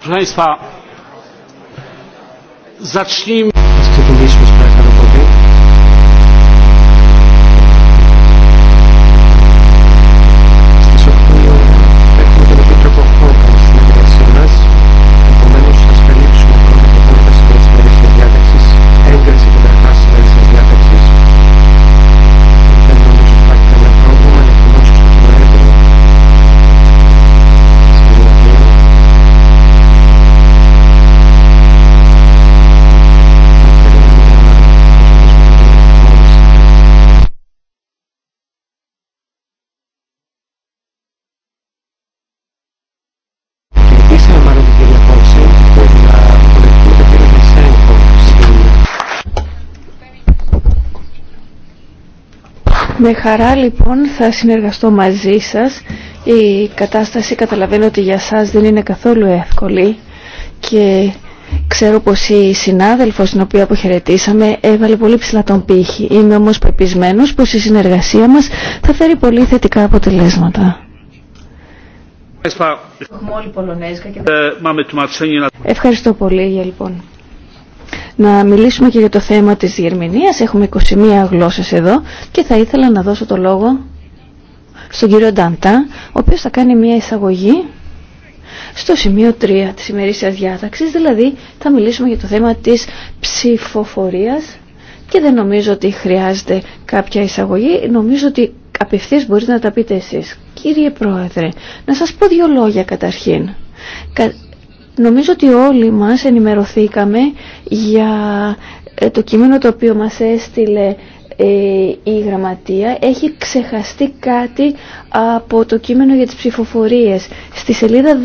Proszę Państwa, zacznijmy Με χαρά λοιπόν θα συνεργαστώ μαζί σας. Η κατάσταση καταλαβαίνω ότι για σας δεν είναι καθόλου εύκολη και ξέρω πως η συνάδελφος την οποία αποχαιρετήσαμε έβαλε πολύ ψηλά τον πύχη. Είμαι όμως πεπισμένος πως η συνεργασία μας θα φέρει πολύ θετικά αποτελέσματα. Ευχαριστώ πολύ για λοιπόν να μιλήσουμε και για το θέμα της Γερμηνίας. Έχουμε 21 γλώσσες εδώ και θα ήθελα να δώσω το λόγο στον κύριο Νταντά, ο οποίος θα κάνει μια εισαγωγή στο σημείο 3 της ημερήσιας διάταξης, δηλαδή θα μιλήσουμε για το θέμα της ψηφοφορίας και δεν νομίζω ότι χρειάζεται κάποια εισαγωγή, νομίζω ότι απευθείας μπορείτε να τα πείτε εσείς. Κύριε Πρόεδρε, να σας πω δύο λόγια καταρχήν. Νομίζω ότι όλοι μας ενημερωθήκαμε για ε, το κείμενο το οποίο μας έστειλε ε, η γραμματεία έχει ξεχαστεί κάτι από το κείμενο για τις ψηφοφορίες. Στη σελίδα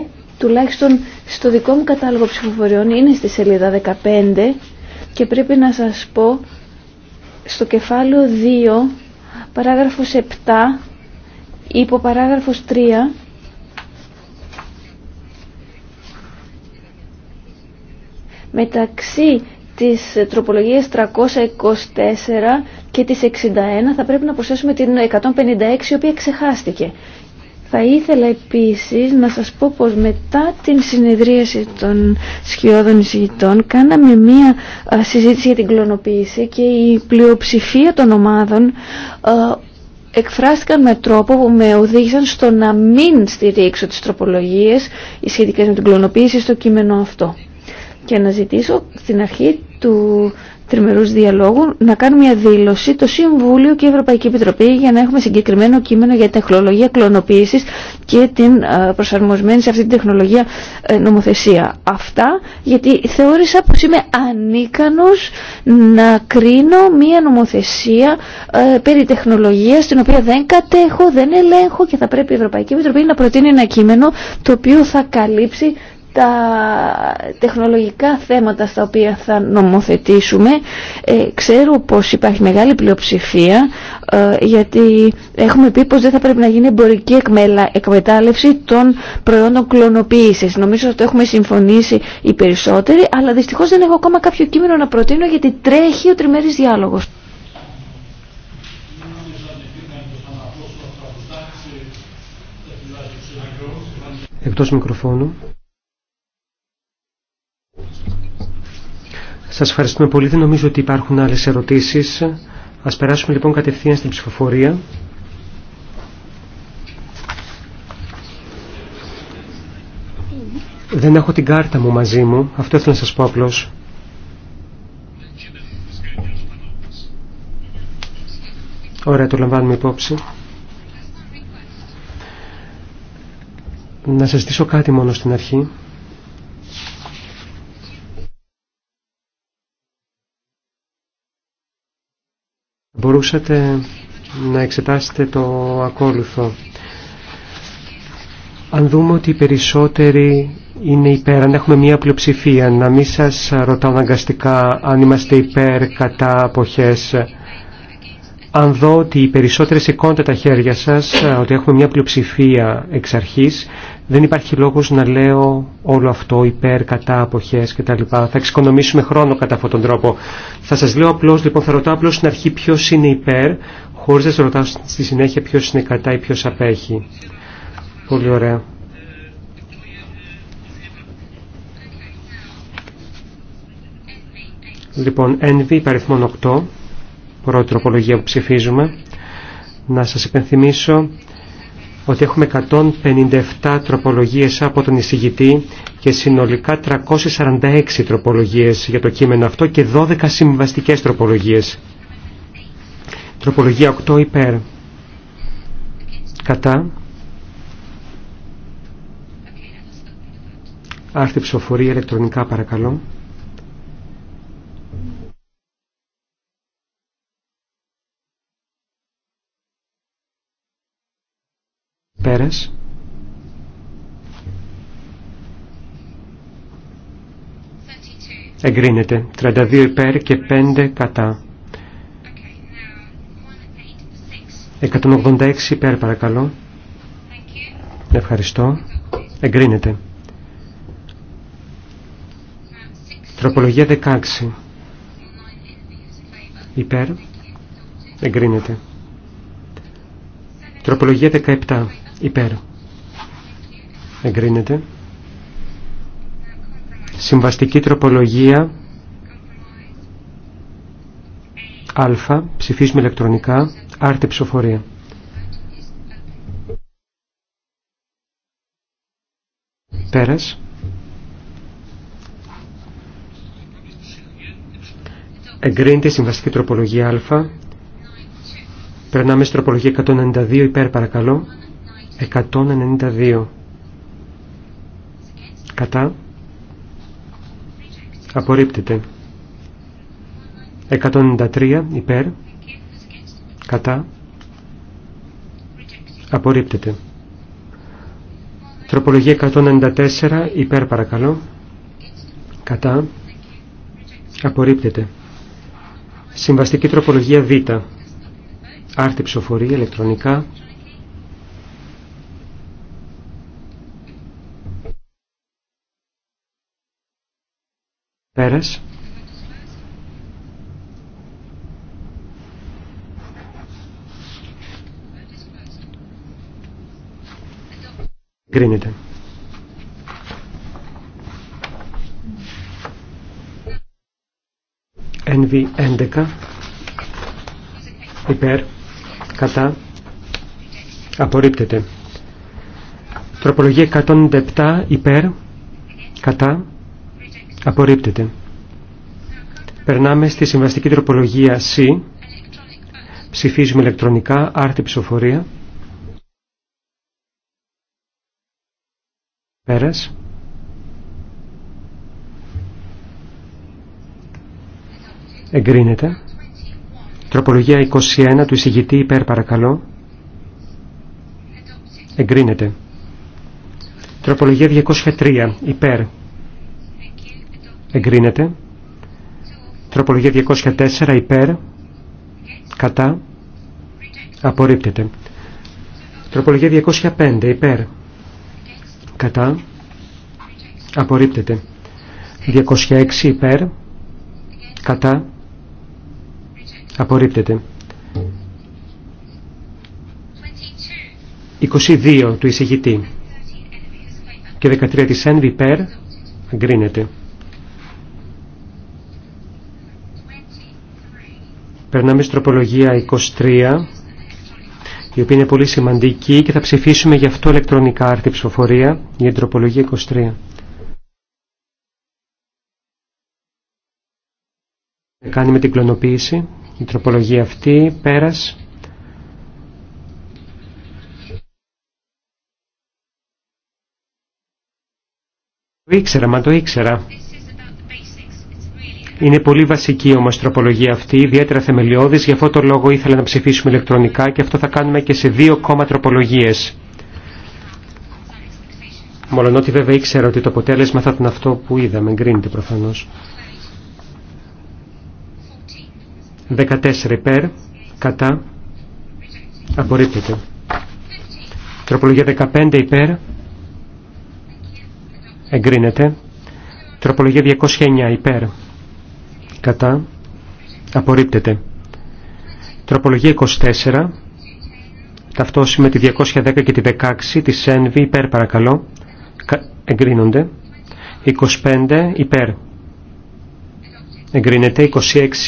15, τουλάχιστον στο δικό μου κατάλογο ψηφοφοριών, είναι στη σελίδα 15 και πρέπει να σας πω στο κεφάλαιο 2, παράγραφος 7, υπό 3, μεταξύ της τροπολογίας 324 και της 61 θα πρέπει να προσθέσουμε την 156 η οποία ξεχάστηκε. Θα ήθελα επίσης να σας πω πως μετά την συνεδρίαση των σκιώδων εισηγητών κάναμε μία συζήτηση για την κλωνοποίηση και η πλειοψηφία των ομάδων εκφράστηκαν με τρόπο που με οδήγησαν στο να μην στηρίξω τις τροπολογίες σχετικές με την κλωνοποίηση στο κείμενο αυτό και να ζητήσω στην αρχή του τριμερούς διαλόγου να κάνω μια δήλωση το Συμβούλιο και η Ευρωπαϊκή Επιτροπή για να έχουμε συγκεκριμένο κείμενο για τεχνολογία κλωνοποίησης και την ε, προσαρμοσμένη σε αυτή την τεχνολογία ε, νομοθεσία. Αυτά γιατί θεώρησα πως είμαι ανίκανος να κρίνω μια νομοθεσία ε, περί τεχνολογίας την οποία δεν κατέχω, δεν ελέγχω και θα πρέπει η Ευρωπαϊκή Επιτροπή να προτείνει ένα κείμενο το οποίο θα καλύψει τα τεχνολογικά θέματα στα οποία θα νομοθετήσουμε ε, ξέρω πως υπάρχει μεγάλη πλειοψηφία ε, γιατί έχουμε πει πως δεν θα πρέπει να γίνει εμπορική εκμελα, εκμετάλλευση των προϊόντων κλωνοποίησης νομίζω ότι έχουμε συμφωνήσει οι περισσότεροι αλλά δυστυχώς δεν έχω ακόμα κάποιο κείμενο να προτείνω γιατί τρέχει ο τριμέρης διάλογος Εκτός μικροφόνου Σας ευχαριστούμε πολύ. Δεν νομίζω ότι υπάρχουν άλλες ερωτήσεις. Ας περάσουμε λοιπόν κατευθείαν στην ψηφοφορία. Δεν έχω την κάρτα μου μαζί μου. Αυτό ήθελα να σας πω απλώς. Ωραία, το λαμβάνουμε υπόψη. Να σας ζητήσω κάτι μόνο στην αρχή. μπορούσατε να εξετάσετε το ακόλουθο. Αν δούμε ότι οι περισσότεροι είναι υπέρ, αν έχουμε μία πλειοψηφία, να μην σας ρωτάω αναγκαστικά αν είμαστε υπέρ κατά αποχές, αν δω ότι οι περισσότερες σηκώνται τα χέρια σας, ε, ότι έχουμε μια πλειοψηφία εξ αρχής, δεν υπάρχει λόγος να λέω όλο αυτό υπέρ, κατά, αποχές κτλ. Θα εξοικονομήσουμε χρόνο κατά αυτόν τον τρόπο. Θα σας λέω απλώς, λοιπόν, θα ρωτάω απλώς στην αρχή ποιο είναι υπέρ, χωρίς να σας ρωτάω στη συνέχεια ποιο είναι κατά ή ποιο απέχει. Πολύ ωραία. Λοιπόν, NV υπαριθμόν 8 πρώτη τροπολογία που ψηφίζουμε. Να σας υπενθυμίσω ότι έχουμε 157 τροπολογίες από τον εισηγητή και συνολικά 346 τροπολογίες για το κείμενο αυτό και 12 συμβαστικές τροπολογίες. Τροπολογία 8 υπέρ. Κατά. Άρτη ψηφοφορία ηλεκτρονικά παρακαλώ. Πέρες. Εγκρίνεται. 32 υπέρ και 5 κατά. 186 υπέρ παρακαλώ. Ευχαριστώ. Εγκρίνεται. Τροπολογία 16. Υπέρ. Εγκρίνεται. Τροπολογία 17. Υπέρ. Εγκρίνεται. Συμβαστική τροπολογία Α. ψηφίσουμε ηλεκτρονικά. Άρτη ψηφοφορία. Πέρας. Εγκρίνεται η συμβαστική τροπολογία Α. Περνάμε στην τροπολογία 192 υπέρ παρακαλώ. 192 κατά απορρίπτεται 193 υπέρ κατά απορρίπτεται τροπολογία 194 υπέρ παρακαλώ κατά απορρίπτεται συμβαστική τροπολογία β άρτη ψηφοφορία ηλεκτρονικά περες κρινεται Κρίνεται. NV11 υπέρ κατά απορρίπτεται. Τροπολογία 107 υπέρ κατά Απορρίπτεται. Περνάμε στη συμβαστική τροπολογία C. Ψηφίζουμε ηλεκτρονικά, άρτη ψηφοφορία. Πέρας. Εγκρίνεται. Τροπολογία 21 του εισηγητή υπέρ παρακαλώ. Εγκρίνεται. Τροπολογία 203 υπέρ εγκρίνεται. Τροπολογία 204 υπέρ, κατά, απορρίπτεται. Τροπολογία 205 υπέρ, κατά, απορρίπτεται. 206 υπέρ, κατά, απορρίπτεται. 22 του εισηγητή και 13 της ένδυ υπέρ, εγκρίνεται. Περνάμε στην τροπολογία 23, η οποία είναι πολύ σημαντική και θα ψηφίσουμε γι' αυτό ηλεκτρονικά άρτη ψηφοφορία για την τροπολογία 23. Κάνει με την κλωνοποίηση η τροπολογία αυτή, πέρας. Το ήξερα, μα το ήξερα. Είναι πολύ βασική όμως τροπολογία αυτή, ιδιαίτερα θεμελιώδης, γι' αυτό το λόγο ήθελα να ψηφίσουμε ηλεκτρονικά και αυτό θα κάνουμε και σε δύο κόμμα τροπολογίες. Μολονότι βέβαια ήξερα ότι το αποτέλεσμα θα ήταν αυτό που είδαμε, εγκρίνεται προφανώς. 14 υπέρ, κατά, απορρίπτεται. Τροπολογία 15 υπέρ, εγκρίνεται. Τροπολογία 209 υπέρ, κατά, απορρίπτεται. Τροπολογία 24, ταυτόση με τη 210 και τη 16 Τη ΣΕΝΒΗ, υπέρ παρακαλώ, εγκρίνονται. 25 υπέρ, εγκρίνεται.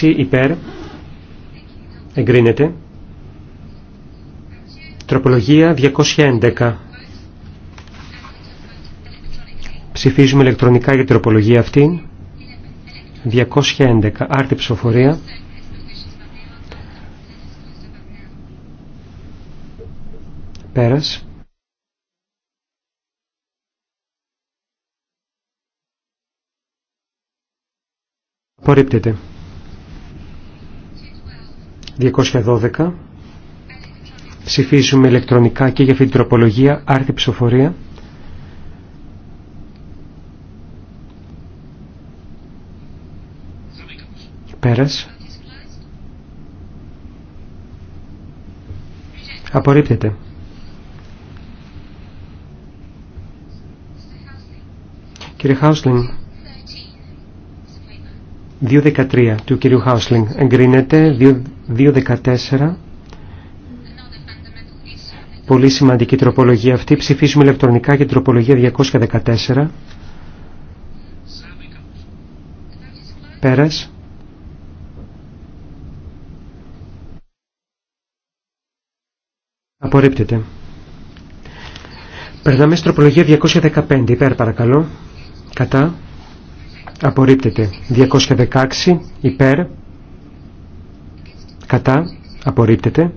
26 υπέρ, εγκρίνεται. Τροπολογία 211. Ψηφίζουμε ηλεκτρονικά για την τροπολογία αυτή. 211. Άρτη ψηφοφορία. Πέρας. Απορρίπτεται. 212. Ψηφίζουμε ηλεκτρονικά και για αυτή την τροπολογία. Άρτη ψηφοφορία. Πέρας. Απορρίπτεται. Κύριε Χάουσλινγκ, 2.13 του κυρίου Χάουσλινγκ εγκρίνεται, 2.14. Πολύ σημαντική τροπολογία αυτή. Ψηφίσουμε ηλεκτρονικά για τροπολογία 214. Πέρας. Απορρίπτεται. Περνάμε στην τροπολογία 215. Υπέρ παρακαλώ. Κατά. Απορρίπτεται. 216. Υπέρ. Κατά. Απορρίπτεται.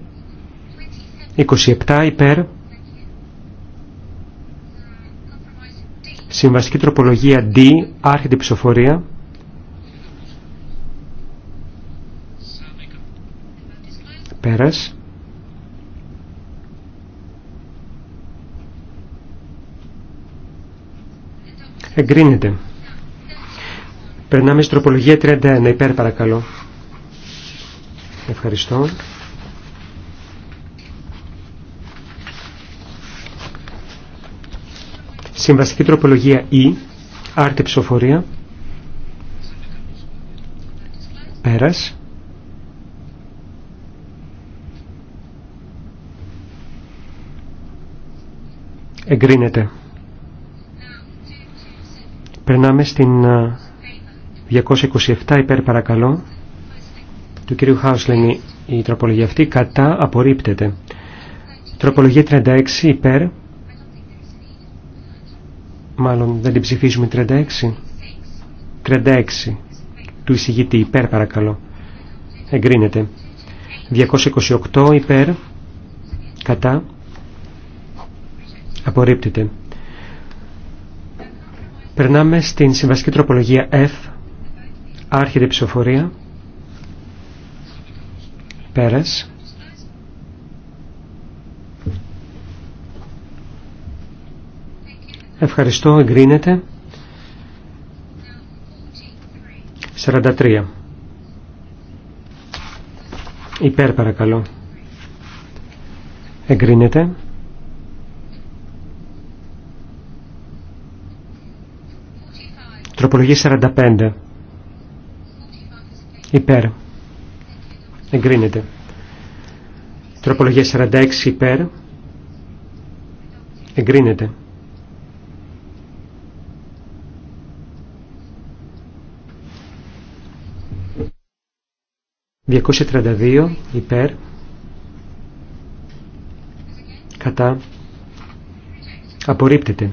27. Υπέρ. Συμβαστική τροπολογία D. Άρχεται ψηφοφορία. Πέρας. Εγκρίνεται. Περνάμε στην τροπολογία 31. Υπέρ παρακαλώ. Ευχαριστώ. Συμβαστική τροπολογία E. Άρτη ψηφοφορία. Πέρας. Εγκρίνεται. Περνάμε στην 227 υπέρ παρακαλώ του κυρίου Χάουσλεν η τροπολογία αυτή κατά απορρίπτεται. Τροπολογία 36 υπέρ μάλλον δεν την ψηφίζουμε 36 36 του εισηγητή υπέρ παρακαλώ εγκρίνεται 228 υπέρ κατά απορρίπτεται Περνάμε στην συμβαστική τροπολογία F, άρχεται ψηφοφορία, πέρας. Ευχαριστώ, εγκρίνεται. 43. Υπέρ παρακαλώ. Εγκρίνεται. Τροπολογία 45. Υπέρ. Εγκρίνεται. Τροπολογία 46 υπέρ. Εγκρίνεται. ...232 υπέρ, κατά, απορρίπτεται.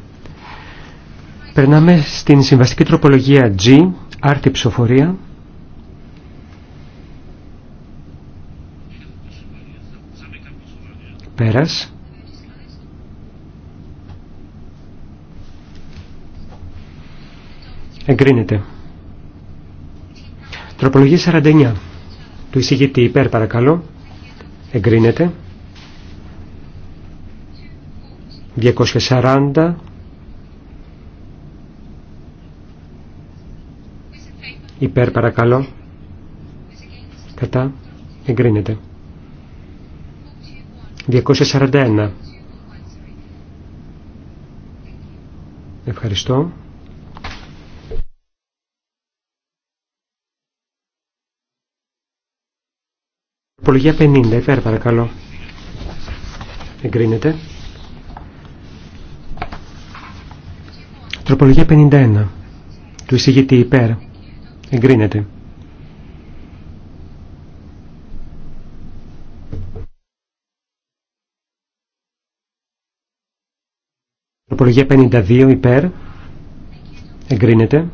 Περνάμε στην συμβαστική τροπολογία G, άρτη ψηφοφορία. Πέρας. Εγκρίνεται. Τροπολογία 49. Του εισηγητή υπέρ παρακαλώ. Εγκρίνεται. 240 Υπέρ παρακαλώ. Κατά. Εγκρίνεται. 241. Ευχαριστώ. Απολογία 50. Υπέρ παρακαλώ. Εγκρίνεται. Τροπολογία 51. Του εισηγητή υπέρ. Εγκρίνεται. Προπολογία 52 υπέρ. Εγκρίνεται.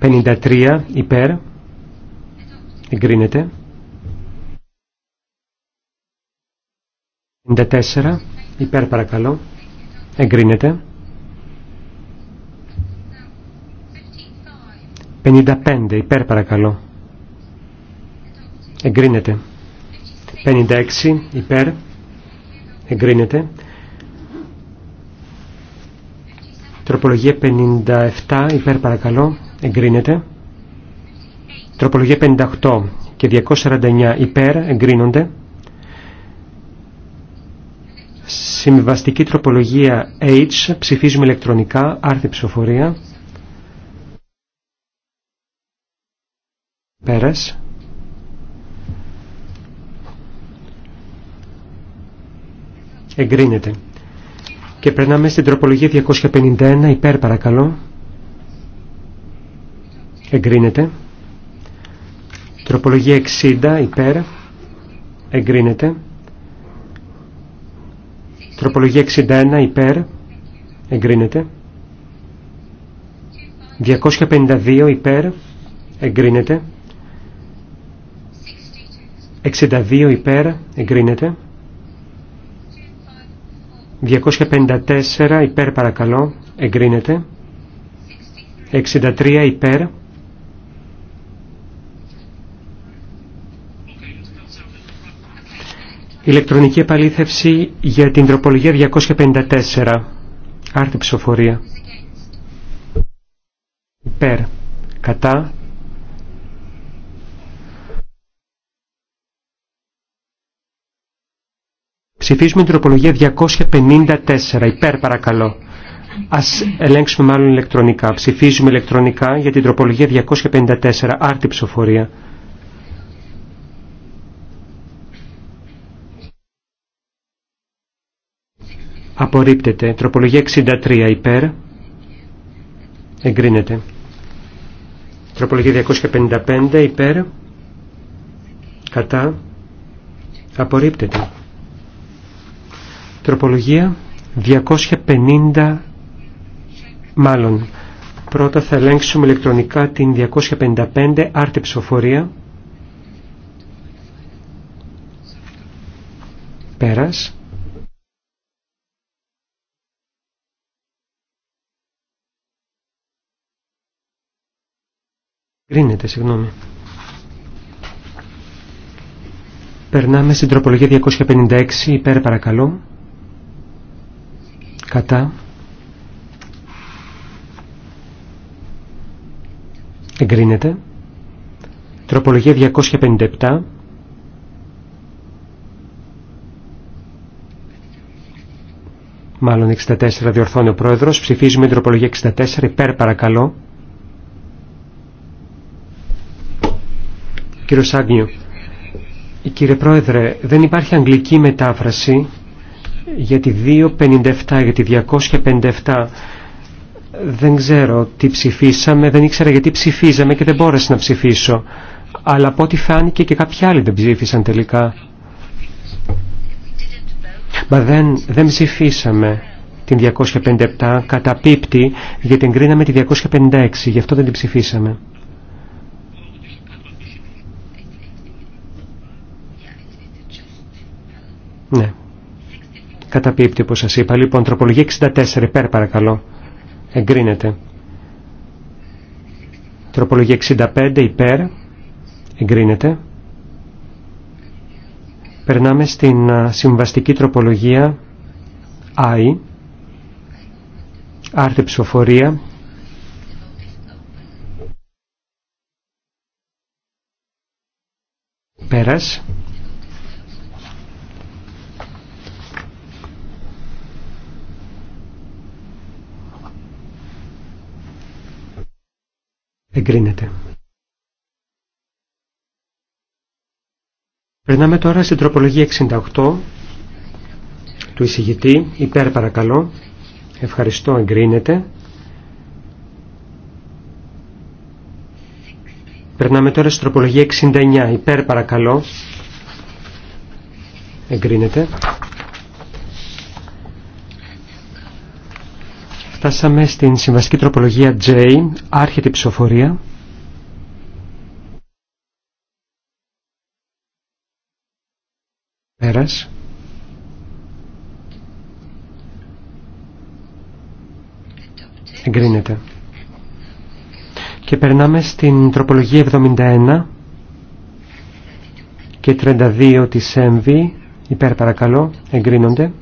53 υπέρ. Εγκρίνεται. 54 υπέρ παρακαλώ. Εγκρίνεται. 55 υπέρ παρακαλώ. Εγκρίνεται. 56 υπέρ. Εγκρίνεται. Τροπολογία 57 υπέρ παρακαλώ. Εγκρίνεται. Τροπολογία 58 και 249 υπέρ εγκρίνονται. Συμβαστική τροπολογία H ψηφίζουμε ηλεκτρονικά άρθρη ψηφοφορία. Εγκρίνεται. Και περνάμε στην τροπολογία 251 υπέρ παρακαλώ. Εγκρίνεται. Τροπολογία 60 υπέρ. Εγκρίνεται. Τροπολογία 61 υπέρ. Εγκρίνεται. 252 υπέρ. Εγκρίνεται. 62 υπέρ εγκρίνεται. 254 υπέρ παρακαλώ εγκρίνεται. 63 υπέρ. Ηλεκτρονική επαλήθευση για την τροπολογία 254. Άρτη ψηφοφορία. Υπέρ. Κατά. Ψηφίζουμε την τροπολογία 254. Υπέρ παρακαλώ. Ας ελέγξουμε μάλλον ηλεκτρονικά. Ψηφίζουμε ηλεκτρονικά για την τροπολογία 254. Άρτη ψηφοφορία. Απορρίπτεται. Τροπολογία 63 υπέρ. Εγκρίνεται. Τροπολογία 255 υπέρ. Κατά. Απορρίπτεται. Τροπολογία 250, μάλλον. Πρώτα θα ελέγξουμε ηλεκτρονικά την 255 άρτη ψηφοφορία. Πέρας. κρίνεται, συγγνώμη. Περνάμε στην τροπολογία 256, υπέρ παρακαλώ. Κατά. Εγκρίνεται. Τροπολογία 257. Μάλλον 64 διορθώνει ο πρόεδρος. Ψηφίζουμε τροπολογία 64. Υπέρ παρακαλώ. Κύριο Σάγνιο Κύριε Πρόεδρε, δεν υπάρχει αγγλική μετάφραση για τη 257, για τη 257 δεν ξέρω τι ψηφίσαμε, δεν ήξερα γιατί ψηφίζαμε και δεν μπόρεσα να ψηφίσω. Αλλά από ό,τι φάνηκε και κάποιοι άλλοι δεν ψήφισαν τελικά. Μα δεν, δεν ψηφίσαμε την 257, πίπτη γιατί εγκρίναμε τη 256, γι' αυτό δεν την ψηφίσαμε. Ναι. Καταπίπτει όπως σας είπα. Λοιπόν, τροπολογία 64 υπέρ παρακαλώ. Εγκρίνεται. Τροπολογία 65 υπέρ. Εγκρίνεται. Περνάμε στην συμβαστική τροπολογία I. Άρτη ψηφοφορία. Πέρας. Εγκρίνεται. Περνάμε τώρα στην τροπολογία 68 του εισηγητή. Υπέρ παρακαλώ. Ευχαριστώ. Εγκρίνεται. Περνάμε τώρα στην τροπολογία 69. Υπέρ παρακαλώ. Εγκρίνεται. Φτάσαμε στην συμβαστική τροπολογία J, άρχεται ψηφοφορία. Πέρας. Εγκρίνεται. Και περνάμε στην τροπολογία 71 και 32 της ΕΜΒ, υπέρ παρακαλώ, εγκρίνονται.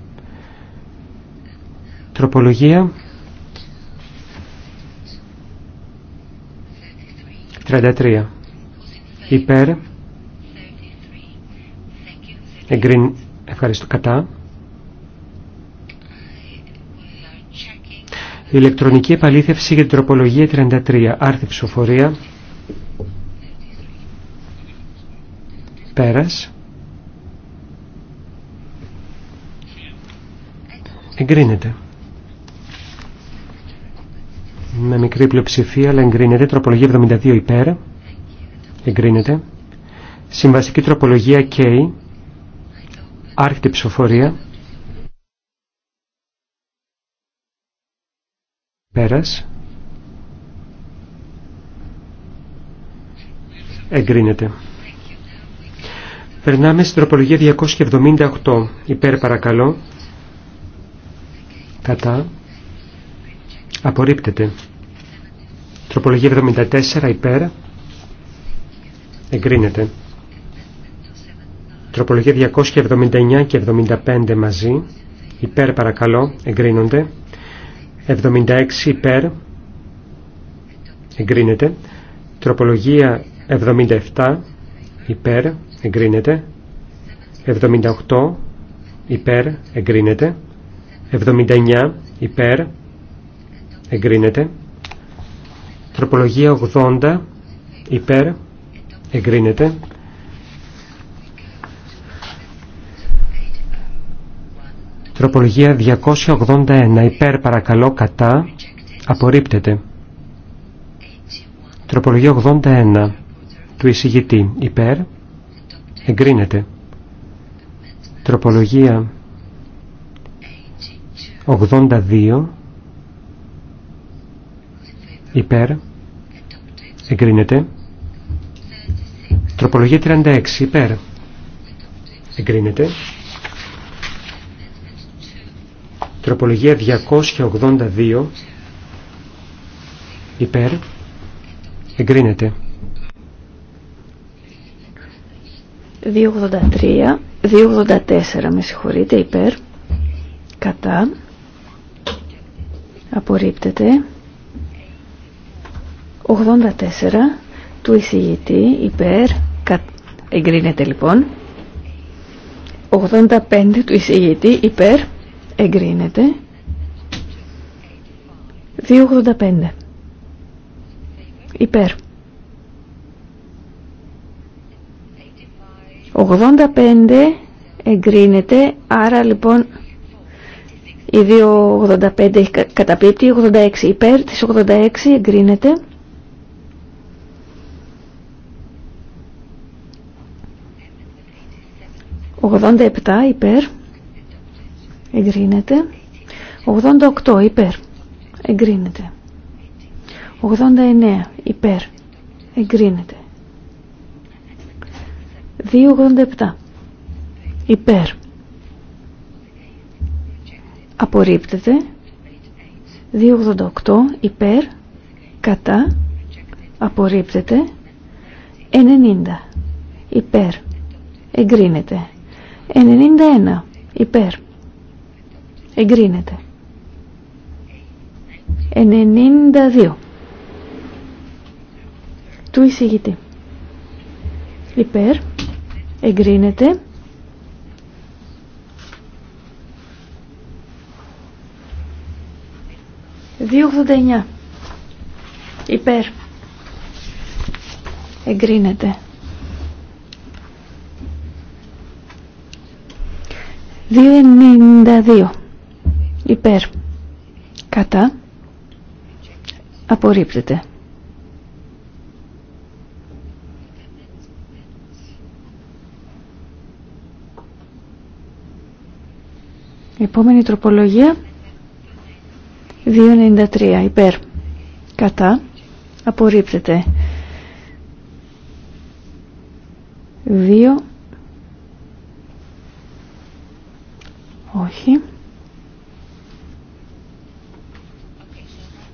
Τροπολογία 33. Υπέρ. Εγκρίν. Ευχαριστώ. Κατά. Ηλεκτρονική επαλήθευση για την τροπολογία 33. Άρθη ψηφοφορία. Πέρας. Εγκρίνεται με μικρή πλειοψηφία, αλλά εγκρίνεται. Τροπολογία 72 υπέρ, εγκρίνεται. Συμβαστική τροπολογία K, άρχιτη ψηφοφορία, πέρας, εγκρίνεται. Περνάμε στην τροπολογία 278, υπέρ παρακαλώ, κατά, Απορρίπτεται. Τροπολογία 74 υπέρ. Εγκρίνεται. Τροπολογία 279 και 75 μαζί. Υπέρ παρακαλώ. Εγκρίνονται. 76 υπέρ. Εγκρίνεται. Τροπολογία 77 υπέρ. Εγκρίνεται. 78 υπέρ. Εγκρίνεται. 79 υπέρ εγκρίνεται. Τροπολογία 80 υπέρ εγκρίνεται. Τροπολογία 281 υπέρ παρακαλώ κατά απορρίπτεται. Τροπολογία 81 του εισηγητή υπέρ εγκρίνεται. Τροπολογία 82 υπέρ, εγκρίνεται. Τροπολογία 36, υπέρ, εγκρίνεται. Τροπολογία 282, υπέρ, εγκρίνεται. 283, 284, με συγχωρείτε, υπέρ, κατά, απορρίπτεται. 84 του εισηγητή υπέρ κα, εγκρίνεται λοιπόν 85 του εισηγητή υπέρ εγκρίνεται 285 υπέρ 85 εγκρίνεται άρα λοιπόν η 285 καταπίπτει 86 υπέρ της 86 εγκρίνεται 87 υπέρ. Εγκρίνεται. 88 υπέρ. Εγκρίνεται. 89 υπέρ. Εγκρίνεται. 287 υπέρ. Απορρίπτεται. 288 υπέρ. Κατά. Απορρίπτεται. 90 υπέρ. Εγκρίνεται. 91 υπέρ εγκρίνεται 92 του εισηγητή υπέρ εγκρίνεται 289 υπέρ εγκρίνεται 2.92 υπέρ κατά απορρίπτεται. Επόμενη τροπολογία 2.93 υπέρ κατά απορρίπτεται 2 Όχι.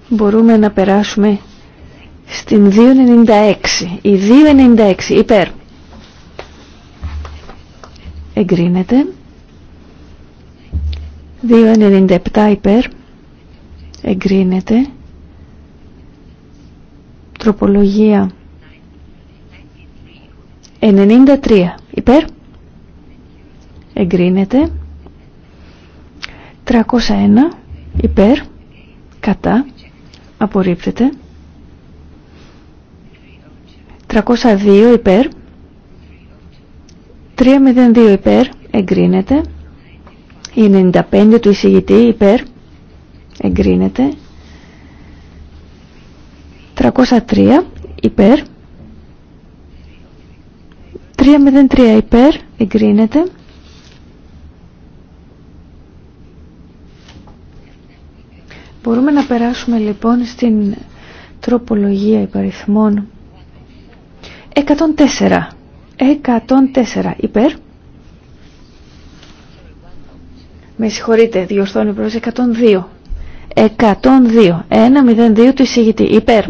Μπορούμε να περάσουμε στην 2.96. Η 2.96 υπέρ. Εγκρίνεται. 2.97 υπέρ. Εγκρίνεται. Τροπολογία 93 υπέρ εγκρίνεται 301 υπέρ κατά απορρίπτεται 302 υπέρ 302 υπέρ εγκρίνεται η 95 του εισηγητή υπέρ εγκρίνεται 303 υπέρ 303 υπέρ εγκρίνεται Μπορούμε να περάσουμε λοιπόν στην τροπολογία υπαριθμών 104. 104 υπέρ. Με συγχωρείτε, διορθώνει προς 102. 102. 1, 102 του εισηγητή. Υπέρ.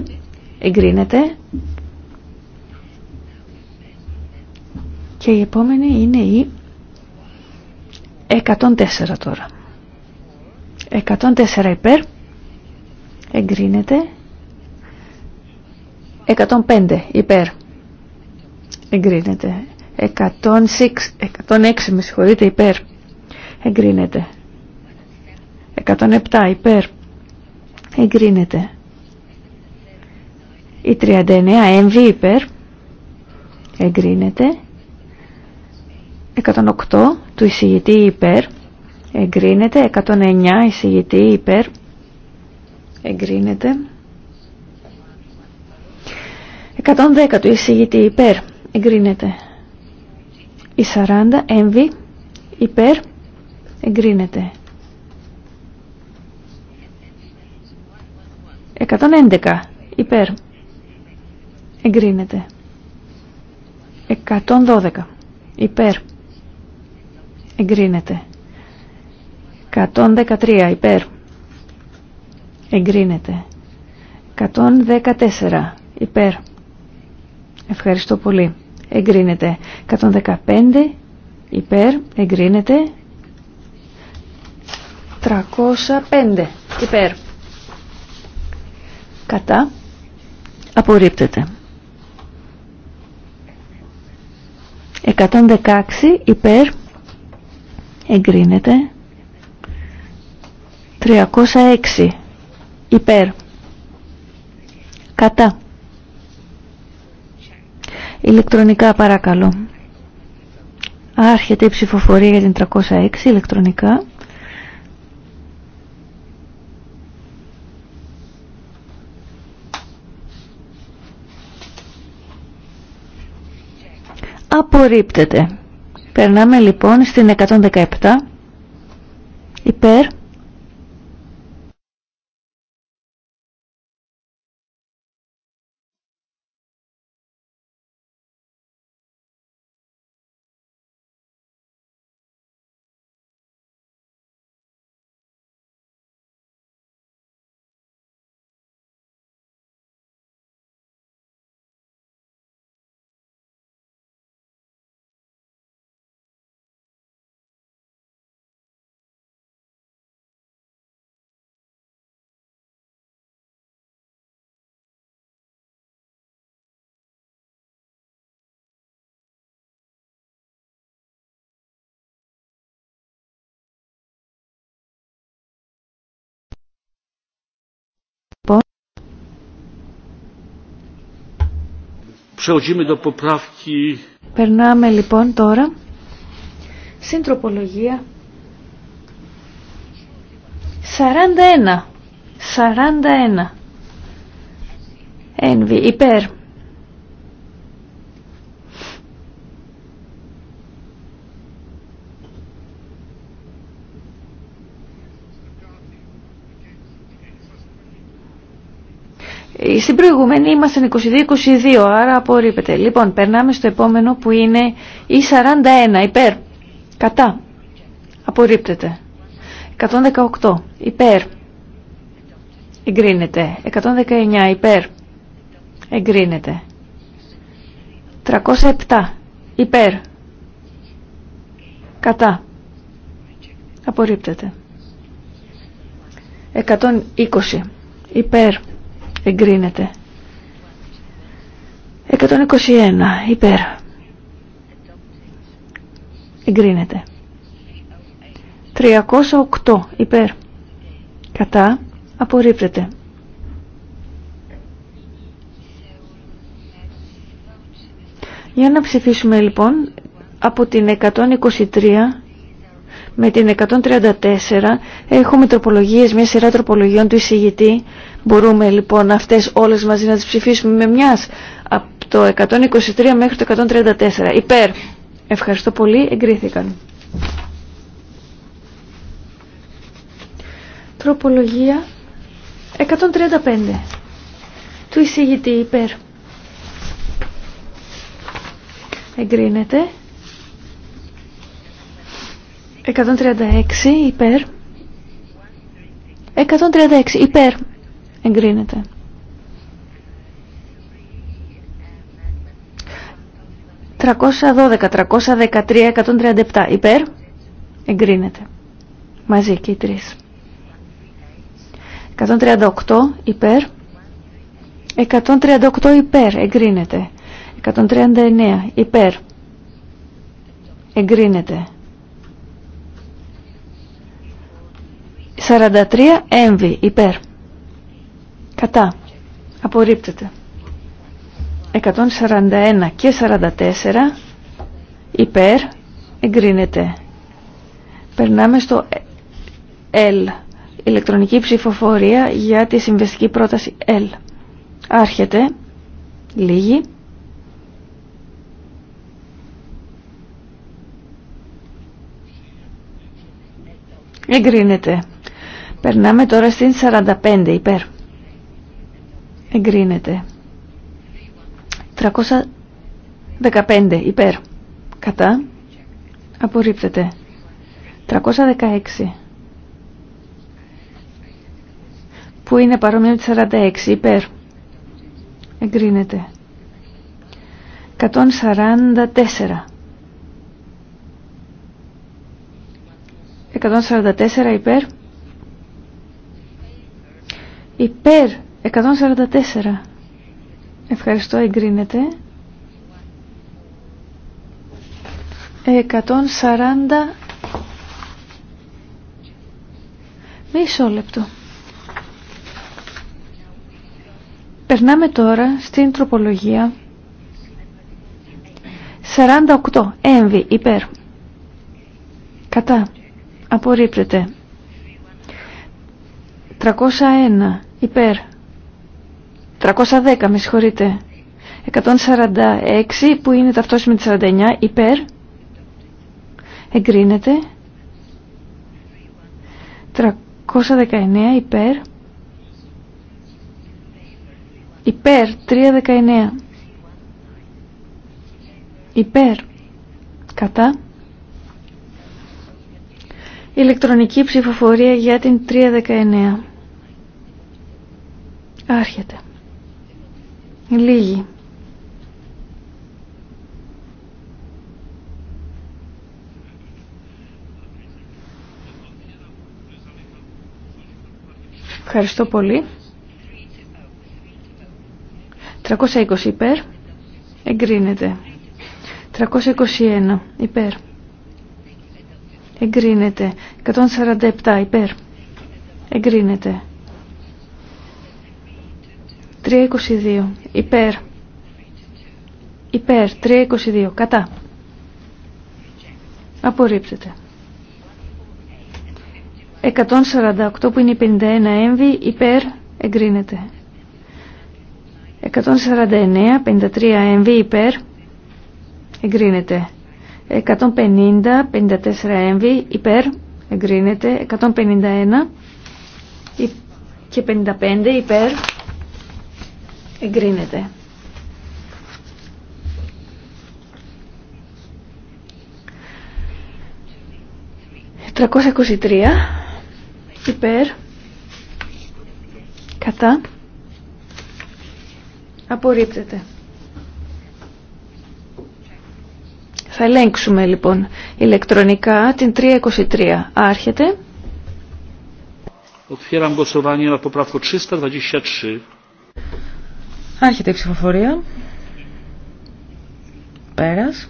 Εγκρίνεται. Και η επόμενη είναι η 104 τώρα. 104 υπέρ εγκρίνεται 105 υπέρ εγκρίνεται 106, 106 με συγχωρείτε υπέρ εγκρίνεται 107 υπέρ εγκρίνεται η 39 έμβη υπέρ εγκρίνεται 108 του εισηγητή υπέρ εγκρίνεται 109 εισηγητή υπέρ εγκρίνεται 110 του εισηγητή υπέρ εγκρίνεται η 40 έμβη υπέρ εγκρίνεται 111 υπέρ εγκρίνεται 112 υπέρ εγκρίνεται 113 υπέρ εγκρίνεται. 114 υπέρ. Ευχαριστώ πολύ. Εγκρίνεται. 115 υπέρ. Εγκρίνεται. 305 υπέρ. Κατά. Απορρίπτεται. 116 υπέρ. Εγκρίνεται. 306 υπέρ, κατά. Ηλεκτρονικά παρακαλώ. Άρχεται η ψηφοφορία για την 306 ηλεκτρονικά. Απορρίπτεται. Περνάμε λοιπόν στην 117 υπέρ Περνάμε λοιπόν τώρα στην τροπολογία 41. 41. Ένβη, υπέρ. Στην προηγούμενη ήμασταν 22-22, άρα απορρίπεται. Λοιπόν, περνάμε στο επόμενο που είναι η 41, υπέρ. Κατά. Απορρίπτεται. 118, υπέρ. Εγκρίνεται. 119, υπέρ. Εγκρίνεται. 307, υπέρ. Κατά. Απορρίπτεται. 120, υπέρ εγκρίνεται 121 υπέρ εγκρίνεται 308 υπέρ κατά απορρίπτεται για να ψηφίσουμε λοιπόν από την 123 με την 134 έχουμε τροπολογίες, μια σειρά τροπολογιών του εισηγητή. Μπορούμε λοιπόν αυτές όλες μαζί να τις ψηφίσουμε με μιας από το 123 μέχρι το 134. Υπέρ. Ευχαριστώ πολύ. Εγκρίθηκαν. Τροπολογία 135 του εισηγητή υπέρ. Εγκρίνεται. 136 υπέρ. 136 υπέρ. Εγκρίνεται. 312, 313, 137 υπέρ. Εγκρίνεται. Μαζί και οι τρεις. 138 υπέρ. 138 υπέρ. Εγκρίνεται. 139 υπέρ. Εγκρίνεται. 43 έμβη υπέρ. Κατά. Απορρίπτεται. 141 και 44 υπέρ εγκρίνεται. Περνάμε στο L. Ηλεκτρονική ψηφοφορία για τη συμβεστική πρόταση L. Άρχεται. Λίγη. Εγκρίνεται. Περνάμε τώρα στην 45 υπέρ. Εγκρίνεται. 315 υπέρ. Κατά. Απορρίπτεται. 316. Που είναι παρόμοια με τη 46 υπέρ. Εγκρίνεται. 144. 144 υπέρ Υπέρ 144. Ευχαριστώ, εγκρίνεται. 140. Μισό λεπτό. Περνάμε τώρα στην τροπολογία 48. Έμβη, υπέρ. Κατά. Απορρίπτεται. 301 υπέρ 310 με συγχωρείτε 146 που είναι με τη 49 υπέρ εγκρίνεται 319 υπέρ υπέρ 319 υπέρ κατά ηλεκτρονική ψηφοφορία για την 319 Άρχεται. Λίγη. Ευχαριστώ πολύ. 320 υπέρ. Εγκρίνεται. 321 υπέρ. Εγκρίνεται. 147 υπέρ. Εγκρίνεται. 322. Υπέρ. Υπέρ. 322. Κατά. Απορρίπτεται. 148 που είναι 51 έμβη. Υπέρ. Εγκρίνεται. 149, 53 έμβη. Υπέρ. Εγκρίνεται. 150, 54 έμβη. Υπέρ. Εγκρίνεται. 151 και 55 υπέρ Εγκρίνεται. Τρακόσια υπέρ κατά απορρίπτεται. Θα ελέγξουμε λοιπόν ηλεκτρονικά την 323. Άρχεται. Otwieram głosowanie na poprawkę 323. Άρχεται η ψηφοφορία. Πέρας.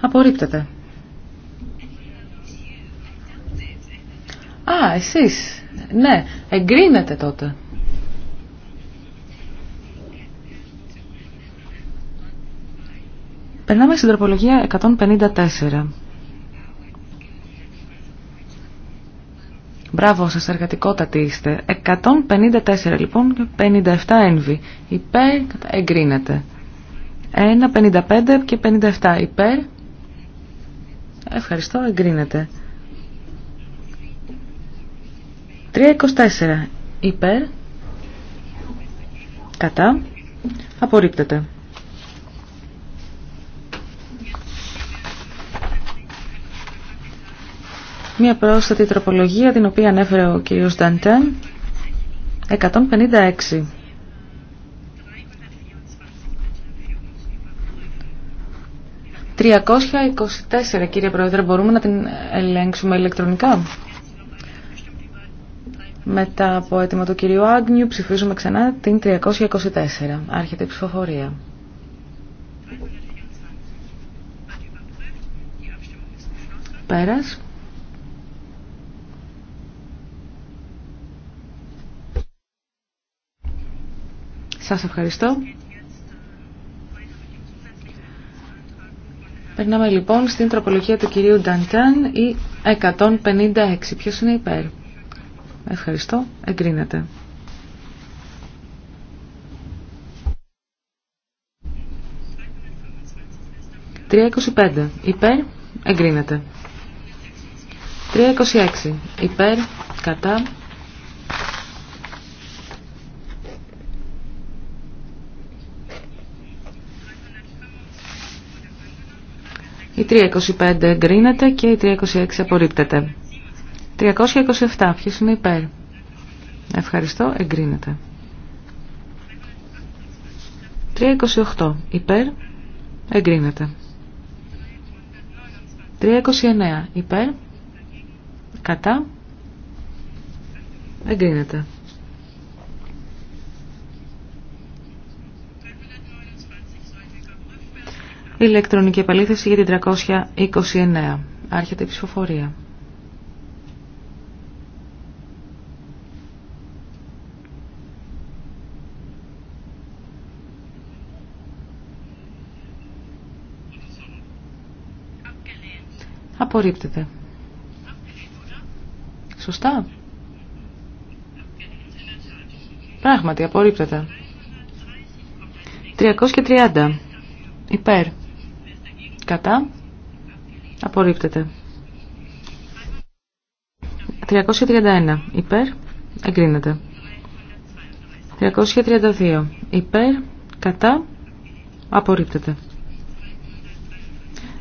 Απορρίπτεται. Α, εσείς. Ναι, εγκρίνετε τότε. Περνάμε στην τροπολογία 154. Μπράβο σας, εργατικότατοι είστε. 154 λοιπόν και 57 ένβη. Υπέρ εγκρίνεται. 1, 55 και 57 υπέρ. Ευχαριστώ, εγκρίνεται. 3,24 υπέρ. Κατά. Απορρίπτεται. Μία πρόσθετη τροπολογία την οποία ανέφερε ο κύριος Νταντέν 156 324 κύριε Πρόεδρε μπορούμε να την ελέγξουμε ηλεκτρονικά μετά από έτοιμο του κυρίου Άγνιου ψηφίζουμε ξανά την 324 άρχεται η ψηφοφορία Πέρας Σας ευχαριστώ. Περνάμε λοιπόν στην τροπολογία του κυρίου Νταντάν ή 156. Ποιος είναι υπέρ. Ευχαριστώ. Εγκρίνεται. 325. Υπέρ. Εγκρίνεται. 326. Υπέρ. Κατά. Η 325 εγκρίνεται και η 326 απορρίπτεται. 327. Ποιος είναι υπέρ. Ευχαριστώ. Εγκρίνεται. 328. Υπέρ. Εγκρίνεται. 329. Υπέρ. Κατά. Εγκρίνεται. Ηλεκτρονική επαλήθευση για την 329. Άρχεται η ψηφοφορία. Απορρίπτεται. Σωστά. Πράγματι, απορρίπτεται. 330. Υπέρ. Κατά. Απορρίπτεται. 331. Υπέρ. Εγκρίνεται. 332. Υπέρ. Κατά. Απορρίπτεται.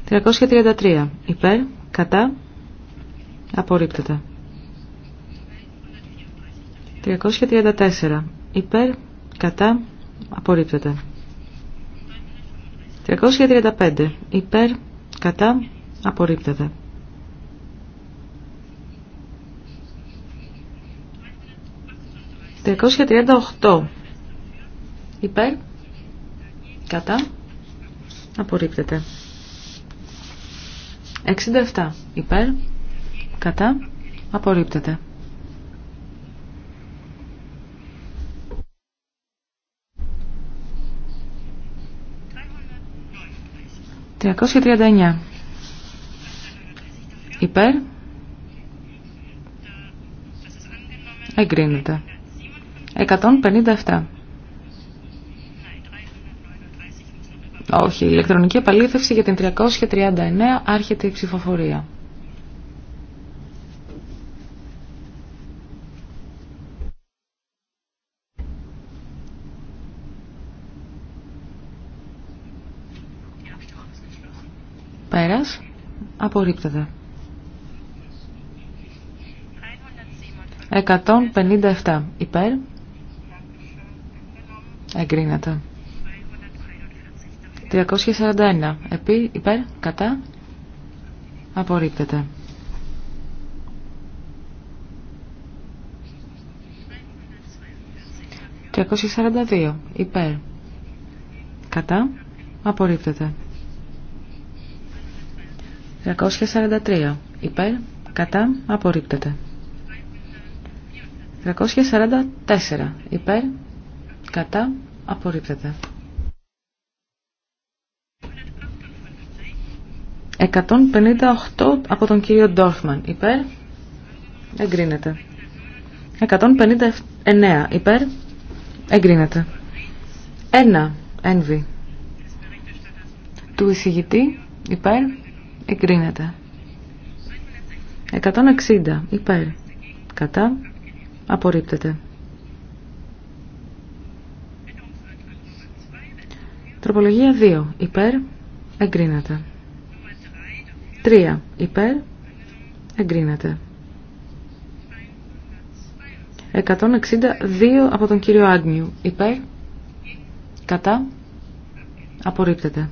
333. Υπέρ. Κατά. Απορρίπτεται. 334. Υπέρ. Κατά. Απορρίπτεται. 335. Υπέρ, κατά, απορρίπτεται. 338. Υπέρ, κατά, απορρίπτεται. 67. Υπέρ, κατά, απορρίπτεται. 339. Υπέρ. Εγκρίνεται. 157. Όχι, ηλεκτρονική επαλήθευση για την 339 άρχεται η ψηφοφορία. Απορρίπτεται. 157 υπέρ. Εγκρίνεται. 341 επί υπέρ κατά. Απορρίπτεται. 342 υπέρ. Κατά. Απορρίπτεται. 343. Υπέρ, κατά, απορρίπτεται. 344. Υπέρ, κατά, απορρίπτεται. 158 από τον κύριο Ντόρφμαν. Υπέρ, εγκρίνεται. 159. Υπέρ, εγκρίνεται. 1. Ένβη. Του εισηγητή, υπέρ, εγκρίνεται. 160 υπέρ κατά απορρίπτεται. Τροπολογία 2 υπέρ εγκρίνεται. 3 υπέρ εγκρίνεται. 162 από τον κύριο Άγνιου υπέρ κατά απορρίπτεται.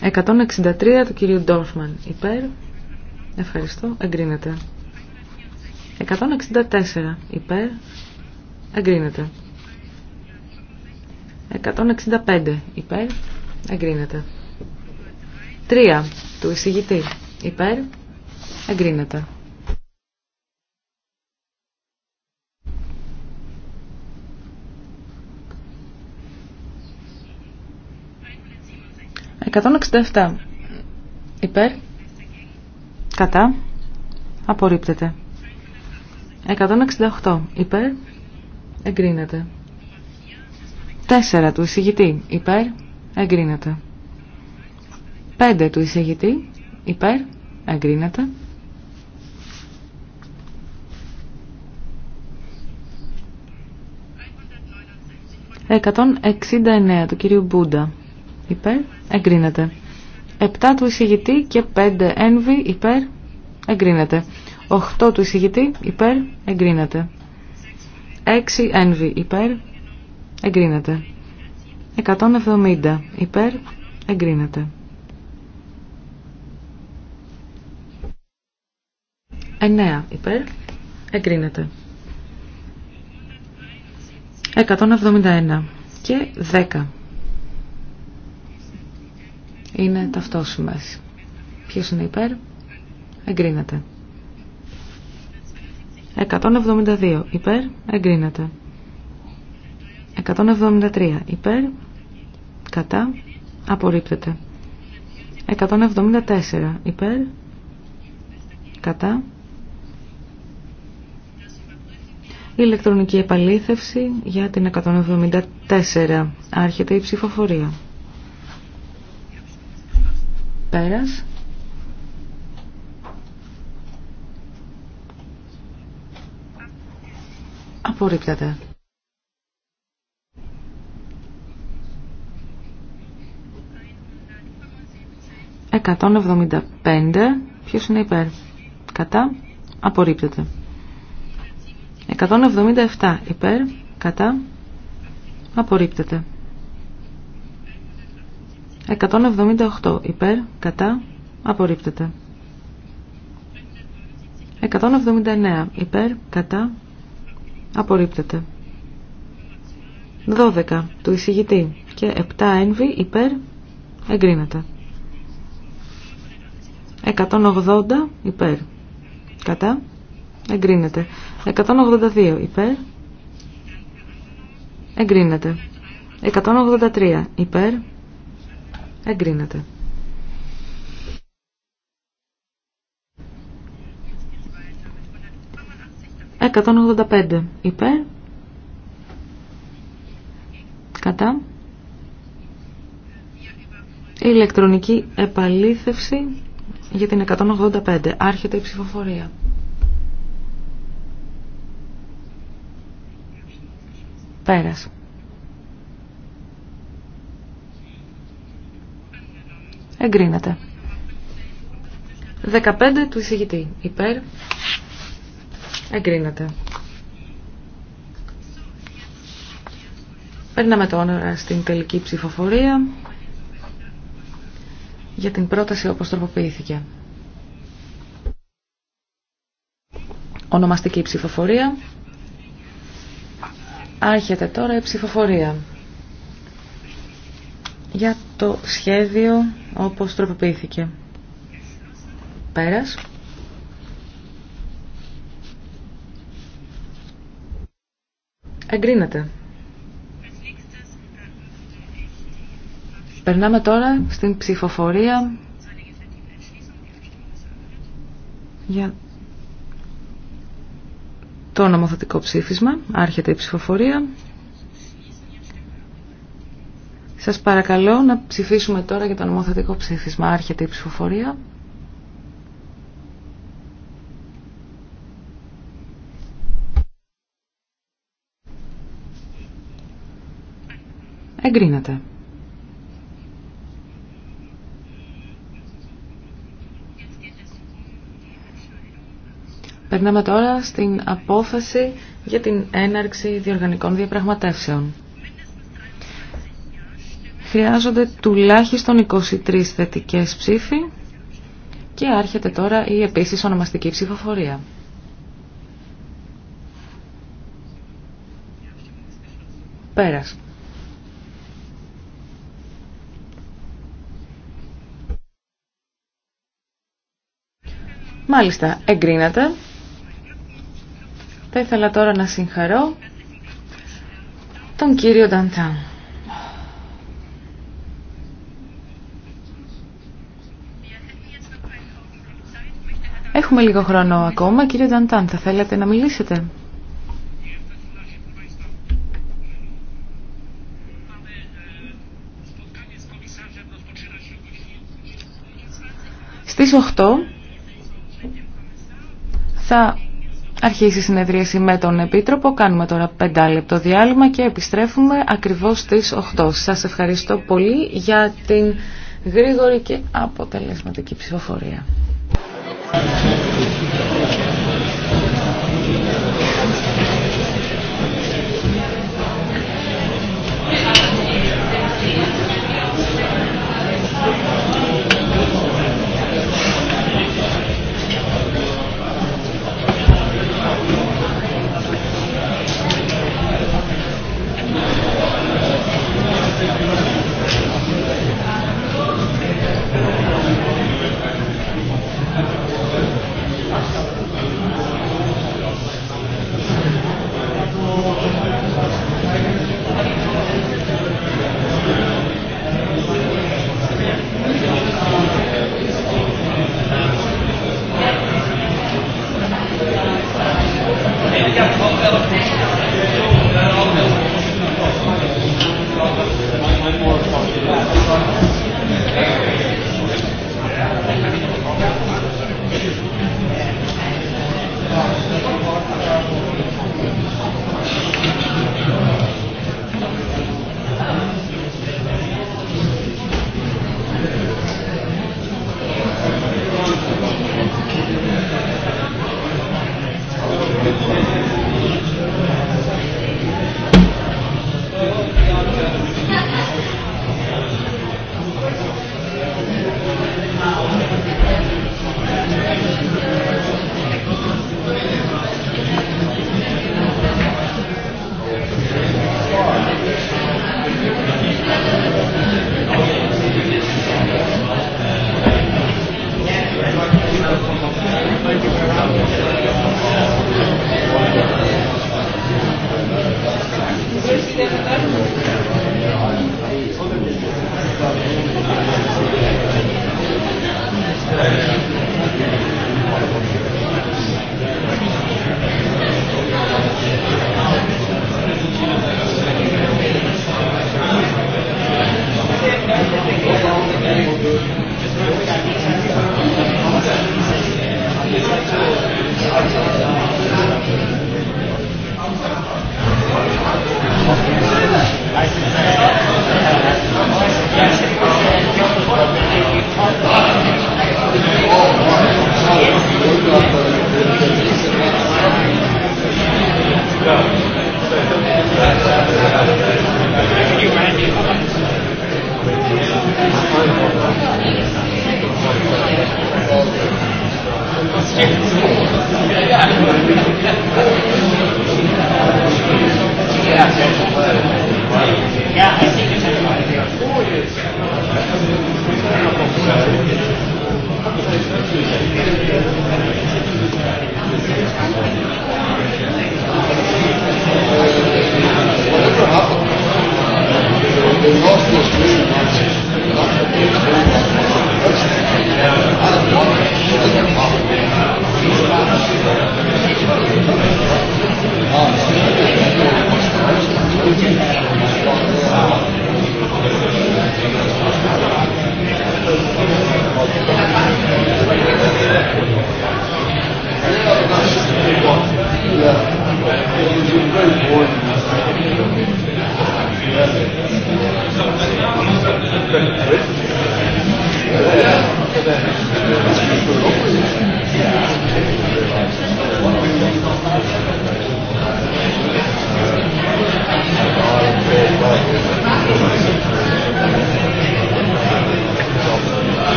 163 του κυρίου Ντόρφμαν. Υπέρ. Ευχαριστώ. Εγκρίνεται. 164 υπέρ. Εγκρίνεται. 165 υπέρ. Εγκρίνεται. 3 του εισηγητή υπέρ. Εγκρίνεται. 167 υπέρ κατά απορρίπτεται 168 υπέρ εγκρίνεται 4 του εισηγητή υπέρ εγκρίνεται 5 του εισηγητή υπέρ εγκρίνεται 169 του κυρίου Μπούντα υπέρ εγκρίνεται. 7 του εισηγητή και 5 ένβη υπέρ εγκρίνεται. 8 του εισηγητή υπέρ εγκρίνεται. 6 ένβη υπέρ εγκρίνεται. 170 υπέρ εγκρίνεται. 9 υπέρ εγκρίνεται. 171 και 10 είναι ταυτόσιμες. Ποιος είναι υπέρ? Εγκρίνεται. 172 υπέρ. Εγκρίνεται. 173 υπέρ. Κατά. Απορρίπτεται. 174 υπέρ. Κατά. Ηλεκτρονική επαλήθευση για την 174. Άρχεται η ψηφοφορία. Πέρας. Απορρίπτεται. Εκατόν εβδομήντα πέντε. Ποιος είναι υπέρ. Κατά. Απορρίπτεται. εφτά υπέρ, κατά, απορρίπτεται. 178 υπέρ, κατά, απορρίπτεται. 179 υπέρ, κατά, απορρίπτεται. 12 του εισηγητή και 7 ένβη υπέρ, εγκρίνεται. 180 υπέρ, κατά, εγκρίνεται. 182 υπέρ, εγκρίνεται. 183 υπέρ, Εγκρίνεται. 185. ογδόντα Κατά. ηλεκτρονική επαλήθευση για την 185. Άρχεται η ψηφοφορία. Πέρασε. Εγκρίνεται. 15 του εισηγητή. Υπέρ. Εγκρίνεται. Περνάμε τώρα στην τελική ψηφοφορία για την πρόταση όπως τροποποιήθηκε. Ονομαστική ψηφοφορία. Άρχεται τώρα η ψηφοφορία για το σχέδιο όπως τροποποιήθηκε. Πέρας. Εγκρίνεται. Περνάμε τώρα στην ψηφοφορία για το νομοθετικό ψήφισμα. Άρχεται η ψηφοφορία. Σας παρακαλώ να ψηφίσουμε τώρα για το νομοθετικό ψήφισμα. Άρχεται η ψηφοφορία. Εγκρίνεται. Περνάμε τώρα στην απόφαση για την έναρξη διοργανικών διαπραγματεύσεων χρειάζονται τουλάχιστον 23 θετικές ψήφοι και άρχεται τώρα η επίσης ονομαστική ψηφοφορία. Πέρας. Μάλιστα, εγκρίνατε. Θα ήθελα τώρα να συγχαρώ τον κύριο Νταντάν. Έχουμε λίγο χρόνο ακόμα. Κύριε Νταντάν, θα θέλετε να μιλήσετε. Στις 8 θα αρχίσει η συνεδρίαση με τον Επίτροπο. Κάνουμε τώρα 5 λεπτό διάλειμμα και επιστρέφουμε ακριβώς στις 8. Σας ευχαριστώ πολύ για την γρήγορη και αποτελεσματική ψηφοφορία.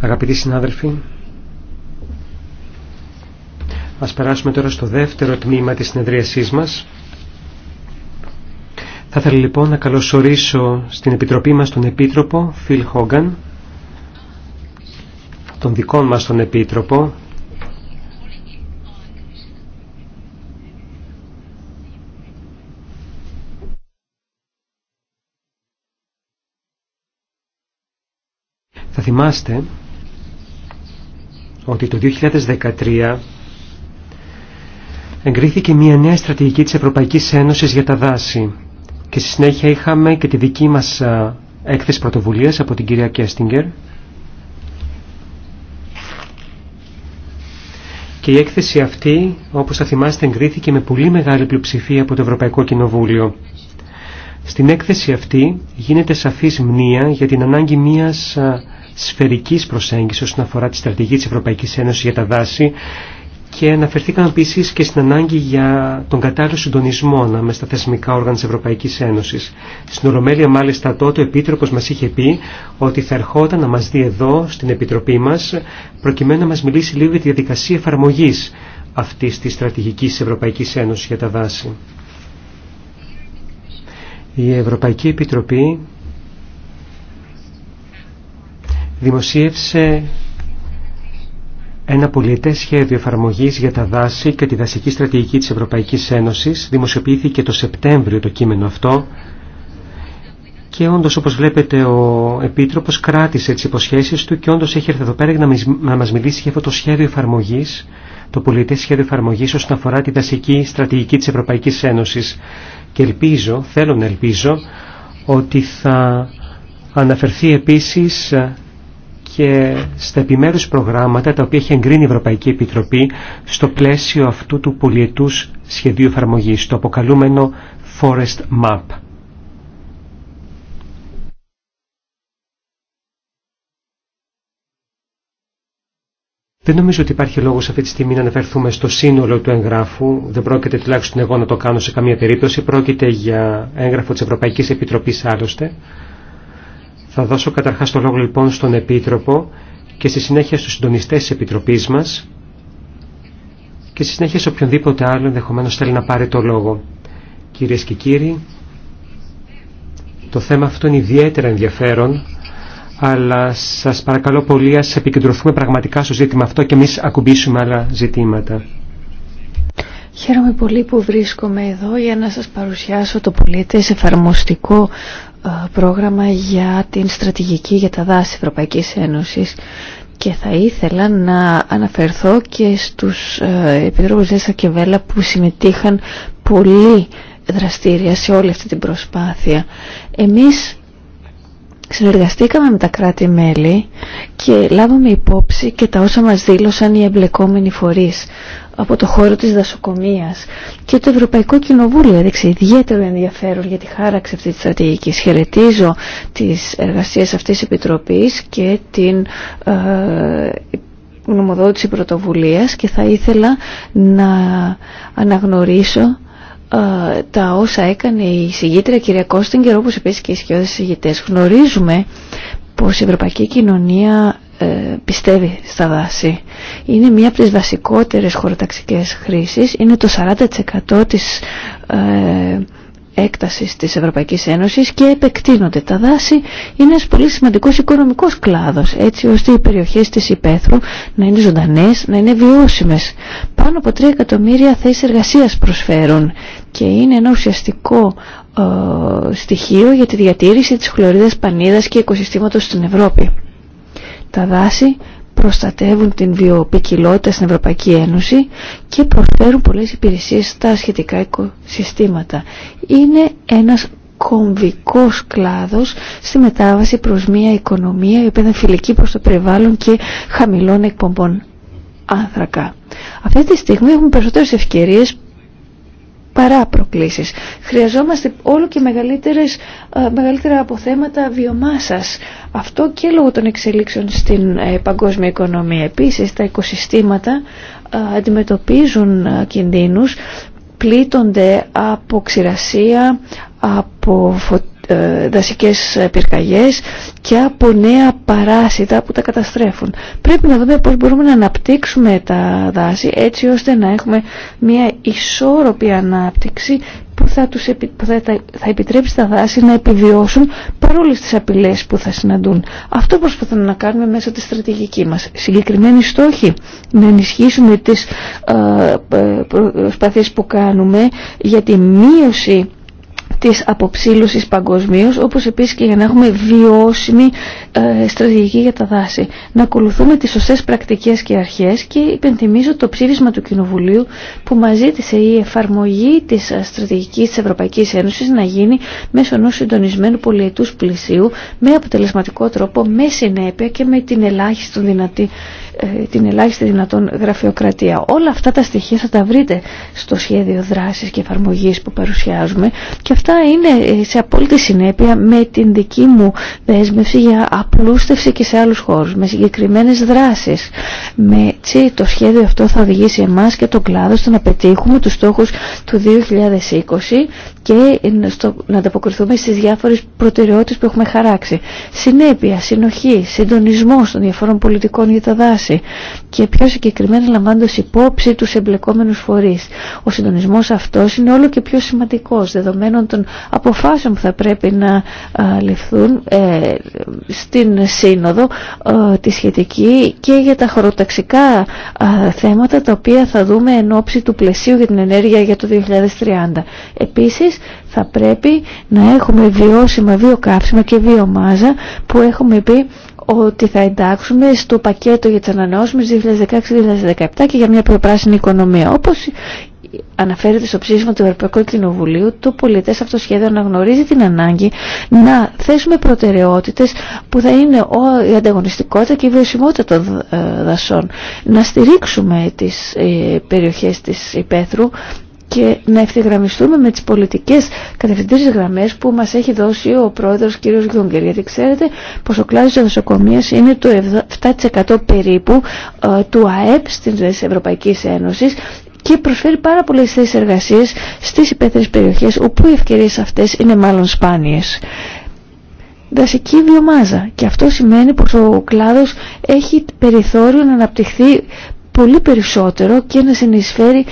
Αγαπητοί συνάδελφοι, ας περάσουμε τώρα στο δεύτερο τμήμα της συνεδρίασής μας. Θα ήθελα λοιπόν να καλωσορίσω στην Επιτροπή μας τον Επίτροπο Φιλ Χόγκαν, τον δικό μας τον Επίτροπο, Θα θυμάστε ότι το 2013 εγκρίθηκε μια νέα στρατηγική της Ευρωπαϊκής Ένωσης για τα δάση και στη συνέχεια είχαμε και τη δική μας έκθεση πρωτοβουλίας από την κυρία Κέστιγκερ και η έκθεση αυτή όπως θα θυμάστε εγκρίθηκε με πολύ μεγάλη πλειοψηφία από το Ευρωπαϊκό Κοινοβούλιο. Στην έκθεση αυτή γίνεται σαφής μνήα για την ανάγκη μιας σφαιρικής προσέγγισης όσον αφορά τη στρατηγική της Ευρωπαϊκής Ένωσης για τα δάση και αναφερθήκαμε επίση και στην ανάγκη για τον κατάλληλο συντονισμό ανάμεσα στα θεσμικά όργανα τη Ευρωπαϊκή Ένωση. Στην Ολομέλεια, μάλιστα, τότε ο Επίτροπο μα είχε πει ότι θα ερχόταν να μα δει εδώ, στην Επιτροπή μα, προκειμένου να μα μιλήσει λίγο για τη διαδικασία εφαρμογή αυτή τη στρατηγική Ευρωπαϊκή Ένωση για τα δάση. Η Ευρωπαϊκή Επιτροπή δημοσίευσε ένα πολιτέ σχέδιο εφαρμογή για τα δάση και τη δασική στρατηγική της Ευρωπαϊκής Ένωσης. Δημοσιοποιήθηκε το Σεπτέμβριο το κείμενο αυτό. Και όντω, όπω βλέπετε, ο Επίτροπο κράτησε τι υποσχέσει του και όντω έχει έρθει εδώ πέρα να μα μιλήσει για αυτό το σχέδιο εφαρμογή, το πολιτέ σχέδιο εφαρμογή όσον αφορά τη δασική στρατηγική τη Ευρωπαϊκή Ένωση. Και ελπίζω, θέλω να ελπίζω, ότι θα αναφερθεί επίσης και στα επιμέρους προγράμματα τα οποία έχει εγκρίνει η Ευρωπαϊκή Επιτροπή στο πλαίσιο αυτού του πολιετούς σχεδίου εφαρμογή, το αποκαλούμενο Forest Map. Δεν νομίζω ότι υπάρχει λόγος αυτή τη στιγμή να αναφερθούμε στο σύνολο του εγγράφου. Δεν πρόκειται τουλάχιστον εγώ να το κάνω σε καμία περίπτωση. Πρόκειται για έγγραφο της Ευρωπαϊκής Επιτροπής άλλωστε. Θα δώσω καταρχάς το λόγο λοιπόν στον Επίτροπο και στη συνέχεια στους συντονιστές της Επιτροπής μας και στη συνέχεια σε οποιονδήποτε άλλο ενδεχομένως θέλει να πάρει το λόγο. Κυρίες και κύριοι, το θέμα αυτό είναι ιδιαίτερα ενδιαφέρον αλλά σας παρακαλώ πολύ ας επικεντρωθούμε πραγματικά στο ζήτημα αυτό και εμείς ακουμπήσουμε άλλα ζητήματα. Χαίρομαι πολύ που βρίσκομαι εδώ για να σας παρουσιάσω το πολίτες εφαρμοστικό ε, πρόγραμμα για την στρατηγική για τα δάση Ευρωπαϊκής Ένωσης και θα ήθελα να αναφερθώ και στους ε, επιτρόπους Ζέσσα και Βέλα που συμμετείχαν πολύ δραστήρια σε όλη αυτή την προσπάθεια. Εμείς Συνεργαστήκαμε με τα κράτη-μέλη και λάβαμε υπόψη και τα όσα μας δήλωσαν οι εμπλεκόμενοι φορείς από το χώρο της δασοκομείας και το Ευρωπαϊκό Κοινοβούλιο έδειξε ιδιαίτερο ενδιαφέρον για τη χάραξη αυτής της στρατηγικής. Χαιρετίζω τις εργασίες αυτής της Επιτροπής και την ε, γνωμοδότηση πρωτοβουλίας και θα ήθελα να αναγνωρίσω τα όσα έκανε η συγγήτρια κυρία και όπως επίσης και οι σχεδόντες συγγητές. Γνωρίζουμε πως η ευρωπαϊκή κοινωνία ε, πιστεύει στα δάση. Είναι μία από τις βασικότερες χωροταξικές χρήσεις. Είναι το 40% της ε, έκταση της Ευρωπαϊκής Ένωσης και επεκτείνονται. Τα δάση είναι ένας πολύ σημαντικός οικονομικός κλάδος, έτσι ώστε οι περιοχές της Υπέθρου να είναι ζωντανές, να είναι βιώσιμες. Πάνω από 3 εκατομμύρια θέσεις εργασίας προσφέρουν και είναι ένα ουσιαστικό ε, στοιχείο για τη διατήρηση της χλωρίδας πανίδας και οικοσυστήματος στην Ευρώπη. Τα δάση προστατεύουν την βιοποικιλότητα στην Ευρωπαϊκή Ένωση και προσφέρουν πολλές υπηρεσίες στα σχετικά οικοσυστήματα. Είναι ένας κομβικός κλάδος στη μετάβαση προς μια οικονομία η οποία είναι φιλική προς το περιβάλλον και χαμηλών εκπομπών άνθρακα. Αυτή τη στιγμή έχουμε περισσότερες ευκαιρίες παρά προκλήσεις. Χρειαζόμαστε όλο και μεγαλύτερες, ε, μεγαλύτερα αποθέματα βιομάσας. Αυτό και λόγω των εξελίξεων στην ε, παγκόσμια οικονομία. Επίσης τα οικοσυστήματα ε, αντιμετωπίζουν κινδύνους πλήττονται από ξηρασία, από φωτιά ε, δασικές πυρκαγιές και από νέα παράσιτα που τα καταστρέφουν. Πρέπει να δούμε πώς μπορούμε να αναπτύξουμε τα δάση έτσι ώστε να έχουμε μια ισόρροπη ανάπτυξη που θα, επιτρέψει τα δάση να επιβιώσουν παρόλες τις απειλές που θα συναντούν. Αυτό προσπαθούμε να κάνουμε μέσα τη στρατηγική μας. Συγκεκριμένοι στόχοι να ενισχύσουμε τις ε, ε που κάνουμε για τη μείωση της αποψήλωσης παγκοσμίως, όπως επίσης και για να έχουμε βιώσιμη ε, στρατηγική για τα δάση. Να ακολουθούμε τις σωστές πρακτικές και αρχές και υπενθυμίζω το ψήφισμα του Κοινοβουλίου που μας ζήτησε η εφαρμογή της ε, στρατηγικής της Ευρωπαϊκής Ένωσης να γίνει μέσω ενός συντονισμένου πολιετούς πλησίου με αποτελεσματικό τρόπο, με συνέπεια και με την ελάχιστη δυνατή ε, την ελάχιστη δυνατόν γραφειοκρατία. Όλα αυτά τα στοιχεία θα τα βρείτε στο σχέδιο δράσης και εφαρμογής που παρουσιάζουμε και αυτά είναι ε, σε απόλυτη συνέπεια με την δική μου δέσμευση για απλούστευση και σε άλλους χώρους, με συγκεκριμένες δράσεις. Με τσι, το σχέδιο αυτό θα οδηγήσει εμάς και τον κλάδο στο να πετύχουμε τους στόχους του 2020 και ε, στο, να ανταποκριθούμε στις διάφορες προτεραιότητες που έχουμε χαράξει. Συνέπεια, συνοχή, συντονισμό των διαφορών πολιτικών για τα δάση, και πιο συγκεκριμένα λαμβάνοντας υπόψη τους εμπλεκόμενους φορείς. Ο συντονισμός αυτός είναι όλο και πιο σημαντικός δεδομένων των αποφάσεων που θα πρέπει να ληφθούν ε, στην Σύνοδο ε, τη σχετική και για τα χωροταξικά θέματα τα οποία θα δούμε εν ώψη του πλαισίου για την ενέργεια για το 2030. Επίσης θα πρέπει να έχουμε βιώσιμα βιοκάψιμα και βιομάζα που έχουμε πει ότι θα εντάξουμε στο πακέτο για τι ανανεώσιμε 2016 2016-2017 και για μια προπράσινη οικονομία. Όπω αναφέρεται στο ψήφισμα του Ευρωπαϊκού Κοινοβουλίου, το πολιτέ αυτό σχέδιο αναγνωρίζει την ανάγκη να θέσουμε προτεραιότητε που θα είναι η ανταγωνιστικότητα και η βιωσιμότητα των ε, δασών. Να στηρίξουμε τι ε, περιοχέ τη υπαίθρου και να ευθυγραμμιστούμε με τις πολιτικές κατευθυντήριες γραμμές που μας έχει δώσει ο πρόεδρος κ. Γιούγκερ. Γιατί ξέρετε πως ο κλάδος της νοσοκομείας είναι το 7% περίπου ε, του ΑΕΠ στην Ευρωπαϊκή Ένωση και προσφέρει πάρα πολλές θέσεις εργασίες στις υπαίθριες περιοχές όπου οι ευκαιρίες αυτές είναι μάλλον σπάνιες δασική βιομάζα και αυτό σημαίνει πως ο κλάδος έχει περιθώριο να αναπτυχθεί πολύ περισσότερο και να συνεισφέρει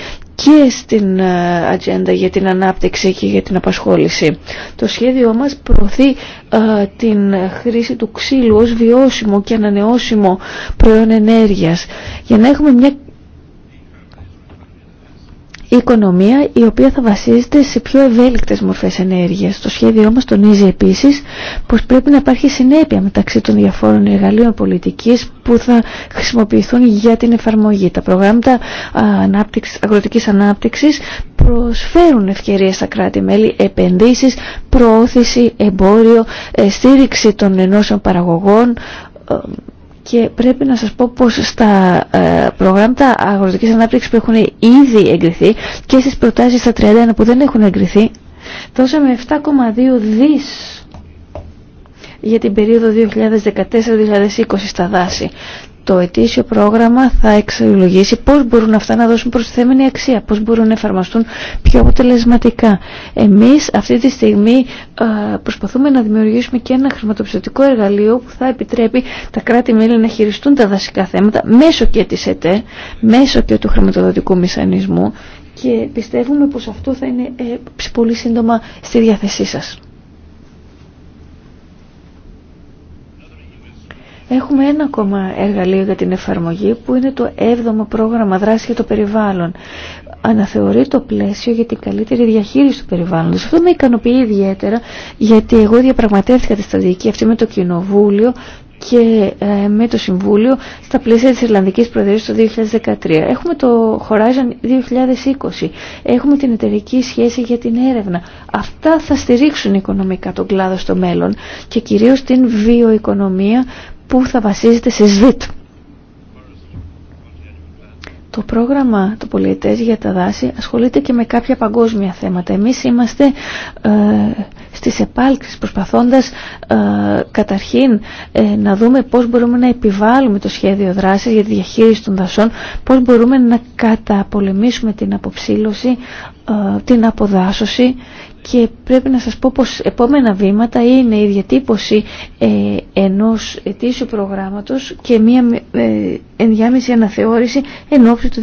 και στην ε, ατζέντα για την ανάπτυξη και για την απασχόληση. Το σχέδιό μας προωθεί ε, την χρήση του ξύλου ως βιώσιμο και ανανεώσιμο προϊόν ενέργειας για να έχουμε μια η οικονομία η οποία θα βασίζεται σε πιο ευέλικτες μορφές ενέργειας. Το σχέδιό μας τονίζει επίσης πως πρέπει να υπάρχει συνέπεια μεταξύ των διαφόρων εργαλείων πολιτικής που θα χρησιμοποιηθούν για την εφαρμογή. Τα προγράμματα ανάπτυξης, αγροτικής ανάπτυξης προσφέρουν ευκαιρίες στα κράτη-μέλη, επενδύσεις, προώθηση, εμπόριο, ε, στήριξη των ενώσεων παραγωγών, ε, και πρέπει να σας πω πως στα ε, προγράμματα αγροτικής ανάπτυξης που έχουν ήδη εγκριθεί και στις προτάσεις στα 31 που δεν έχουν εγκριθεί δώσαμε 7,2 δις για την περίοδο 2014-2020 στα δάση το ετήσιο πρόγραμμα θα εξολογήσει πώς μπορούν αυτά να δώσουν προσθέμενη αξία, πώς μπορούν να εφαρμοστούν πιο αποτελεσματικά. Εμείς αυτή τη στιγμή προσπαθούμε να δημιουργήσουμε και ένα χρηματοπιστωτικό εργαλείο που θα επιτρέπει τα κράτη-μέλη να χειριστούν τα δασικά θέματα μέσω και της ΕΤΕ, μέσω και του χρηματοδοτικού μηχανισμού και πιστεύουμε πως αυτό θα είναι ε, πολύ σύντομα στη διάθεσή σας. Έχουμε ένα ακόμα εργαλείο για την εφαρμογή που είναι το 7ο πρόγραμμα δράση για το περιβάλλον. Αναθεωρεί το πλαίσιο για την καλύτερη διαχείριση του περιβάλλοντος. Αυτό με ικανοποιεί ιδιαίτερα γιατί εγώ διαπραγματεύτηκα τη στρατηγική αυτή με το Κοινοβούλιο και ε, με το Συμβούλιο στα πλαίσια της Ιρλανδικής Προεδρίας το 2013. Έχουμε το Horizon 2020, έχουμε την εταιρική σχέση για την έρευνα. Αυτά θα στηρίξουν οικονομικά τον κλάδο στο μέλλον και κυρίως την βιοοικονομία που θα βασίζεται σε ΣΒΙΤ. Το πρόγραμμα το πολιετές για τα δάση ασχολείται και με κάποια παγκόσμια θέματα. Εμείς είμαστε ε, στις επάλξεις προσπαθώντας ε, καταρχήν ε, να δούμε πώς μπορούμε να επιβάλλουμε το σχέδιο δράσης για τη διαχείριση των δασών, πώς μπορούμε να καταπολεμήσουμε την αποψήλωση, ε, την αποδάσωση και πρέπει να σας πω πως επόμενα βήματα είναι η διατύπωση ενός ετήσιου προγράμματος και μια ενδιάμεση αναθεώρηση εν ώψη του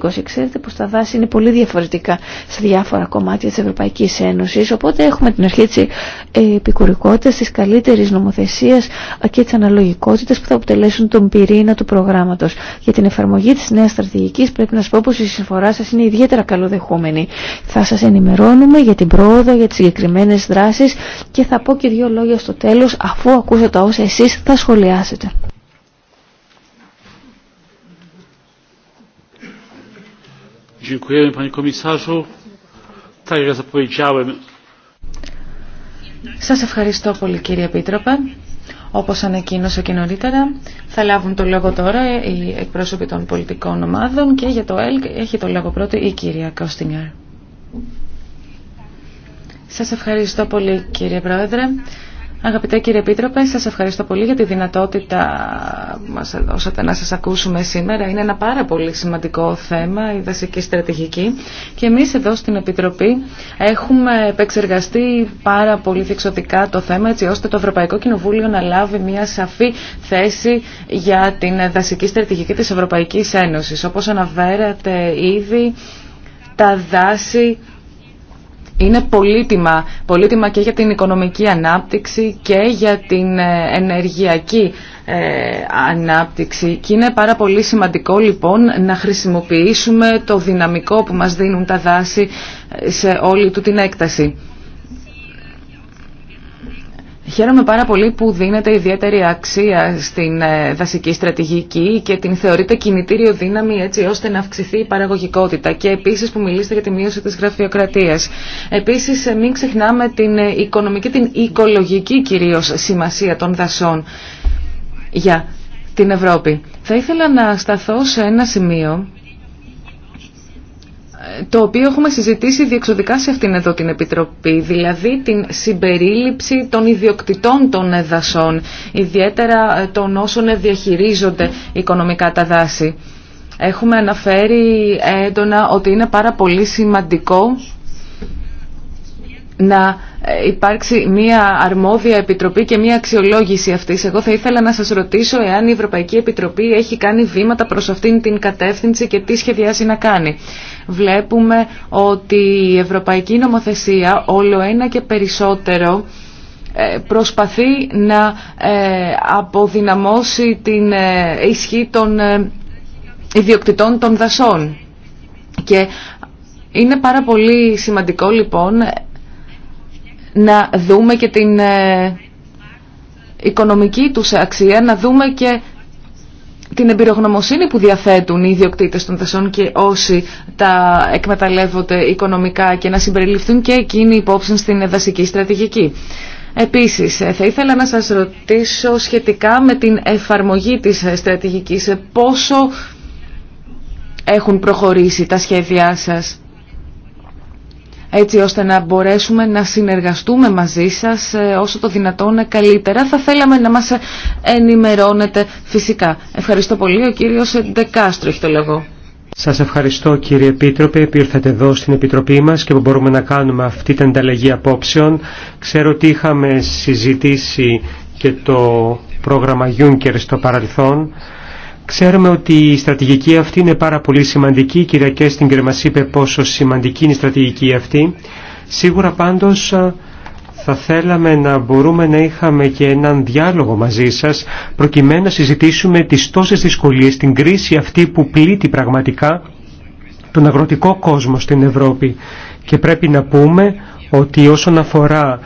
2020. Ξέρετε πως τα δάση είναι πολύ διαφορετικά σε διάφορα κομμάτια της Ευρωπαϊκής Ένωσης, οπότε έχουμε την αρχή έτσι ε, επικουρικότητας, της καλύτερης νομοθεσίας και της αναλογικότητας που θα αποτελέσουν τον πυρήνα του προγράμματος. Για την εφαρμογή της νέας στρατηγικής πρέπει να σας πω πως η συμφορά σας είναι ιδιαίτερα καλοδεχόμενη. Θα σας ενημερώνουμε για την πρόοδο, για τις συγκεκριμένε δράσεις και θα πω και δύο λόγια στο τέλος αφού ακούσω τα όσα εσείς θα σχολιάσετε. Dziękujemy panie komisarzu. Tak jak zapowiedziałem, σας ευχαριστώ πολύ κύριε Επίτροπε. Όπως ανακοίνωσα και νωρίτερα, θα λάβουν το λόγο τώρα οι εκπρόσωποι των πολιτικών ομάδων και για το ΕΛΚ έχει το λόγο πρώτο η κυρία Κώστινιαρ. Σας ευχαριστώ πολύ κύριε Πρόεδρε. Αγαπητέ κύριε Επίτροπε, σας ευχαριστώ πολύ για τη δυνατότητα που μας δώσατε να σας ακούσουμε σήμερα. Είναι ένα πάρα πολύ σημαντικό θέμα, η δασική στρατηγική. Και εμείς εδώ στην Επιτροπή έχουμε επεξεργαστεί πάρα πολύ διεξοδικά το θέμα, έτσι ώστε το Ευρωπαϊκό Κοινοβούλιο να λάβει μια σαφή θέση για την δασική στρατηγική της Ευρωπαϊκής Ένωσης. Όπως αναφέρατε ήδη, τα δάση είναι πολύτιμα, πολύτιμα και για την οικονομική ανάπτυξη και για την ε, ενεργειακή ε, ανάπτυξη και είναι πάρα πολύ σημαντικό λοιπόν να χρησιμοποιήσουμε το δυναμικό που μας δίνουν τα δάση ε, σε όλη του την έκταση. Χαίρομαι πάρα πολύ που δίνεται ιδιαίτερη αξία στην ε, δασική στρατηγική και την θεωρείται κινητήριο δύναμη έτσι ώστε να αυξηθεί η παραγωγικότητα και επίσης που μιλήσετε για τη μείωση της γραφειοκρατίας. Επίσης ε, μην ξεχνάμε την ε, οικονομική, την οικολογική κυρίως σημασία των δασών για την Ευρώπη. Θα ήθελα να σταθώ σε ένα σημείο το οποίο έχουμε συζητήσει διεξοδικά σε αυτήν εδώ την Επιτροπή, δηλαδή την συμπερίληψη των ιδιοκτητών των δασών, ιδιαίτερα ε, των όσων διαχειρίζονται οικονομικά τα δάση. Έχουμε αναφέρει έντονα ότι είναι πάρα πολύ σημαντικό να υπάρξει μία αρμόδια επιτροπή και μία αξιολόγηση αυτής. Εγώ θα ήθελα να σας ρωτήσω εάν η Ευρωπαϊκή Επιτροπή έχει κάνει βήματα προς αυτήν την κατεύθυνση και τι σχεδιάζει να κάνει. Βλέπουμε ότι η Ευρωπαϊκή Νομοθεσία όλο ένα και περισσότερο ε, προσπαθεί να ε, αποδυναμώσει την ε, ισχύ των ιδιοκτητών των δασών. Και είναι πάρα πολύ σημαντικό λοιπόν να δούμε και την ε, οικονομική τους αξία, να δούμε και την εμπειρογνωμοσύνη που διαθέτουν οι ιδιοκτήτες των δασών και όσοι τα εκμεταλλεύονται οικονομικά και να συμπεριληφθούν και εκείνοι υπόψη στην δασική στρατηγική. Επίσης, ε, θα ήθελα να σας ρωτήσω σχετικά με την εφαρμογή της στρατηγικής, ε, πόσο έχουν προχωρήσει τα σχέδιά σας έτσι ώστε να μπορέσουμε να συνεργαστούμε μαζί σας ε, όσο το δυνατόν καλύτερα. Θα θέλαμε να μας ενημερώνετε φυσικά. Ευχαριστώ πολύ. Ο κύριος Ντεκάστρο έχει το λόγο. Σας ευχαριστώ κύριε Επίτροπε που ήρθατε εδώ στην Επιτροπή μας και που μπορούμε να κάνουμε αυτή την ανταλλαγή απόψεων. Ξέρω ότι είχαμε συζητήσει και το πρόγραμμα Juncker στο παρελθόν. Ξέρουμε ότι η στρατηγική αυτή είναι πάρα πολύ σημαντική. Η κυρία Κέστιγκερ μας είπε πόσο σημαντική είναι η στρατηγική αυτή. Σίγουρα πάντως ε, θα θέλαμε να μπορούμε να είχαμε και έναν διάλογο μαζί σας προκειμένου να συζητήσουμε τις τόσες δυσκολίες, την κρίση αυτή που πλήττει πραγματικά τον αγροτικό κόσμο στην Ευρώπη. Και πρέπει να πούμε ότι όσον αφορά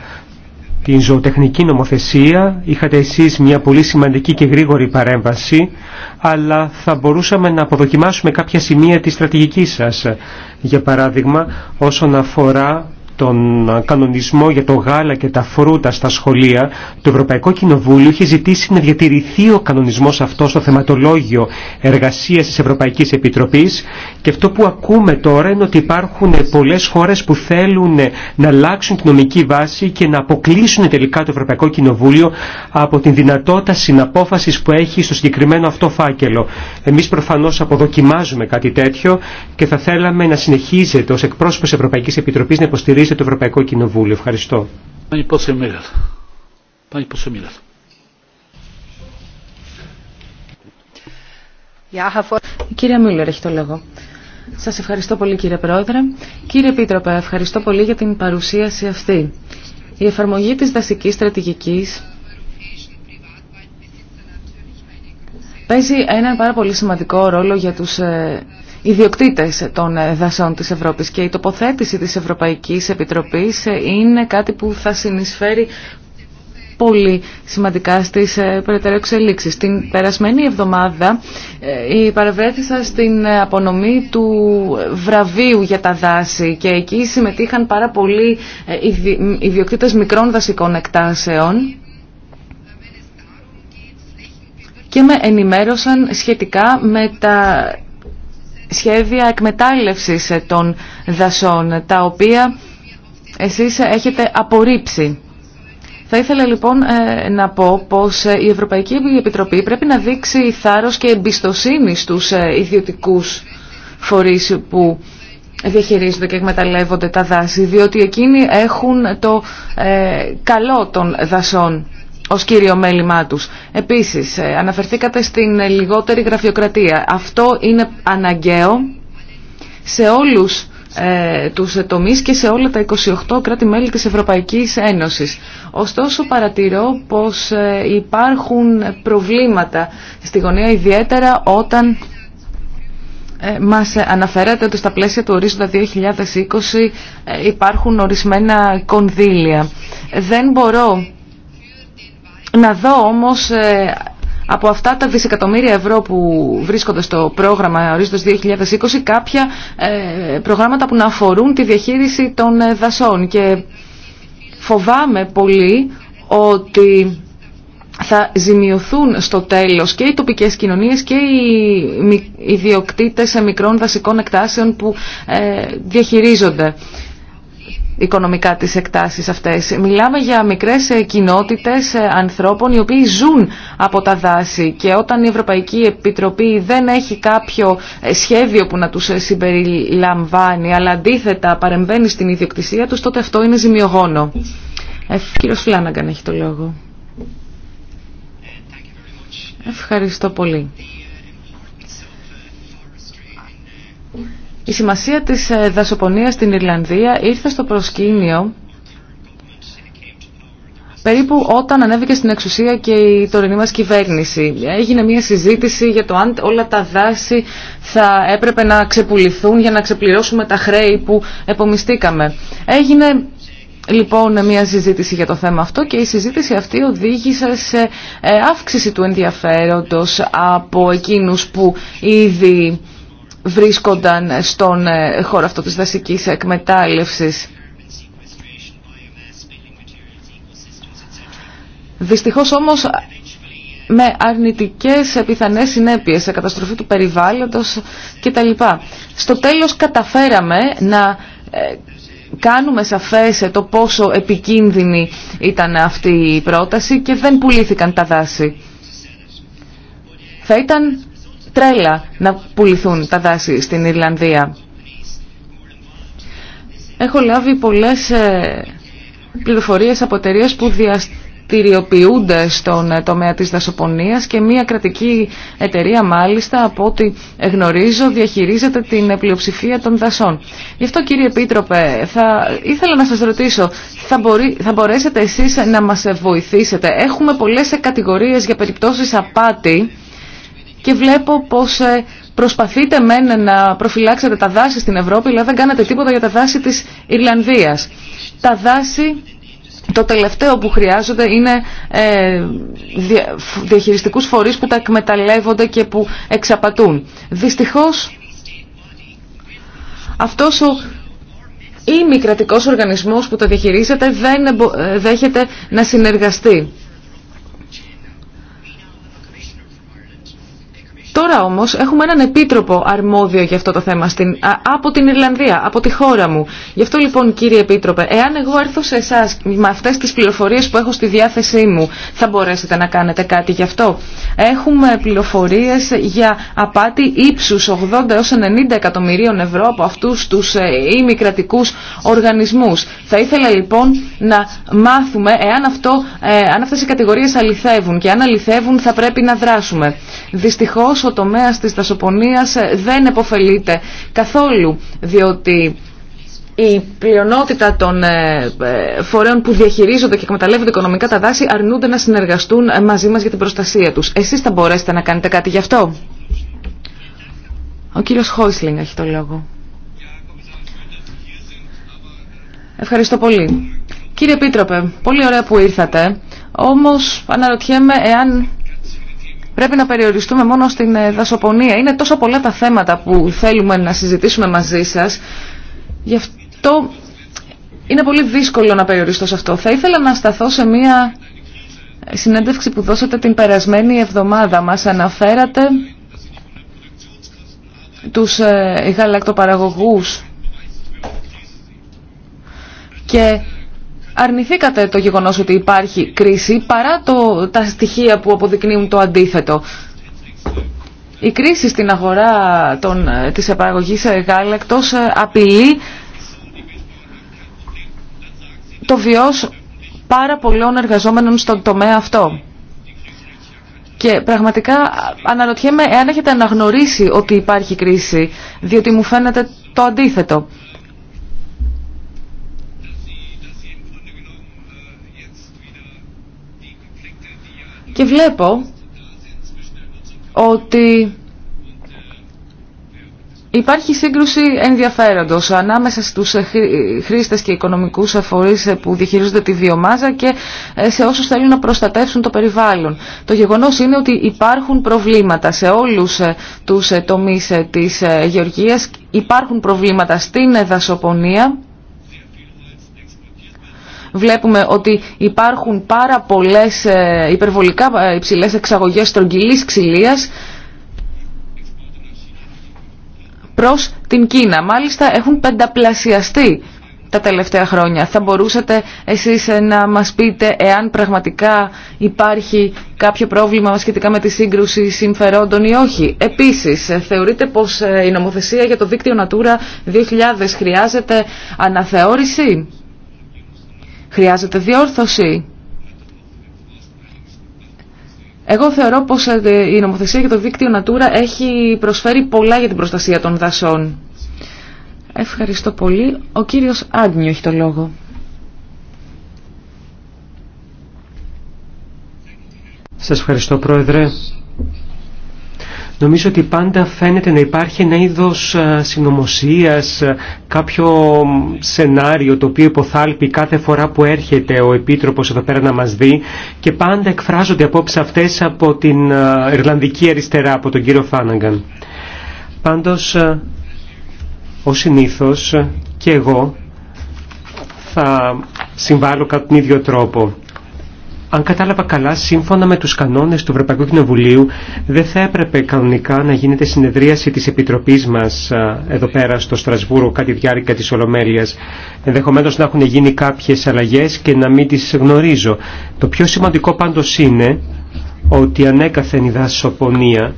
την ζωοτεχνική νομοθεσία. Είχατε εσείς μια πολύ σημαντική και γρήγορη παρέμβαση, αλλά θα μπορούσαμε να αποδοκιμάσουμε κάποια σημεία της στρατηγικής σας. Για παράδειγμα, όσον αφορά τον κανονισμό για το γάλα και τα φρούτα στα σχολεία, το Ευρωπαϊκό Κοινοβούλιο είχε ζητήσει να διατηρηθεί ο κανονισμός αυτό στο θεματολόγιο εργασίας της Ευρωπαϊκής Επιτροπής και αυτό που ακούμε τώρα είναι ότι υπάρχουν πολλές χώρες που θέλουν να αλλάξουν την νομική βάση και να αποκλείσουν τελικά το Ευρωπαϊκό Κοινοβούλιο από την δυνατότητα συναπόφασης που έχει στο συγκεκριμένο αυτό φάκελο. Εμείς προφανώς αποδοκιμάζουμε κάτι τέτοιο και θα θέλαμε να συνεχίζεται ως εκπρόσωπος Ευρωπαϊκής Επιτροπής να υποστηρίζει στηρίζεται το Ευρωπαϊκό Κοινοβούλιο. Ευχαριστώ. Κύριε Μίλλερ, έχει το λόγο. Σας ευχαριστώ πολύ κύριε Πρόεδρε. Κύριε Επίτροπε, ευχαριστώ πολύ για την παρουσίαση αυτή. Η εφαρμογή της δασικής στρατηγικής παίζει έναν πάρα πολύ σημαντικό ρόλο για τους ε, ιδιοκτήτες των ε, δασών της Ευρώπης και η τοποθέτηση της Ευρωπαϊκής Επιτροπής ε, είναι κάτι που θα συνεισφέρει πολύ σημαντικά στις ε, περαιτέρω εξελίξεις. Την περασμένη εβδομάδα η παρευρέθησα στην απονομή του βραβείου για τα δάση και εκεί συμμετείχαν πάρα πολλοί ιδιοκτήτες μικρών δασικών εκτάσεων και με ενημέρωσαν σχετικά με τα σχέδια εκμετάλλευσης των δασών, τα οποία εσείς έχετε απορρίψει. Θα ήθελα λοιπόν ε, να πω πως η Ευρωπαϊκή Επιτροπή πρέπει να δείξει θάρρος και εμπιστοσύνη στους ε, ιδιωτικούς φορείς που διαχειρίζονται και εκμεταλλεύονται τα δάση, διότι εκείνοι έχουν το ε, καλό των δασών ως κύριο μέλημά τους. Επίσης, ε, αναφερθήκατε στην λιγότερη γραφειοκρατία. Αυτό είναι αναγκαίο σε όλους ε, τους τομείς και σε όλα τα 28 κράτη-μέλη της Ευρωπαϊκής Ένωσης. Ωστόσο παρατηρώ πως ε, υπάρχουν προβλήματα στη γωνία ιδιαίτερα όταν ε, μας αναφέρατε ότι στα πλαίσια του ορίζοντα 2020 υπάρχουν ορισμένα κονδύλια. Δεν μπορώ να δω όμως ε, από αυτά τα δισεκατομμύρια ευρώ που βρίσκονται στο πρόγραμμα ορίζοντας 2020 κάποια ε, προγράμματα που να αφορούν τη διαχείριση των ε, δασών και φοβάμαι πολύ ότι θα ζημιωθούν στο τέλος και οι τοπικές κοινωνίες και οι ιδιοκτήτες μικρών δασικών εκτάσεων που διαχειρίζονται οικονομικά τις εκτάσεις αυτές. Μιλάμε για μικρές ε, κοινότητες ε, ανθρώπων οι οποίοι ζουν από τα δάση και όταν η Ευρωπαϊκή Επιτροπή δεν έχει κάποιο ε, σχέδιο που να τους συμπεριλαμβάνει αλλά αντίθετα παρεμβαίνει στην ιδιοκτησία τους τότε αυτό είναι ζημιογόνο. Ε, κύριος έχει το λόγο. Ευχαριστώ πολύ. Η σημασία της ε, δασοπονίας στην Ιρλανδία ήρθε στο προσκήνιο περίπου όταν ανέβηκε στην εξουσία και η τωρινή μας κυβέρνηση. Έγινε μια συζήτηση για το αν όλα τα δάση θα έπρεπε να ξεπουληθούν για να ξεπληρώσουμε τα χρέη που επομιστήκαμε. Έγινε λοιπόν μια συζήτηση για το θέμα αυτό και η συζήτηση αυτή οδήγησε σε ε, αύξηση του ενδιαφέροντος από εκείνους που ήδη βρίσκονταν στον ε, χώρο αυτό της δασικής εκμετάλλευσης. Δυστυχώς όμως με αρνητικές επιθανές συνέπειες σε καταστροφή του περιβάλλοντος κτλ. Στο τέλος καταφέραμε να ε, κάνουμε σαφές ε, το πόσο επικίνδυνη ήταν αυτή η πρόταση και δεν πουλήθηκαν τα δάση. Θα ήταν τρέλα να πουληθούν τα δάση στην Ιρλανδία. Έχω λάβει πολλές ε, πληροφορίες από εταιρείε που διαστηριοποιούνται στον ε, τομέα της δασοπονίας και μια κρατική εταιρεία μάλιστα από ό,τι γνωρίζω διαχειρίζεται την ε, πλειοψηφία των δασών. Γι' αυτό κύριε Επίτροπε ήθελα να σας ρωτήσω θα, θα μπορέσετε εσείς να μας βοηθήσετε. Έχουμε πολλές κατηγορίες για περιπτώσεις απάτη και βλέπω πως ε, προσπαθείτε μεν να προφυλάξετε τα δάση στην Ευρώπη, αλλά δεν κάνατε τίποτα για τα δάση της Ιρλανδίας. Τα δάση το τελευταίο που χρειάζονται είναι ε, διαχειριστικούς φορείς που τα εκμεταλλεύονται και που εξαπατούν. Δυστυχώς αυτός ο ή μη οργανισμός που τα διαχειρίζεται δεν ε, δέχεται να συνεργαστεί. Τώρα όμως έχουμε έναν επίτροπο αρμόδιο για αυτό το θέμα στην, από την Ιρλανδία, από τη χώρα μου. Γι' αυτό λοιπόν κύριε επίτροπε, εάν εγώ έρθω σε εσά με αυτές τις πληροφορίες που έχω στη διάθεσή μου, θα μπορέσετε να κάνετε κάτι γι' αυτό. Έχουμε πληροφορίες για απάτη ύψους 80 έως 90 εκατομμυρίων ευρώ από αυτούς τους ε, ημικρατικούς οργανισμούς. Θα ήθελα λοιπόν να μάθουμε εάν, αυτό, ε, αν αυτές οι κατηγορίες αληθεύουν και αν αληθεύουν θα πρέπει να δράσουμε. Δυστυχώς ο τομέας της δασοπονίας ε, δεν επωφελείται καθόλου, διότι η πλειονότητα των ε, ε, φορέων που διαχειρίζονται και εκμεταλλεύονται οικονομικά τα δάση αρνούνται να συνεργαστούν μαζί μας για την προστασία τους. Εσείς θα μπορέσετε να κάνετε κάτι γι' αυτό. Ο κύριος Χόισλινγκ έχει το λόγο. Ευχαριστώ πολύ. Κύριε Επίτροπε, πολύ ωραία που ήρθατε. Όμως αναρωτιέμαι εάν πρέπει να περιοριστούμε μόνο στην ε, δασοπονία. Είναι τόσο πολλά τα θέματα που θέλουμε να συζητήσουμε μαζί σας. Γι' αυτό είναι πολύ δύσκολο να περιοριστώ σε αυτό. Θα ήθελα να σταθώ σε μία συνέντευξη που δώσατε την περασμένη εβδομάδα. Μας αναφέρατε τους ε, γαλακτοπαραγωγούς και αρνηθήκατε το γεγονός ότι υπάρχει κρίση παρά το, τα στοιχεία που αποδεικνύουν το αντίθετο. Η κρίση στην αγορά των, της επαγωγής γάλακτος ε, απειλεί το βιός πάρα πολλών εργαζόμενων στον τομέα αυτό. Και πραγματικά αναρωτιέμαι εάν έχετε αναγνωρίσει ότι υπάρχει κρίση, διότι μου φαίνεται το αντίθετο. Και βλέπω ότι Υπάρχει σύγκρουση ενδιαφέροντος ανάμεσα στους χρήστες και οικονομικούς αφορείς που διαχειρίζονται τη βιομάζα και ε, σε όσους θέλουν να προστατεύσουν το περιβάλλον. Το γεγονός είναι ότι υπάρχουν προβλήματα σε όλους ε, τους ε, τομείς της γεωργίας, υπάρχουν προβλήματα στην δασοπονία βλέπουμε ότι υπάρχουν πάρα πολλές ε, υπερβολικά ε, υψηλές εξαγωγές στρογγυλής ξυλίας προς την Κίνα. Μάλιστα έχουν πενταπλασιαστεί τα τελευταία χρόνια. Θα μπορούσατε εσείς ε, να μας πείτε εάν πραγματικά υπάρχει κάποιο πρόβλημα σχετικά με τη σύγκρουση συμφερόντων ή όχι. Επίσης, θεωρείτε πως η νομοθεσία για το δίκτυο Natura 2000 χρειάζεται αναθεώρηση χρειάζεται διόρθωση. Εγώ θεωρώ πως ε, η νομοθεσία για το δίκτυο Natura έχει προσφέρει πολλά για την προστασία των δασών. Ευχαριστώ πολύ. Ο κύριος Άγνιου έχει το λόγο. Σας ευχαριστώ πρόεδρε. Νομίζω ότι πάντα φαίνεται να υπάρχει ένα είδο ε, συνωμοσία, ε, κάποιο σενάριο το οποίο υποθάλπει κάθε φορά που έρχεται ο Επίτροπος εδώ πέρα να μας δει και πάντα εκφράζονται απόψε αυτέ από την ε, Ιρλανδική αριστερά, από τον κύριο Φάναγκαν. Πάντω ο συνήθως και εγώ θα συμβάλλω κατά τον ίδιο τρόπο. Αν κατάλαβα καλά, σύμφωνα με τους κανόνες του Ευρωπαϊκού Κοινοβουλίου, δεν θα έπρεπε κανονικά να γίνεται συνεδρίαση της Επιτροπής μας εδώ πέρα στο Στρασβούρο κάτι διάρκεια της Ολομέλειας. Ενδεχομένως να έχουν γίνει κάποιες αλλαγές και να μην τις γνωρίζω. Το πιο σημαντικό πάντως είναι ότι ανέκαθεν η δασοπονία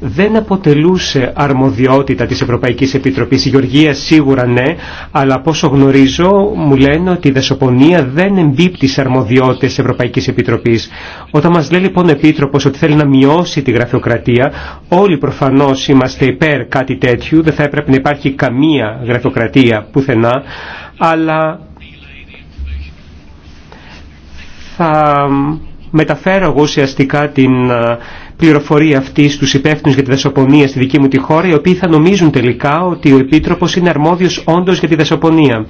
δεν αποτελούσε αρμοδιότητα της Ευρωπαϊκής Επιτροπής. Η Γεωργία σίγουρα ναι, αλλά από όσο γνωρίζω μου λένε ότι η δεσοπονία δεν εμπίπτει σε αρμοδιότητες της Ευρωπαϊκής Επιτροπής. Όταν μας λέει λοιπόν ο Επίτροπος ότι θέλει να μειώσει τη γραφειοκρατία, όλοι προφανώς είμαστε υπέρ κάτι τέτοιου, δεν θα έπρεπε να υπάρχει καμία γραφειοκρατία πουθενά, αλλά θα μεταφέρω εγώ ουσιαστικά την πληροφορία αυτή στου υπεύθυνου για τη δασοπονία στη δική μου τη χώρα, οι οποίοι θα νομίζουν τελικά ότι ο επίτροπο είναι αρμόδιο όντω για τη δασοπονία.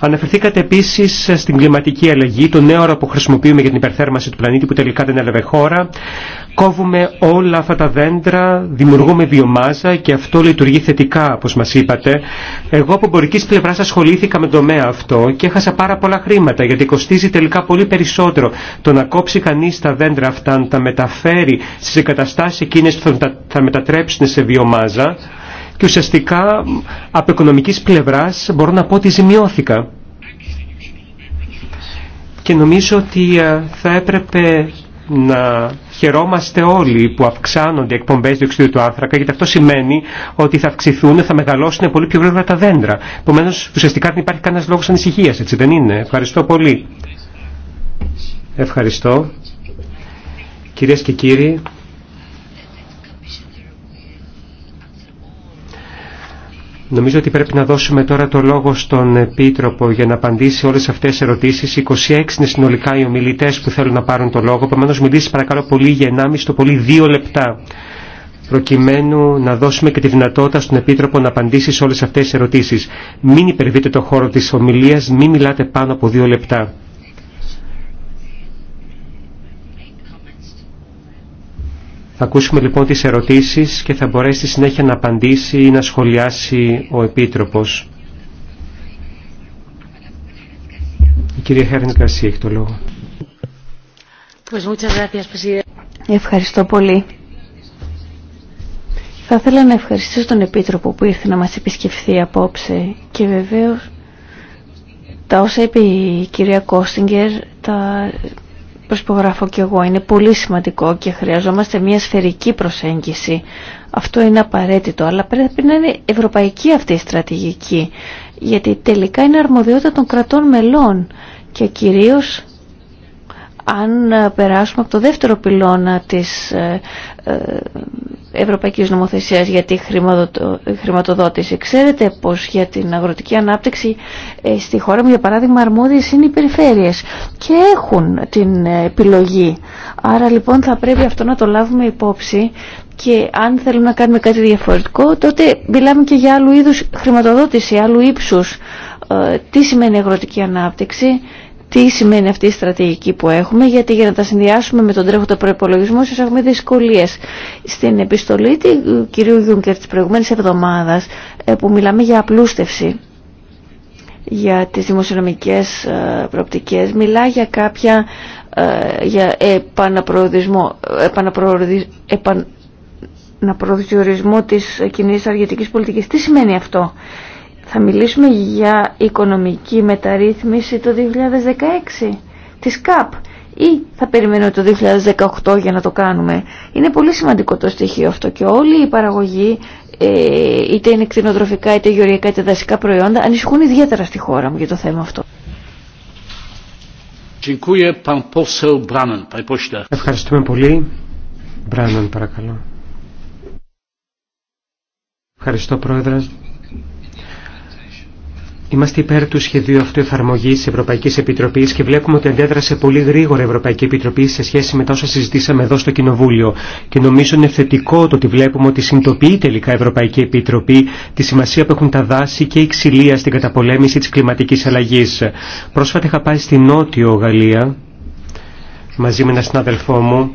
Αναφερθήκατε επίση στην κλιματική αλλαγή, το νέο όρο που χρησιμοποιούμε για την υπερθέρμανση του πλανήτη που τελικά δεν έλαβε χώρα. Κόβουμε όλα αυτά τα δέντρα, δημιουργούμε βιομάζα και αυτό λειτουργεί θετικά, όπω μα είπατε. Εγώ από εμπορική πλευρά ασχολήθηκα με το τομέα αυτό και έχασα πάρα πολλά χρήματα, γιατί κοστίζει τελικά πολύ περισσότερο το να κόψει κανεί τα δέντρα αυτά, να τα μεταφέρει στι καταστάσεις εκείνες που θα μετατρέψουν σε βιομάζα και ουσιαστικά από οικονομικής πλευράς μπορώ να πω ότι ζημιώθηκα. Και νομίζω ότι ε, θα έπρεπε να χαιρόμαστε όλοι που αυξάνονται οι εκπομπές εξωτερικού του άνθρακα, γιατί αυτό σημαίνει ότι θα αυξηθούν, θα μεγαλώσουν πολύ πιο γρήγορα τα δέντρα. Επομένω, ουσιαστικά δεν υπάρχει κανένας λόγος ανησυχίας έτσι δεν είναι. Ευχαριστώ πολύ. Ευχαριστώ. Κυρίες και κύριοι, Νομίζω ότι πρέπει να δώσουμε τώρα το λόγο στον Επίτροπο για να απαντήσει όλες αυτές τις ερωτήσεις. 26 είναι συνολικά οι ομιλητές που θέλουν να πάρουν το λόγο. Επομένως μιλήσει παρακαλώ πολύ για 1,5 το πολύ 2 λεπτά προκειμένου να δώσουμε και τη δυνατότητα στον Επίτροπο να απαντήσει σε όλες αυτές τις ερωτήσεις. Μην υπερβείτε το χώρο της ομιλίας, μην μιλάτε πάνω από δύο λεπτά. Θα ακούσουμε λοιπόν τις ερωτήσεις και θα μπορέσει στη συνέχεια να απαντήσει ή να σχολιάσει ο Επίτροπος. Η κυρία Χέρνης Γκαρσία έχει το λόγο. Ευχαριστώ πολύ. Θα ήθελα να ευχαριστήσω τον Επίτροπο που ήρθε να μας επισκεφθεί απόψε και βεβαίως τα όσα είπε η κυρία Κόστιγκερ τα προσπογράφω και εγώ. Είναι πολύ σημαντικό και χρειαζόμαστε μια σφαιρική προσέγγιση. Αυτό είναι απαραίτητο, αλλά πρέπει να είναι ευρωπαϊκή αυτή η στρατηγική, γιατί τελικά είναι αρμοδιότητα των κρατών μελών και κυρίως αν ε, περάσουμε από το δεύτερο πυλώνα της ε, ε, Ευρωπαϊκής Νομοθεσίας για τη χρηματοδότηση. Ξέρετε πως για την αγροτική ανάπτυξη στη χώρα μου για παράδειγμα αρμόδιες είναι οι περιφέρειες και έχουν την επιλογή. Άρα λοιπόν θα πρέπει αυτό να το λάβουμε υπόψη και αν θέλουμε να κάνουμε κάτι διαφορετικό τότε μιλάμε και για άλλου είδους χρηματοδότηση, άλλου ύψους. Τι σημαίνει αγροτική ανάπτυξη τι σημαίνει αυτή η στρατηγική που έχουμε, γιατί για να τα συνδυάσουμε με τον τρέχοντα προπολογισμό σα έχουμε δυσκολίε Στην επιστολή του ε, κυρίου Γιούγκερ τη προηγούμενη εβδομάδας, ε, που μιλάμε για απλούστευση, για τις δημοσιονομικές ε, προοπτικές, μιλά για κάποια για επαναπροορισμό, επαναπροορισμό της κοινή αργετικής πολιτικής. Τι σημαίνει αυτό. Θα μιλήσουμε για οικονομική μεταρρύθμιση το 2016 της ΚΑΠ ή θα περιμένουμε το 2018 για να το κάνουμε. Είναι πολύ σημαντικό το στοιχείο αυτό και όλοι οι παραγωγοί ε, είτε είναι κτηνοτροφικά είτε γεωργικά είτε δασικά προϊόντα ανησυχούν ιδιαίτερα στη χώρα μου για το θέμα αυτό. Ευχαριστούμε πολύ. Μπράνον παρακαλώ. Ευχαριστώ πρόεδρε. Είμαστε υπέρ του σχεδίου αυτού εφαρμογή τη Ευρωπαϊκή Επιτροπή και βλέπουμε ότι αντέδρασε πολύ γρήγορα η Ευρωπαϊκή Επιτροπή σε σχέση με τα όσα συζητήσαμε εδώ στο Κοινοβούλιο. Και νομίζω είναι θετικό το ότι βλέπουμε ότι συνειδητοποιεί τελικά η Ευρωπαϊκή Επιτροπή τη σημασία που έχουν τα δάση και η ξυλία στην καταπολέμηση τη κλιματική αλλαγή. Πρόσφατα είχα πάει στη Νότιο Γαλλία μαζί με έναν συνάδελφό μου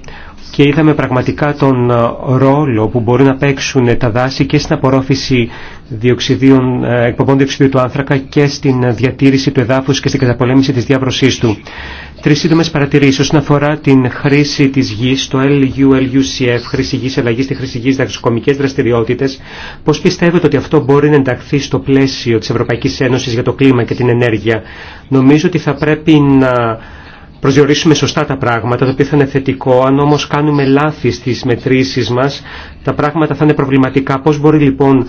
και είδαμε πραγματικά τον ε, ρόλο που μπορεί να παίξουν τα δάση και στην απορρόφηση διοξιδίων, ε, εκπομπών διοξιδίου του άνθρακα και στην διατήρηση του εδάφους και στην καταπολέμηση της διάβρωσής του. Τρεις σύντομες παρατηρήσεις όσον αφορά την χρήση της γης, το LULUCF, χρήση γης, αλλαγή στη χρήση γης, δαξικομικές δραστηριότητες. Πώς πιστεύετε ότι αυτό μπορεί να ενταχθεί στο πλαίσιο της Ευρωπαϊκής Ένωσης για το κλίμα και την ενέργεια. Νομίζω ότι θα πρέπει να προσδιορίσουμε σωστά τα πράγματα, το οποίο θα είναι θετικό. Αν όμως κάνουμε λάθη στις μετρήσεις μας, τα πράγματα θα είναι προβληματικά. Πώς μπορεί λοιπόν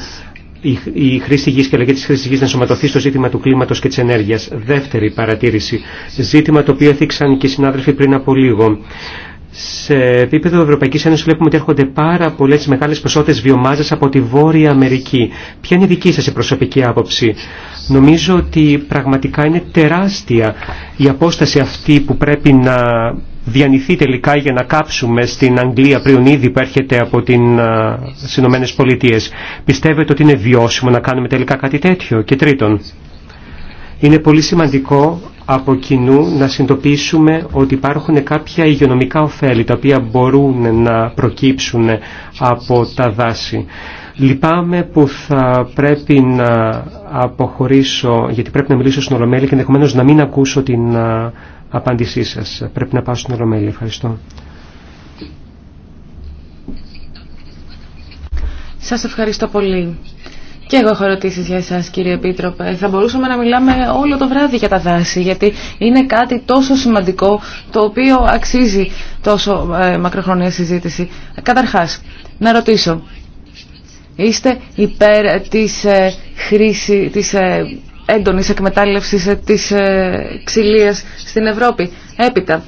η χρήση γης και η αλλαγή της χρήσης γης να σωματωθεί στο ζήτημα του κλίματος και της ενέργειας. Δεύτερη παρατήρηση, ζήτημα το οποίο έθιξαν και οι συνάδελφοι πριν από λίγο. Σε επίπεδο Ευρωπαϊκής Ένωσης βλέπουμε ότι έρχονται πάρα πολλές μεγάλες ποσότητες βιομάζας από τη Βόρεια Αμερική. Ποια είναι η δική σας η προσωπική άποψη. Νομίζω ότι πραγματικά είναι τεράστια η απόσταση αυτή που πρέπει να διανυθεί τελικά για να κάψουμε στην Αγγλία πριν ήδη που έρχεται από την, ΗΠΑ. τις Πιστεύετε ότι είναι βιώσιμο να κάνουμε τελικά κάτι τέτοιο. Και τρίτον, είναι πολύ σημαντικό από κοινού να συντοπίσουμε ότι υπάρχουν κάποια υγειονομικά ωφέλη τα οποία μπορούν να προκύψουν από τα δάση. Λυπάμαι που θα πρέπει να αποχωρήσω γιατί πρέπει να μιλήσω στην Ολομέλη και ενδεχομένω να μην ακούσω την απάντησή σας. Πρέπει να πάω στην Ολομέλη. Ευχαριστώ. Σας ευχαριστώ πολύ. Και εγώ έχω ερωτήσει για εσά, κύριε Επίτροπε. Θα μπορούσαμε να μιλάμε όλο το βράδυ για τα δάση, γιατί είναι κάτι τόσο σημαντικό, το οποίο αξίζει τόσο ε, μακροχρονία συζήτηση. Καταρχά, να ρωτήσω. Είστε υπέρ τη ε, χρήση, της ε, έντονης εκμετάλλευσης ε, της ε, ξυλίας στην Ευρώπη. Έπειτα,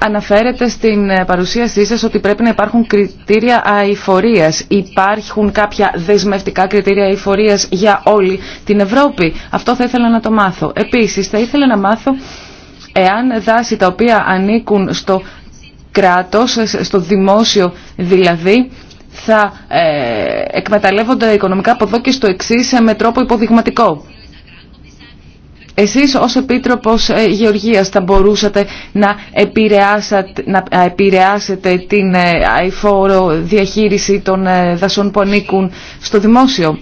Αναφέρετε στην ε, παρουσίασή σας ότι πρέπει να υπάρχουν κριτήρια αηφορίας. Υπάρχουν κάποια δεσμευτικά κριτήρια αηφορίας για όλη την Ευρώπη. Αυτό θα ήθελα να το μάθω. Επίσης, θα ήθελα να μάθω εάν δάση τα οποία ανήκουν στο κράτος, ε, στο δημόσιο δηλαδή, θα ε, εκμεταλλεύονται οικονομικά από εδώ και στο εξή ε, με τρόπο υποδειγματικό. Εσείς ως Επίτροπος ε, Γεωργίας θα μπορούσατε να επηρεάσετε, να την ε, αηφόρο διαχείριση των ε, δασών που ανήκουν στο δημόσιο.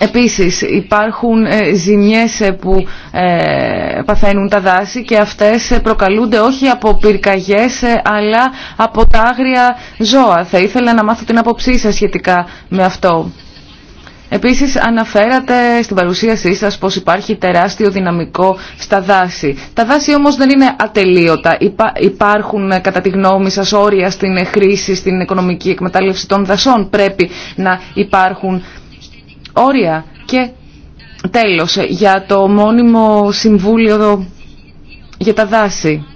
Επίσης υπάρχουν ζημιές που παθαίνουν τα δάση και αυτές προκαλούνται όχι από πυρκαγιές αλλά από τα άγρια ζώα. Θα ήθελα να μάθω την άποψή σας σχετικά με αυτό. Επίσης αναφέρατε στην παρουσίασή σας πως υπάρχει τεράστιο δυναμικό στα δάση. Τα δάση όμως δεν είναι ατελείωτα. Υπάρχουν ε, κατά τη γνώμη σας όρια στην χρήση, στην οικονομική εκμετάλλευση των δασών. Πρέπει να υπάρχουν όρια. Και τέλος, ε, για το μόνιμο συμβούλιο για τα δάση.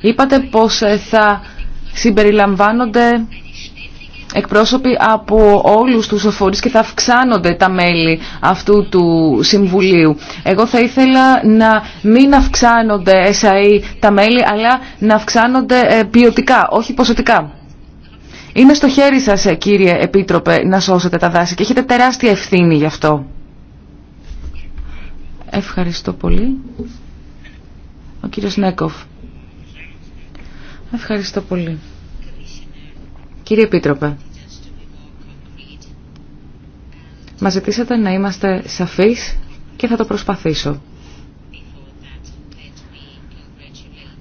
Είπατε πως ε, θα συμπεριλαμβάνονται εκπρόσωποι από όλους τους φορείς και θα αυξάνονται τα μέλη αυτού του Συμβουλίου. Εγώ θα ήθελα να μην αυξάνονται εσάι e τα μέλη, αλλά να αυξάνονται ε, ποιοτικά, όχι ποσοτικά. Είναι στο χέρι σας, ε, κύριε Επίτροπε, να σώσετε τα δάση και έχετε τεράστια ευθύνη γι' αυτό. Ευχαριστώ πολύ. Ο κύριος Νέκοφ. Ευχαριστώ πολύ. Κύριε Επίτροπε, μα ζητήσατε να είμαστε σαφείς και θα το προσπαθήσω.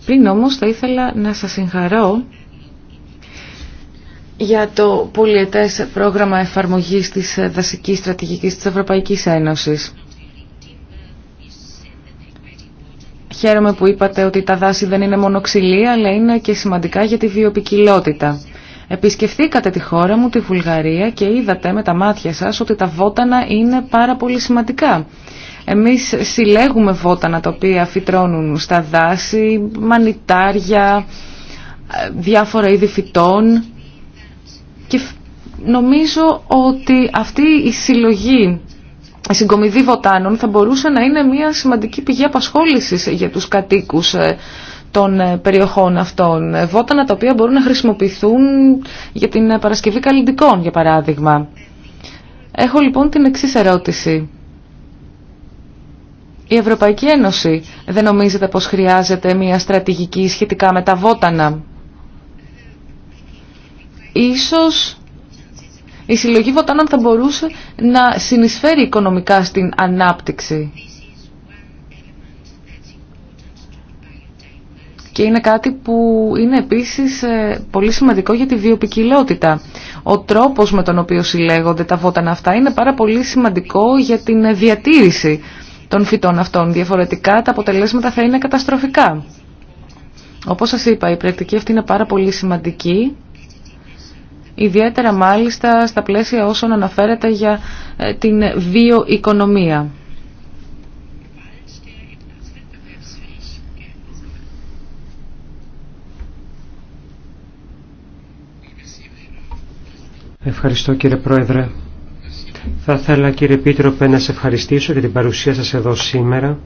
Πριν όμως θα ήθελα να σας συγχαρώ για το πολιετές πρόγραμμα εφαρμογής της δασικής στρατηγικής της Ευρωπαϊκής Ένωσης. Χαίρομαι που είπατε ότι τα δάση δεν είναι μόνο ξυλία, αλλά είναι και σημαντικά για τη βιοπικιλότητα. Επισκεφθήκατε τη χώρα μου, τη Βουλγαρία και είδατε με τα μάτια σας ότι τα βότανα είναι πάρα πολύ σημαντικά. Εμείς συλλέγουμε βότανα τα οποία φυτρώνουν στα δάση, μανιτάρια, ε, διάφορα είδη φυτών και νομίζω ότι αυτή η συλλογή η συγκομιδή βοτάνων θα μπορούσε να είναι μια σημαντική πηγή απασχόλησης για τους κατοίκους ε, των ε, περιοχών αυτών. Βότανα τα οποία μπορούν να χρησιμοποιηθούν για την ε, παρασκευή καλλιντικών, για παράδειγμα. Έχω λοιπόν την εξή ερώτηση. Η Ευρωπαϊκή Ένωση δεν νομίζετε πως χρειάζεται μια στρατηγική σχετικά με τα βότανα. Ίσως η συλλογή βοτάνων θα μπορούσε να συνεισφέρει οικονομικά στην ανάπτυξη και είναι κάτι που είναι επίσης ε, πολύ σημαντικό για τη βιοπικιλότητα. Ο τρόπος με τον οποίο συλλέγονται τα βότανα αυτά είναι πάρα πολύ σημαντικό για την διατήρηση των φυτών αυτών. Διαφορετικά τα αποτελέσματα θα είναι καταστροφικά. Όπως σας είπα, η πρακτική αυτή είναι πάρα πολύ σημαντική, ιδιαίτερα μάλιστα στα πλαίσια όσων αναφέρεται για ε, την βιοοικονομία. Ευχαριστώ κύριε Πρόεδρε. Θα ήθελα κύριε Πίτροπε να σε ευχαριστήσω για την παρουσία σας εδώ σήμερα.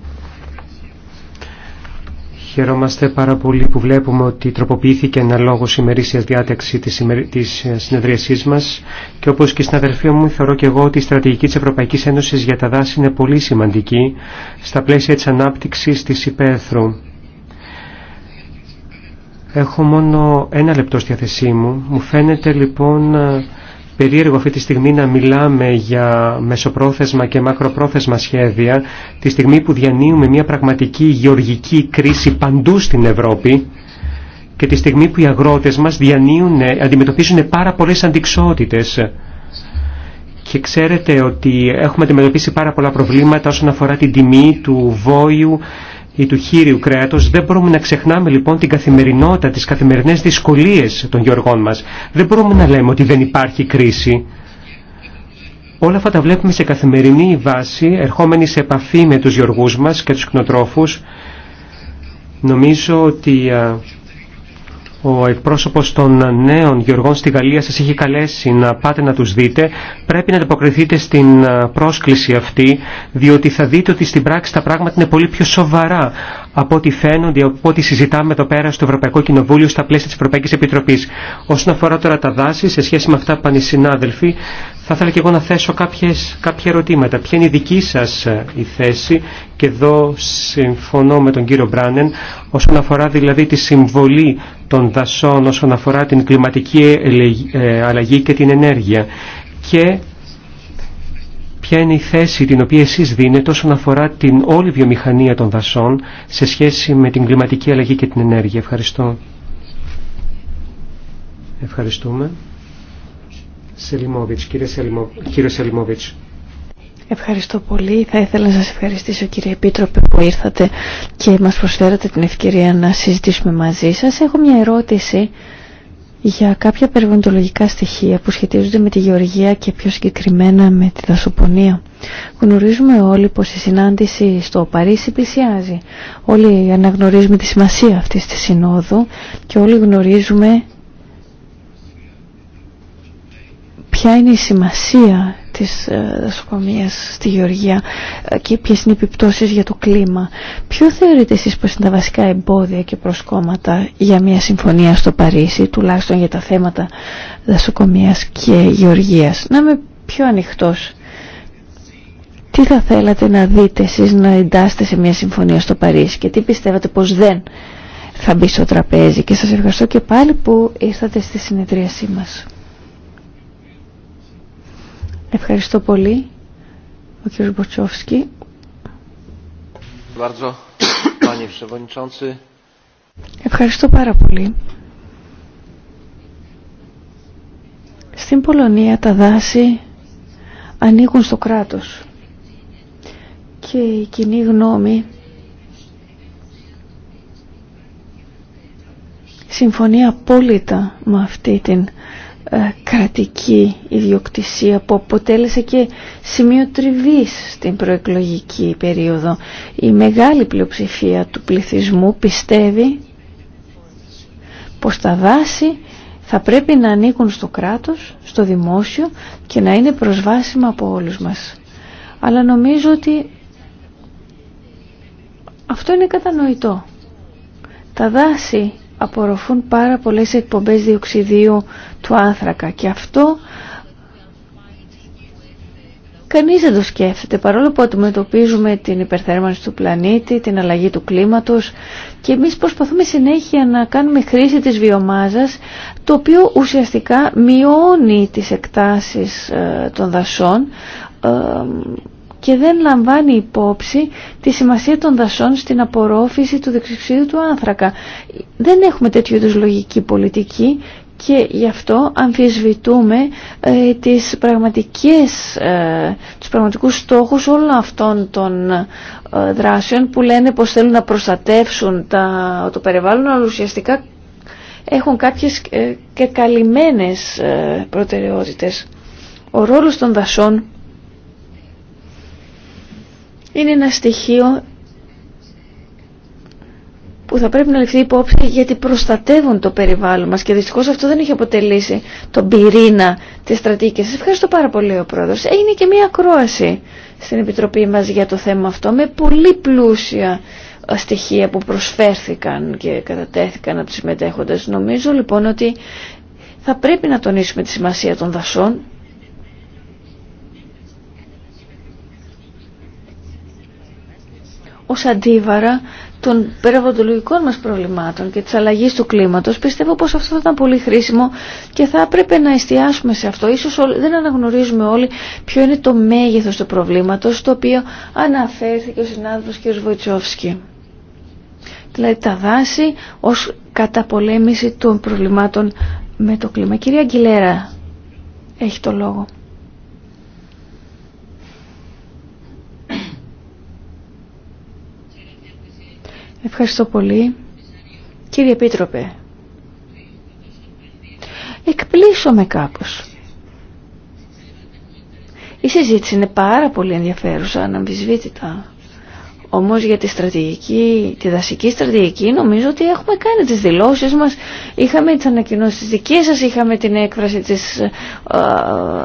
Χαιρόμαστε πάρα πολύ που βλέπουμε ότι τροποποιήθηκε ένα λόγο ημερήσια διάταξη τη ε, συνεδρίασή μα και όπω και στην αδερφή μου, θεωρώ και εγώ ότι η στρατηγική τη Ευρωπαϊκή Ένωση για τα δάση είναι πολύ σημαντική στα πλαίσια τη ανάπτυξη τη υπαίθρου. Έχω μόνο ένα λεπτό στη διάθεσή μου. Μου φαίνεται λοιπόν περίεργο αυτή τη στιγμή να μιλάμε για μεσοπρόθεσμα και μακροπρόθεσμα σχέδια τη στιγμή που διανύουμε μια πραγματική γεωργική κρίση παντού στην Ευρώπη και τη στιγμή που οι αγρότες μας διανύουν, αντιμετωπίζουν πάρα πολλές αντικσότητες. Και ξέρετε ότι έχουμε αντιμετωπίσει πάρα πολλά προβλήματα όσον αφορά την τιμή του βόλου ή του χείριου κρέατος. Δεν μπορούμε να ξεχνάμε λοιπόν την καθημερινότητα, τις καθημερινές δυσκολίες των γεωργών μας. Δεν μπορούμε να λέμε ότι δεν υπάρχει κρίση. Όλα αυτά τα βλέπουμε σε καθημερινή βάση, ερχόμενοι σε επαφή με τους γεωργού μας και τους κοινοτρόφους. Νομίζω ότι ο εκπρόσωπος των νέων γεωργών στη Γαλλία σας έχει καλέσει να πάτε να τους δείτε, πρέπει να αντιποκριθείτε στην ε, πρόσκληση αυτή, διότι θα δείτε ότι στην πράξη τα πράγματα είναι πολύ πιο σοβαρά από ό,τι φαίνονται, από ό,τι συζητάμε εδώ πέρα στο Ευρωπαϊκό Κοινοβούλιο στα πλαίσια τη Ευρωπαϊκή Επιτροπής. Όσον αφορά τώρα τα δάση, σε σχέση με αυτά που είπαν οι συνάδελφοι, θα ήθελα και εγώ να θέσω κάποιες, κάποια ερωτήματα. Ποια είναι η δική σας ε, η θέση και εδώ συμφωνώ με τον κύριο Μπράνεν όσον αφορά δηλαδή τη συμβολή των δασών όσον αφορά την κλιματική ε, αλλαγή και την ενέργεια. Και ποια είναι η θέση την οποία εσείς δίνετε όσον αφορά την όλη βιομηχανία των δασών σε σχέση με την κλιματική αλλαγή και την ενέργεια. Ευχαριστώ. Ευχαριστούμε. Σελιμόβιτς, κύριε, Σελιμο... Σελιμόβιτς. Ευχαριστώ πολύ. Θα ήθελα να σας ευχαριστήσω κύριε Επίτροπε που ήρθατε και μας προσφέρατε την ευκαιρία να συζητήσουμε μαζί σας. Έχω μια ερώτηση για κάποια περιβαλλοντολογικά στοιχεία που σχετίζονται με τη γεωργία και πιο συγκεκριμένα με τη δασοπονία. Γνωρίζουμε όλοι πως η συνάντηση στο Παρίσι πλησιάζει. Όλοι αναγνωρίζουμε τη σημασία αυτής της συνόδου και όλοι γνωρίζουμε ποια είναι η σημασία της ε, δασοκομείας στη Γεωργία ε, και ποιες είναι οι επιπτώσεις για το κλίμα. Ποιο θεωρείτε εσείς πως είναι τα βασικά εμπόδια και προσκόμματα για μια συμφωνία στο Παρίσι, τουλάχιστον για τα θέματα δασοκομείας και γεωργίας. Να είμαι πιο ανοιχτός. Τι θα θέλατε να δείτε εσείς να εντάσσετε σε μια συμφωνία στο Παρίσι και τι πιστεύετε πως δεν θα μπει στο τραπέζι και σας ευχαριστώ και πάλι που ήρθατε στη συνεδρίασή μας. Ευχαριστώ πολύ. Ο κύριος Μποτσόφσκι. Ευχαριστώ πάρα πολύ. Στην Πολωνία τα δάση ανοίγουν στο κράτος και η κοινή γνώμη συμφωνεί απόλυτα με αυτή την ε, κρατική ιδιοκτησία που αποτέλεσε και σημείο τριβής στην προεκλογική περίοδο. Η μεγάλη πλειοψηφία του πληθυσμού πιστεύει πως τα δάση θα πρέπει να ανήκουν στο κράτος, στο δημόσιο και να είναι προσβάσιμα από όλους μας. Αλλά νομίζω ότι αυτό είναι κατανοητό. Τα δάση απορροφούν πάρα πολλές εκπομπές διοξιδίου του άνθρακα και αυτό κανείς δεν το σκέφτεται παρόλο που αντιμετωπίζουμε την υπερθέρμανση του πλανήτη, την αλλαγή του κλίματος και εμείς προσπαθούμε συνέχεια να κάνουμε χρήση της βιομάζας το οποίο ουσιαστικά μειώνει τις εκτάσεις ε, των δασών ε, και δεν λαμβάνει υπόψη τη σημασία των δασών στην απορρόφηση του δεξιξίδου του άνθρακα. Δεν έχουμε τέτοιου είδους λογική πολιτική και γι' αυτό αμφισβητούμε ε, τις πραγματικές, ε, τους πραγματικούς στόχους όλων αυτών των ε, δράσεων που λένε πως θέλουν να προστατεύσουν τα, το περιβάλλον αλλά ουσιαστικά έχουν κάποιες ε, και καλυμμένες προτεραιότητες. Ο ρόλος των δασών είναι ένα στοιχείο που θα πρέπει να ληφθεί υπόψη γιατί προστατεύουν το περιβάλλον μας και δυστυχώς αυτό δεν έχει αποτελήσει τον πυρήνα της στρατηγικής. Σας ευχαριστώ πάρα πολύ ο πρόεδρος. Έγινε και μία ακρόαση στην Επιτροπή μας για το θέμα αυτό με πολύ πλούσια στοιχεία που προσφέρθηκαν και κατατέθηκαν από τους συμμετέχοντες. Νομίζω λοιπόν ότι θα πρέπει να τονίσουμε τη σημασία των δασών ως αντίβαρα των περιβαλλοντολογικών μας προβλημάτων και της αλλαγής του κλίματος. Πιστεύω πως αυτό θα ήταν πολύ χρήσιμο και θα έπρεπε να εστιάσουμε σε αυτό. Ίσως δεν αναγνωρίζουμε όλοι ποιο είναι το μέγεθος του προβλήματος το οποίο αναφέρθηκε ο συνάδελφος κ. Βοητσόφσκι. Δηλαδή τα δάση ως καταπολέμηση των προβλημάτων με το κλίμα. Κυρία Αγγιλέρα έχει το λόγο. Ευχαριστώ πολύ. Κύριε Επίτροπε, εκπλήσωμαι κάπως. Η συζήτηση είναι πάρα πολύ ενδιαφέρουσα, αναμφισβήτητα. Όμως για τη στρατηγική, τη δασική στρατηγική νομίζω ότι έχουμε κάνει τις δηλώσεις μας, είχαμε τις ανακοινώσεις δικές σας, είχαμε την έκφραση της ε, ε,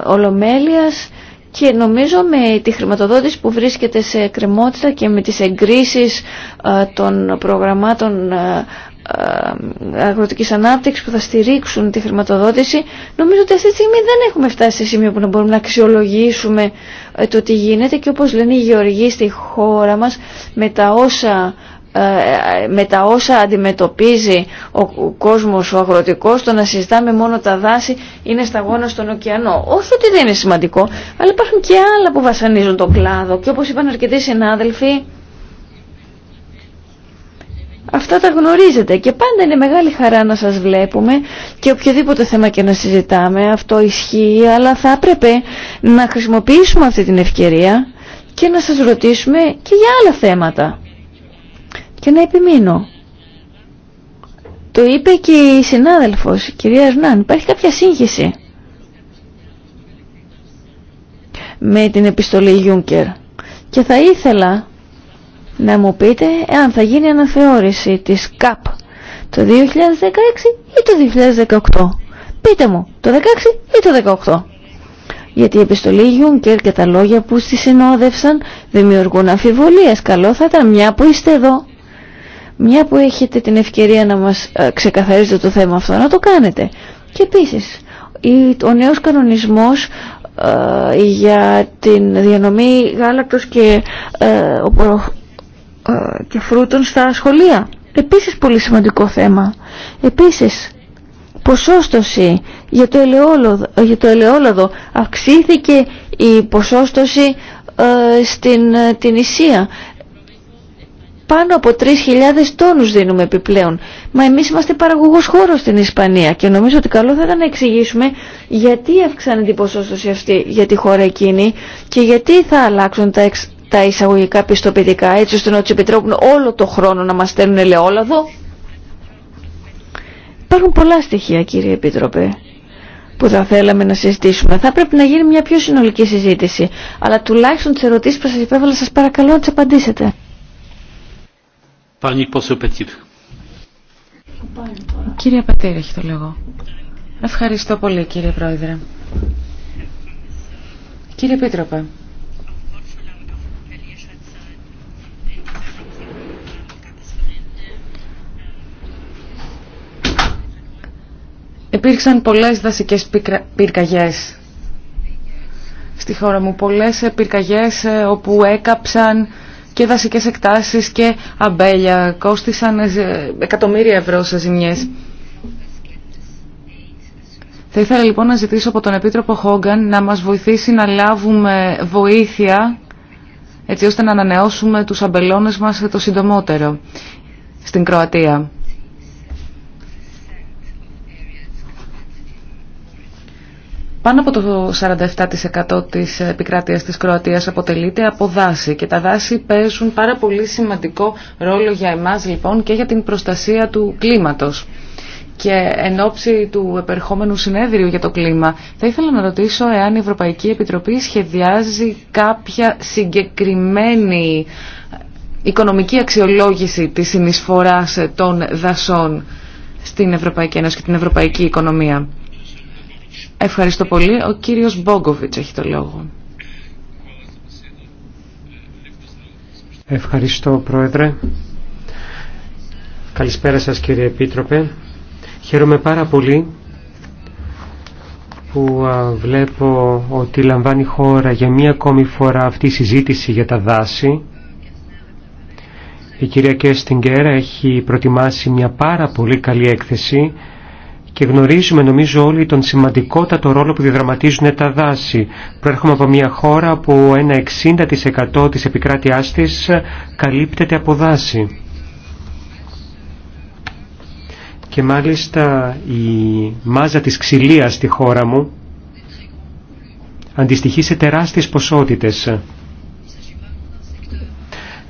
Ολομέλειας, και νομίζω με τη χρηματοδότηση που βρίσκεται σε κρεμότητα και με τις εγκρίσεις ε, των προγραμμάτων ε, ε, αγροτικής ανάπτυξης που θα στηρίξουν τη χρηματοδότηση νομίζω ότι αυτή τη στιγμή δεν έχουμε φτάσει σε σημείο που να μπορούμε να αξιολογήσουμε το τι γίνεται και όπως λένε οι γεωργοί στη χώρα μας με τα όσα ε, με τα όσα αντιμετωπίζει ο κόσμος ο αγροτικός το να συζητάμε μόνο τα δάση είναι σταγόνα στον ωκεανό όχι ότι δεν είναι σημαντικό αλλά υπάρχουν και άλλα που βασανίζουν τον κλάδο και όπως είπαν αρκετοί συνάδελφοι αυτά τα γνωρίζετε και πάντα είναι μεγάλη χαρά να σας βλέπουμε και οποιοδήποτε θέμα και να συζητάμε αυτό ισχύει αλλά θα έπρεπε να χρησιμοποιήσουμε αυτή την ευκαιρία και να σας ρωτήσουμε και για άλλα θέματα και να επιμείνω. Το είπε και η συνάδελφος, η κυρία Ζνάν, υπάρχει κάποια σύγχυση με την επιστολή Γιούνκερ και θα ήθελα να μου πείτε αν θα γίνει αναθεώρηση της ΚΑΠ το 2016 ή το 2018. Πείτε μου, το 16 ή το 18. Γιατί η επιστολή Γιούνκερ και τα λόγια που στη συνόδευσαν δημιουργούν αμφιβολίες. Καλό θα ήταν μια που είστε εδώ μια που έχετε την ευκαιρία να μας ε, ξεκαθαρίζετε το θέμα αυτό, να το κάνετε. Και επίσης, ο νέος κανονισμός ε, για την διανομή γάλακτος και, ε, και φρούτων στα σχολεία. Επίσης πολύ σημαντικό θέμα. Επίσης, ποσόστοση για το ελαιόλαδο, για το ελαιόλαδο. αυξήθηκε η ποσόστοση στην την Ισία πάνω από 3.000 τόνους δίνουμε επιπλέον. Μα εμείς είμαστε παραγωγός χώρο στην Ισπανία και νομίζω ότι καλό θα ήταν να εξηγήσουμε γιατί αυξάνεται η ποσόστοση αυτή για τη χώρα εκείνη και γιατί θα αλλάξουν τα, εξ, τα εισαγωγικά πιστοποιητικά έτσι ώστε να του επιτρέπουν όλο το χρόνο να μας στέλνουν ελαιόλαδο. Υπάρχουν πολλά στοιχεία κύριε Επίτροπε που θα θέλαμε να συζητήσουμε. Θα πρέπει να γίνει μια πιο συνολική συζήτηση. Αλλά τουλάχιστον τι ερωτήσει που σα υπέβαλα σας παρακαλώ να τι απαντήσετε. Κύριε Πατήρ, έχει το λόγο. Ευχαριστώ πολύ, κύριε Πρόεδρε. Κύριε Πίτροπε. Υπήρξαν πολλές δασικές πυρκαγιές στη χώρα μου. Πολλές πυρκαγιές ε, όπου έκαψαν και δασικές εκτάσεις και αμπέλια. Κόστησαν ε, εκατομμύρια ευρώ σε ζημιές. Θα ήθελα λοιπόν να ζητήσω από τον Επίτροπο Χόγκαν να μας βοηθήσει να λάβουμε βοήθεια έτσι ώστε να ανανεώσουμε τους αμπελώνες μας το συντομότερο στην Κροατία. Πάνω από το 47% της επικράτειας της Κροατίας αποτελείται από δάση και τα δάση παίζουν πάρα πολύ σημαντικό ρόλο για εμάς λοιπόν και για την προστασία του κλίματος. Και εν ώψη του επερχόμενου συνέδριου για το κλίμα, θα ήθελα να ρωτήσω εάν η Ευρωπαϊκή Επιτροπή σχεδιάζει κάποια συγκεκριμένη οικονομική αξιολόγηση της συνεισφοράς των δασών στην Ευρωπαϊκή Ένωση και την Ευρωπαϊκή Οικονομία. Ευχαριστώ πολύ. Ο κύριος Μπόγκοβιτς έχει το λόγο. Ευχαριστώ Πρόεδρε. Καλησπέρα σας κύριε Επίτροπε. Χαίρομαι πάρα πολύ που βλέπω ότι λαμβάνει χώρα για μία ακόμη φορά αυτή η συζήτηση για τα δάση. Η κυρία Κέστιγκερ έχει προτιμάσει μια πάρα πολύ καλή έκθεση και γνωρίζουμε νομίζω όλοι τον σημαντικότατο ρόλο που διδραματίζουν τα δάση. Προέρχομαι από μια χώρα που ένα 60% της επικράτειάς της καλύπτεται από δάση. Και μάλιστα η μάζα της ξυλίας στη χώρα μου αντιστοιχεί σε τεράστιες ποσότητες.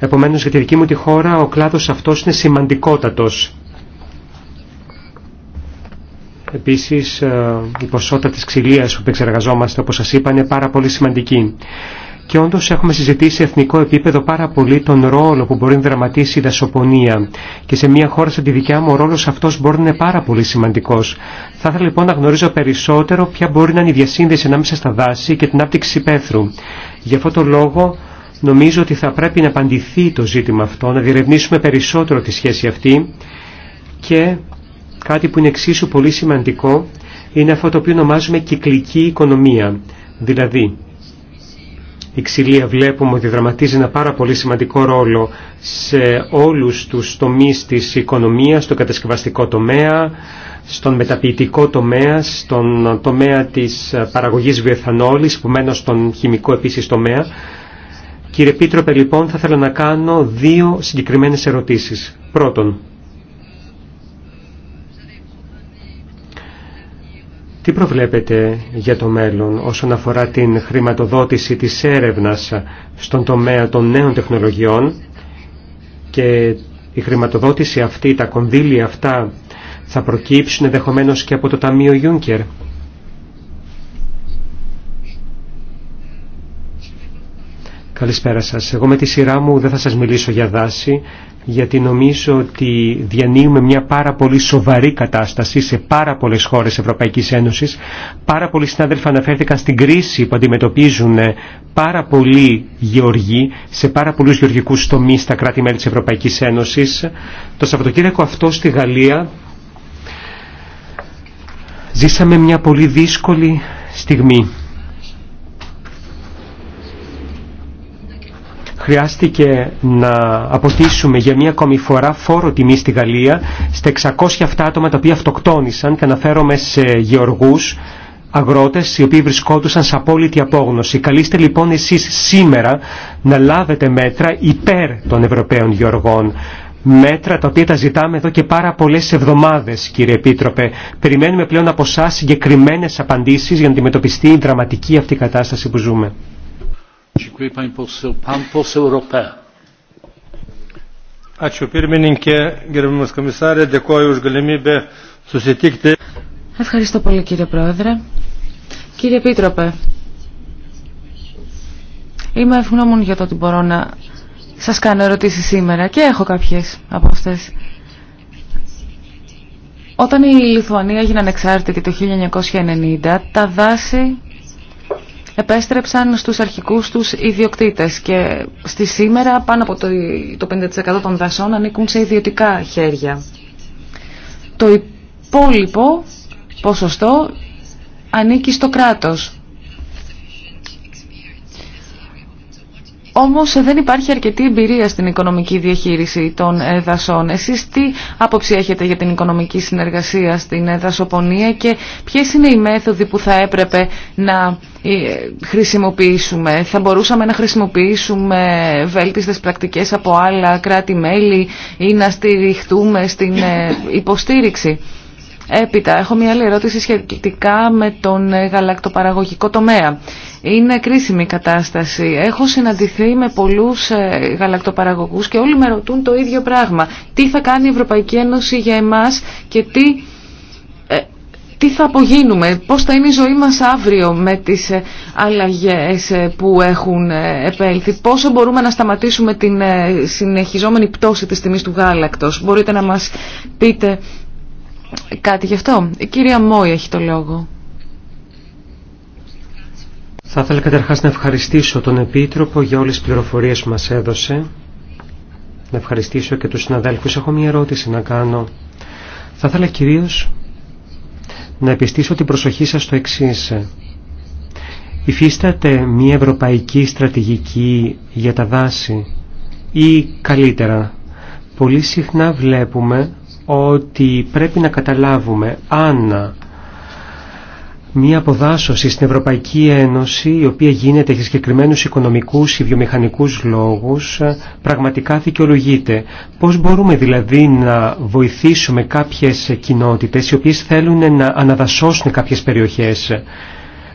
Επομένως για τη δική μου τη χώρα ο κλάδος αυτός είναι σημαντικότατος. Επίσης ε, η ποσότητα της ξυλίας που επεξεργαζόμαστε όπως σας είπα είναι πάρα πολύ σημαντική. Και όντω έχουμε συζητήσει σε εθνικό επίπεδο πάρα πολύ τον ρόλο που μπορεί να δραματίσει η δασοπονία. Και σε μια χώρα σαν τη δικιά μου ο ρόλο αυτό μπορεί να είναι πάρα πολύ σημαντικό. Θα ήθελα λοιπόν να γνωρίζω περισσότερο ποια μπορεί να είναι η διασύνδεση ανάμεσα στα δάση και την άπτυξη πέθρου. Γι' αυτό το λόγο νομίζω ότι θα πρέπει να απαντηθεί το ζήτημα αυτό, να διερευνήσουμε περισσότερο τη σχέση αυτή και Κάτι που είναι εξίσου πολύ σημαντικό είναι αυτό το οποίο ονομάζουμε κυκλική οικονομία. Δηλαδή, η ξυλία βλέπουμε ότι δραματίζει ένα πάρα πολύ σημαντικό ρόλο σε όλους τους τομείς της οικονομίας, στον κατασκευαστικό τομέα, στον μεταποιητικό τομέα, στον τομέα της παραγωγής βιοεθανόλης, που μένω στον χημικό επίσης τομέα. Κύριε Πίτροπε, λοιπόν, θα θέλω να κάνω δύο συγκεκριμένες ερωτήσεις. Πρώτον, Τι προβλέπετε για το μέλλον όσον αφορά την χρηματοδότηση της έρευνας στον τομέα των νέων τεχνολογιών και η χρηματοδότηση αυτή, τα κονδύλια αυτά θα προκύψουν ενδεχομένω και από το Ταμείο Ιούνκερ. Καλησπέρα σας. Εγώ με τη σειρά μου δεν θα σας μιλήσω για δάση, γιατί νομίζω ότι διανύουμε μια πάρα πολύ σοβαρή κατάσταση σε πάρα πολλές χώρες Ευρωπαϊκής Ένωσης. Πάρα πολλοί συνάδελφοι αναφέρθηκαν στην κρίση που αντιμετωπίζουν πάρα πολλοί γεωργοί σε πάρα πολλούς γεωργικούς τομείς στα κράτη-μέλη της Ευρωπαϊκής Ένωσης. Το Σαββατοκύριακο αυτό στη Γαλλία ζήσαμε μια πολύ δύσκολη στιγμή. χρειάστηκε να αποτίσουμε για μία ακόμη φορά φόρο τιμή στη Γαλλία στα 600 αυτά άτομα τα οποία αυτοκτόνησαν και αναφέρομαι σε γεωργούς, αγρότες οι οποίοι βρισκόντουσαν σε απόλυτη απόγνωση. Καλείστε λοιπόν εσείς σήμερα να λάβετε μέτρα υπέρ των Ευρωπαίων γεωργών. Μέτρα τα οποία τα ζητάμε εδώ και πάρα πολλές εβδομάδες κύριε Επίτροπε. Περιμένουμε πλέον από εσά συγκεκριμένες απαντήσεις για να αντιμετωπιστεί η δραματική αυτή κατάσταση που ζούμε. Ačiū pirmininkė, komisarė, už galimybę susitikti. Ευχαριστώ πολύ κύριε Πρόεδρε. Κύριε Επίτροπε, είμαι ευγνώμων για το ότι μπορώ να σας κάνω ερωτήσεις σήμερα και έχω κάποιες από αυτές. Όταν η Λιθουανία έγινε ανεξάρτητη το 1990, τα δάση επέστρεψαν στους αρχικούς τους ιδιοκτήτες και στη σήμερα πάνω από το 50% των δασών ανήκουν σε ιδιωτικά χέρια. Το υπόλοιπο ποσοστό ανήκει στο κράτος. όμως δεν υπάρχει αρκετή εμπειρία στην οικονομική διαχείριση των δασών. Εσείς τι άποψη έχετε για την οικονομική συνεργασία στην δασοπονία και ποιες είναι οι μέθοδοι που θα έπρεπε να ε, χρησιμοποιήσουμε. Θα μπορούσαμε να χρησιμοποιήσουμε βέλτιστες πρακτικές από άλλα κράτη-μέλη ή να στηριχτούμε στην ε, υποστήριξη. Έπειτα, έχω μια άλλη ερώτηση σχετικά με τον γαλακτοπαραγωγικό τομέα. Είναι κρίσιμη η κατάσταση. Έχω συναντηθεί με πολλούς ε, γαλακτοπαραγωγούς και όλοι με ρωτούν το ίδιο πράγμα. Τι θα κάνει η Ευρωπαϊκή Ένωση για εμάς και τι ε, τι θα απογίνουμε, πώς θα είναι η ζωή μας αύριο με τις ε, αλλαγές που έχουν επέλθει, πόσο μπορούμε να σταματήσουμε την συνεχιζόμενη πτώση της τιμής του γάλακτος. Μπορείτε να μας πείτε κάτι γι' αυτό. Η κυρία Μόη έχει το λόγο. Θα ήθελα καταρχάς να ευχαριστήσω τον Επίτροπο για όλες τις πληροφορίες που μας έδωσε. Να ευχαριστήσω και τους συναδέλφους. Έχω μια ερώτηση να κάνω. Θα ήθελα κυρίως να επιστήσω την προσοχή σας στο εξής. Υφίσταται μια ευρωπαϊκή στρατηγική για τα δάση ή καλύτερα. Πολύ συχνά βλέπουμε ότι πρέπει να καταλάβουμε αν μια αποδάσωση στην Ευρωπαϊκή Ένωση, η οποία γίνεται για συγκεκριμένου οικονομικού ή βιομηχανικού λόγου, πραγματικά δικαιολογείται. Πώ μπορούμε δηλαδή να βοηθήσουμε κάποιε κοινότητε οι οποίε θέλουν να αναδασώσουν κάποιε περιοχές.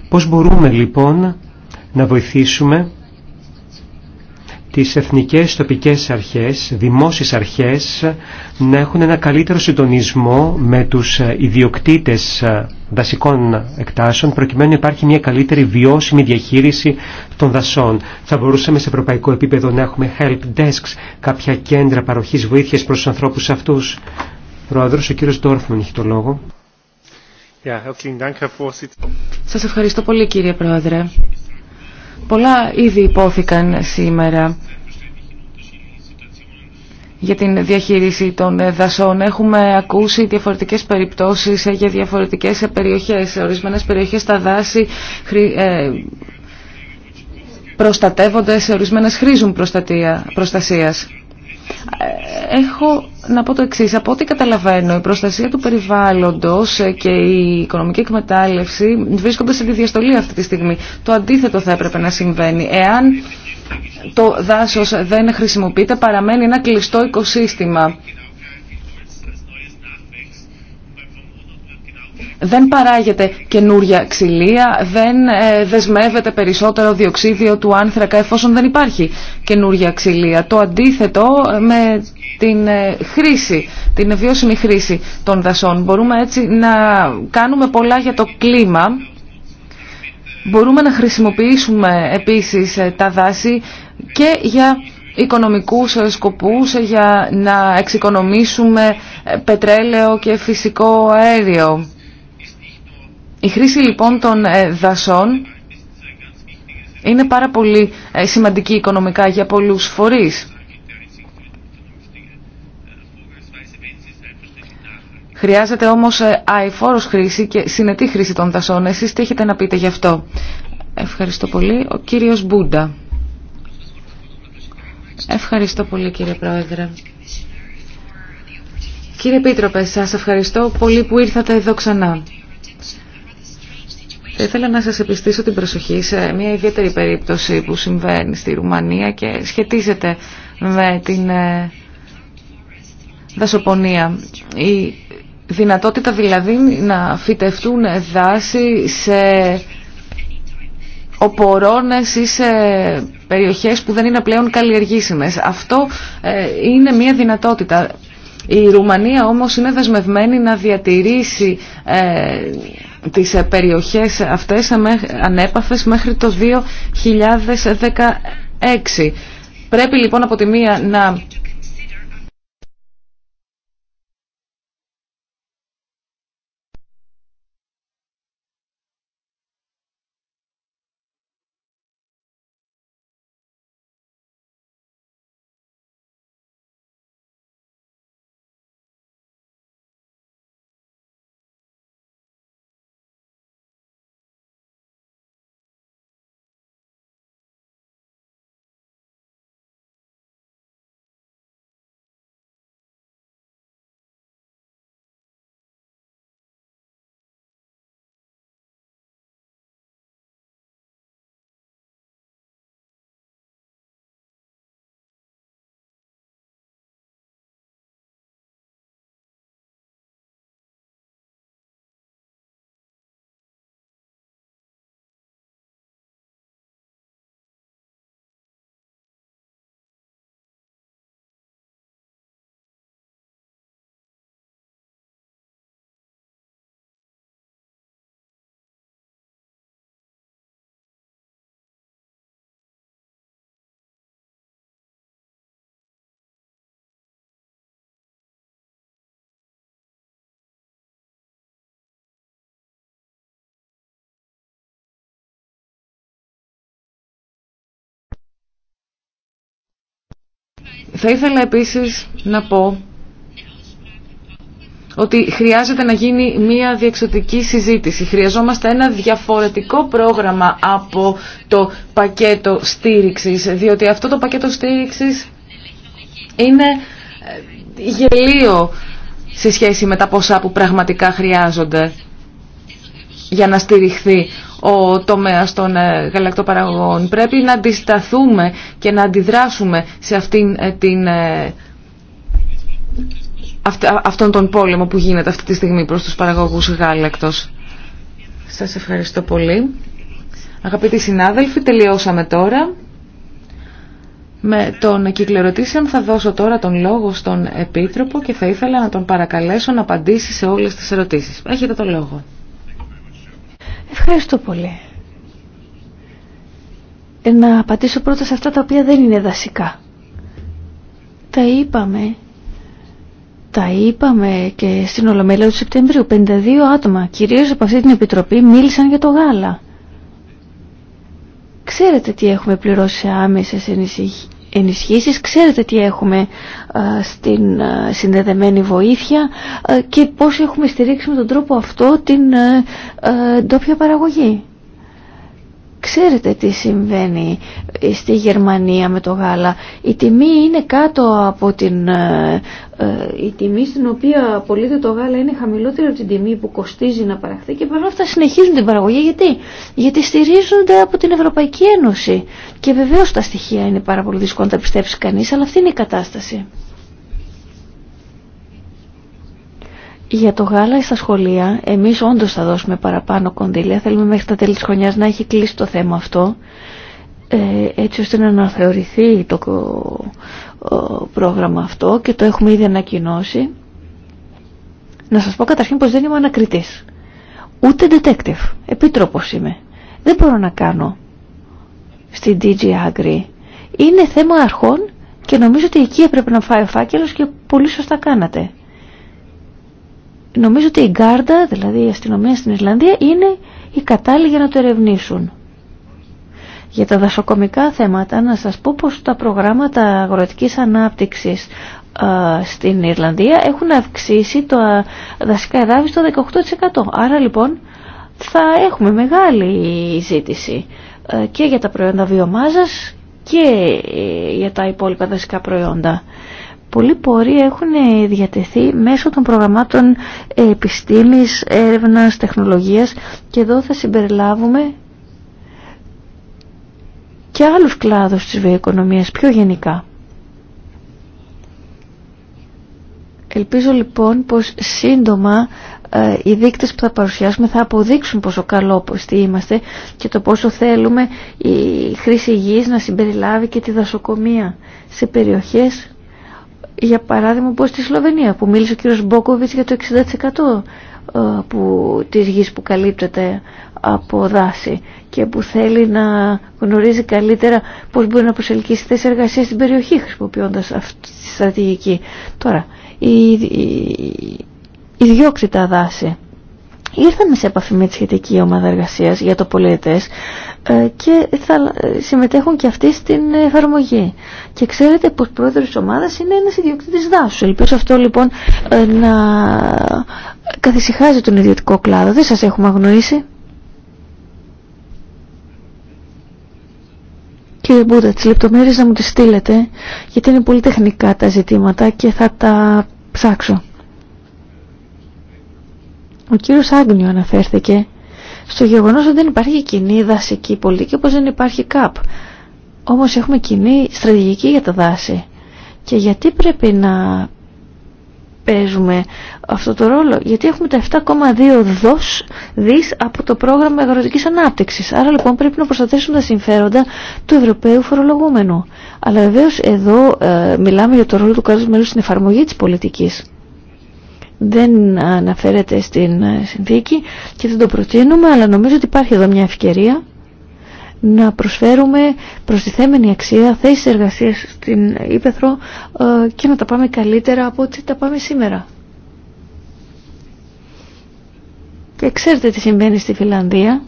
Πώς μπορούμε λοιπόν να βοηθήσουμε τις εθνικές τοπικές αρχές, δημόσιες αρχές, να έχουν ένα καλύτερο συντονισμό με τους ιδιοκτήτες δασικών εκτάσεων προκειμένου να υπάρχει μια καλύτερη βιώσιμη διαχείριση των δασών. Θα μπορούσαμε σε ευρωπαϊκό επίπεδο να έχουμε help desks, κάποια κέντρα παροχής βοήθειας προς τους ανθρώπους αυτούς. Πρόεδρος, ο κύριος Ντόρφμαν έχει το λόγο. Σας ευχαριστώ πολύ κύριε Πρόεδρε. Πολλά ήδη υπόθηκαν σήμερα για την διαχείριση των ε, δασών. Έχουμε ακούσει διαφορετικές περιπτώσεις ε, για διαφορετικές ε, περιοχές. Σε ορισμένες περιοχές τα δάση προστατεύονται, σε ορισμένες χρήζουν προστασίας. Έχω να πω το εξής. Από ό,τι καταλαβαίνω, η προστασία του περιβάλλοντος και η οικονομική εκμετάλλευση βρίσκονται σε τη διαστολή αυτή τη στιγμή. Το αντίθετο θα έπρεπε να συμβαίνει. Εάν το δάσος δεν χρησιμοποιείται, παραμένει ένα κλειστό οικοσύστημα. Δεν παράγεται καινούρια ξυλία, δεν ε, δεσμεύεται περισσότερο διοξίδιο του άνθρακα εφόσον δεν υπάρχει καινούρια ξυλία. Το αντίθετο ε, με την ε, χρήση, την βιώσιμη χρήση των δασών. Μπορούμε έτσι να κάνουμε πολλά για το κλίμα Μπορούμε να χρησιμοποιήσουμε επίσης ε, τα δάση και για οικονομικούς ε, σκοπούς ε, για να εξοικονομήσουμε πετρέλαιο και φυσικό αέριο. Η χρήση λοιπόν των δασών είναι πάρα πολύ σημαντική οικονομικά για πολλούς φορείς. Χρειάζεται όμως ε, αηφόρος χρήση και συνετή χρήση των δασών. Εσείς τι έχετε να πείτε γι' αυτό. Ευχαριστώ πολύ. Ο κύριος Μπούντα. Ευχαριστώ πολύ κύριε Πρόεδρε. Κύριε Πίτροπε, σας ευχαριστώ πολύ που ήρθατε εδώ ξανά. Θα ήθελα να σας επιστήσω την προσοχή σε μια ιδιαίτερη περίπτωση που συμβαίνει στη Ρουμανία και σχετίζεται με την ε, δασοπονία. Η Δυνατότητα δηλαδή να φυτευτούν δάση σε οπορώνες ή σε περιοχές που δεν είναι πλέον καλλιεργήσιμες. Αυτό ε, είναι μια δυνατότητα. Η Ρουμανία όμως είναι δεσμευμένη να διατηρήσει ε, τις ε, περιοχές αυτές ανέπαφες μέχρι το 2016. Πρέπει λοιπόν από τη μία να Θα ήθελα επίσης να πω ότι χρειάζεται να γίνει μια διεξοτική συζήτηση. Χρειαζόμαστε ένα διαφορετικό πρόγραμμα από το πακέτο στήριξης, διότι αυτό το πακέτο στήριξης είναι ε, γελίο σε σχέση με τα ποσά που πραγματικά χρειάζονται για να στηριχθεί ο τομέας των ε, γαλακτοπαραγωγών. Πρέπει να αντισταθούμε και να αντιδράσουμε σε αυτήν ε, την ε, αυτόν τον πόλεμο που γίνεται αυτή τη στιγμή προς τους παραγωγούς γάλακτος. Σας ευχαριστώ πολύ. Αγαπητοί συνάδελφοι, τελειώσαμε τώρα. Με τον κύκλο θα δώσω τώρα τον λόγο στον Επίτροπο και θα ήθελα να τον παρακαλέσω να απαντήσει σε όλες τις ερωτήσεις. Έχετε το λόγο. Ευχαριστώ πολύ. Ε, να απαντήσω πρώτα σε αυτά τα οποία δεν είναι δασικά. Τα είπαμε τα είπαμε και στην Ολομέλεια του Σεπτεμβρίου. 52 άτομα, κυρίως από αυτή την επιτροπή, μίλησαν για το γάλα. Ξέρετε τι έχουμε πληρώσει σε άμεσες ενισχύσεις. Ξέρετε τι έχουμε ε, στην ε, συνδεδεμένη βοήθεια ε, και πώς έχουμε στηρίξει με τον τρόπο αυτό την ντόπια παραγωγή. Ξέρετε τι συμβαίνει ε, στη Γερμανία με το γάλα. Η τιμή είναι κάτω από την... Ε, ε, η τιμή στην οποία πωλείται το γάλα είναι χαμηλότερη από την τιμή που κοστίζει να παραχθεί και παρόλα αυτά συνεχίζουν την παραγωγή. Γιατί? Γιατί στηρίζονται από την Ευρωπαϊκή Ένωση. Και βεβαίως τα στοιχεία είναι πάρα πολύ δύσκολα να τα πιστέψει κανείς, αλλά αυτή είναι η κατάσταση. Για το γάλα στα σχολεία, εμείς όντως θα δώσουμε παραπάνω κονδύλια. Θέλουμε μέχρι τα τέλη της χρονιάς να έχει κλείσει το θέμα αυτό, ε, έτσι ώστε να αναθεωρηθεί το πρόγραμμα αυτό και το έχουμε ήδη ανακοινώσει. Να σας πω καταρχήν πως δεν είμαι ανακριτής. Ούτε detective. Επίτροπος είμαι. Δεν μπορώ να κάνω στην DG Agri. Είναι θέμα αρχών και νομίζω ότι εκεί έπρεπε να φάει ο φάκελος και πολύ σωστά κάνατε. Νομίζω ότι η Γκάρντα, δηλαδή η αστυνομία στην Ιρλανδία, είναι η κατάλληλη για να το ερευνήσουν. Για τα δασοκομικά θέματα να σας πω πως τα προγράμματα αγροτικής ανάπτυξης στην Ιρλανδία έχουν αυξήσει το δασικά εδάφη στο 18%. Άρα λοιπόν θα έχουμε μεγάλη ζήτηση ε, και για τα προϊόντα βιομάζας και ε, για τα υπόλοιπα δασικά προϊόντα πολλοί πορεί έχουν ε, διατεθεί μέσω των προγραμμάτων ε, επιστήμης, έρευνας, τεχνολογίας και εδώ θα συμπεριλάβουμε και άλλους κλάδους της βιοοικονομίας πιο γενικά. Ελπίζω λοιπόν πως σύντομα ε, οι δείκτες που θα παρουσιάσουμε θα αποδείξουν πόσο καλό τι είμαστε και το πόσο θέλουμε η χρήση γης να συμπεριλάβει και τη δασοκομεία σε περιοχές για παράδειγμα όπως στη Σλοβενία που μίλησε ο κύριος Μπόκοβιτς για το 60% ε, που, της γης που καλύπτεται από δάση και που θέλει να γνωρίζει καλύτερα πώς μπορεί να προσελκύσει θέσεις εργασία στην περιοχή χρησιμοποιώντας αυτή τη στρατηγική. Τώρα, η, η, η δάση Ήρθαμε σε επαφή με τη σχετική ομάδα εργασίας για το πολιτέ ε, και θα ε, συμμετέχουν και αυτοί στην εφαρμογή. Και ξέρετε πως πρόεδρος της ομάδας είναι ένας ιδιοκτήτης δάσους. Ελπίζω αυτό λοιπόν ε, να καθησυχάζει τον ιδιωτικό κλάδο. Δεν σας έχουμε αγνοήσει. Κύριε Μπούτα, τις λεπτομέρειες να μου τις στείλετε, γιατί είναι πολύ τεχνικά τα ζητήματα και θα τα ψάξω. Ο κύριος Άγνιο αναφέρθηκε στο γεγονός ότι δεν υπάρχει κοινή δασική πολιτική όπως δεν υπάρχει ΚΑΠ. Όμως έχουμε κοινή στρατηγική για τα δάση. Και γιατί πρέπει να παίζουμε αυτό το ρόλο. Γιατί έχουμε τα 7,2 δος δις από το πρόγραμμα αγροτικής ανάπτυξης. Άρα λοιπόν πρέπει να προστατεύσουμε τα συμφέροντα του Ευρωπαίου φορολογούμενου. Αλλά βεβαίω εδώ ε, μιλάμε για το ρόλο του κράτους μελού στην εφαρμογή της πολιτικής δεν αναφέρεται στην ε, συνθήκη και δεν το προτείνουμε αλλά νομίζω ότι υπάρχει εδώ μια ευκαιρία να προσφέρουμε προστιθέμενη αξία θέσεις εργασίας στην Ήπεθρο ε, και να τα πάμε καλύτερα από ό,τι τα πάμε σήμερα. Και ξέρετε τι συμβαίνει στη Φιλανδία.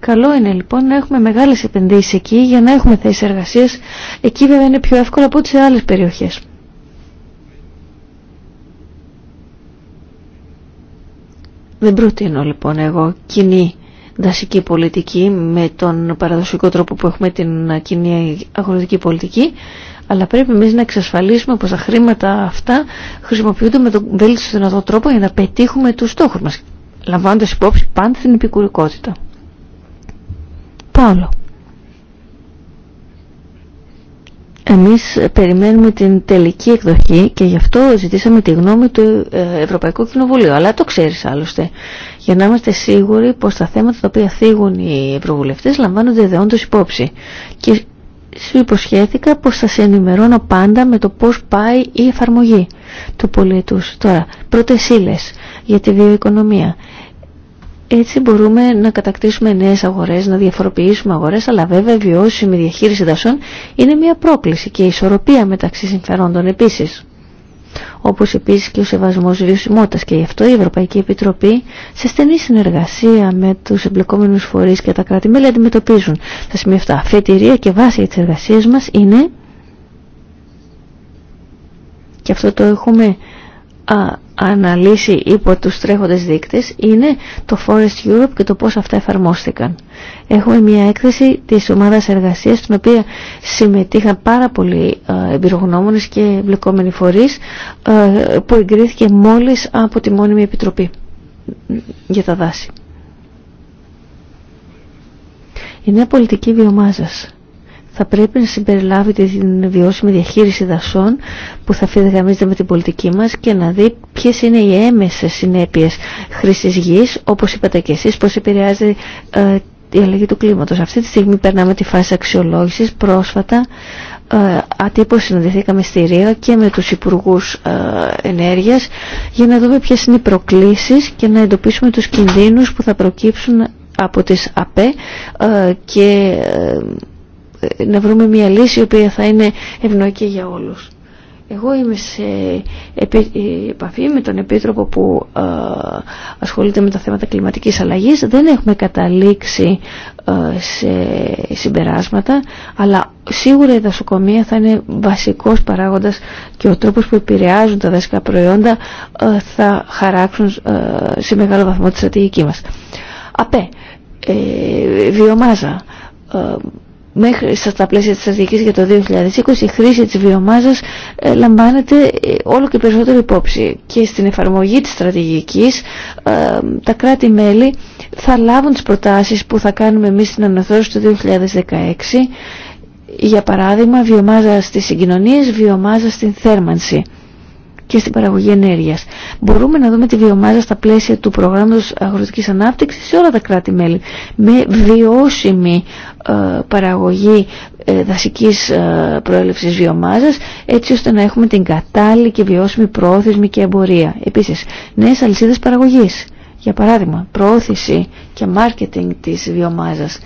Καλό είναι λοιπόν να έχουμε μεγάλες επενδύσεις εκεί για να έχουμε θέσεις εργασίας. Εκεί βέβαια είναι πιο εύκολο από ό,τι σε άλλες περιοχές. Δεν προτείνω λοιπόν εγώ κοινή δασική πολιτική με τον παραδοσιακό τρόπο που έχουμε την κοινή αγροτική πολιτική αλλά πρέπει εμεί να εξασφαλίσουμε πως τα χρήματα αυτά χρησιμοποιούνται με τον βέλτιστο δυνατό τρόπο για να πετύχουμε τους στόχους μας λαμβάνοντας υπόψη πάντα την επικουρικότητα. Πάλο. Εμείς περιμένουμε την τελική εκδοχή και γι' αυτό ζητήσαμε τη γνώμη του ε, Ευρωπαϊκού Κοινοβουλίου. Αλλά το ξέρεις άλλωστε. Για να είμαστε σίγουροι πως τα θέματα τα οποία θίγουν οι ευρωβουλευτές λαμβάνονται δεόντως υπόψη. Και σου υποσχέθηκα πως θα σε ενημερώνω πάντα με το πώς πάει η εφαρμογή του πολίτους. Τώρα, πρώτες ύλες για τη βιοοικονομία. Έτσι μπορούμε να κατακτήσουμε νέες αγορές, να διαφοροποιήσουμε αγορές, αλλά βέβαια βιώσιμη διαχείριση δασών είναι μια πρόκληση και η ισορροπία μεταξύ συμφερόντων επίσης. Όπως επίσης και ο σεβασμός βιωσιμότητας και γι' αυτό η Ευρωπαϊκή Επιτροπή σε στενή συνεργασία με τους εμπλεκόμενους φορείς και τα κράτη-μέλη αντιμετωπίζουν τα σημεία αυτά. Φετηρία και βάση της εργασίας μας είναι και αυτό το έχουμε α, αναλύσει υπό τους τρέχοντες δείκτες είναι το Forest Europe και το πώς αυτά εφαρμόστηκαν. Έχουμε μια έκθεση της ομάδας εργασίας στην οποία συμμετείχαν πάρα πολλοί ε, εμπειρογνώμονες και εμπλεκόμενοι φορείς ε, που εγκρίθηκε μόλις από τη Μόνιμη Επιτροπή για τα δάση. Η νέα πολιτική βιομάζας θα πρέπει να συμπεριλάβει την βιώσιμη διαχείριση δασών που θα φιδεγαμίζεται με την πολιτική μας και να δει ποιες είναι οι έμεσες συνέπειες χρήσης γης, όπως είπατε και εσείς, πώς επηρεάζει ε, η αλλαγή του κλίματος. Αυτή τη στιγμή περνάμε τη φάση αξιολόγησης. Πρόσφατα ε, ατύπως συναντηθήκαμε στη Ρία και με τους Υπουργούς ε, Ενέργειας για να δούμε ποιες είναι οι προκλήσεις και να εντοπίσουμε τους κινδύνους που θα προκύψουν από τις ΑΠΕ ε, και... Ε, να βρούμε μια λύση η οποία θα είναι ευνοϊκή για όλους. Εγώ είμαι σε ε, επαφή με τον Επίτροπο που ε, ασχολείται με τα θέματα κλιματικής αλλαγής. Δεν έχουμε καταλήξει ε, σε συμπεράσματα, αλλά σίγουρα η δασοκομεία θα είναι βασικός παράγοντας και ο τρόπος που επηρεάζουν τα δασικά προϊόντα θα χαράξουν σε μεγάλο βαθμό τη στρατηγική μας. ΑΠΕ, βιομάζα, μέχρι στα πλαίσια της στρατηγικής για το 2020 η χρήση της βιομάζας ε, λαμβάνεται ε, όλο και περισσότερο υπόψη και στην εφαρμογή της στρατηγικής ε, τα κράτη-μέλη θα λάβουν τις προτάσεις που θα κάνουμε εμείς στην αναθεώρηση του 2016 για παράδειγμα βιομάζα στις συγκοινωνίες, βιομάζα στην θέρμανση και στην παραγωγή ενέργειας. Μπορούμε να δούμε τη βιομάζα στα πλαίσια του προγράμματος αγροτικής ανάπτυξης σε όλα τα κράτη-μέλη με βιώσιμη ε, παραγωγή ε, δασικής ε, προέλευσης βιομάζας έτσι ώστε να έχουμε την κατάλληλη και βιώσιμη προώθηση και εμπορία. Επίσης, νέες αλυσίδες παραγωγής. Για παράδειγμα, προώθηση και μάρκετινγκ της βιομάζας.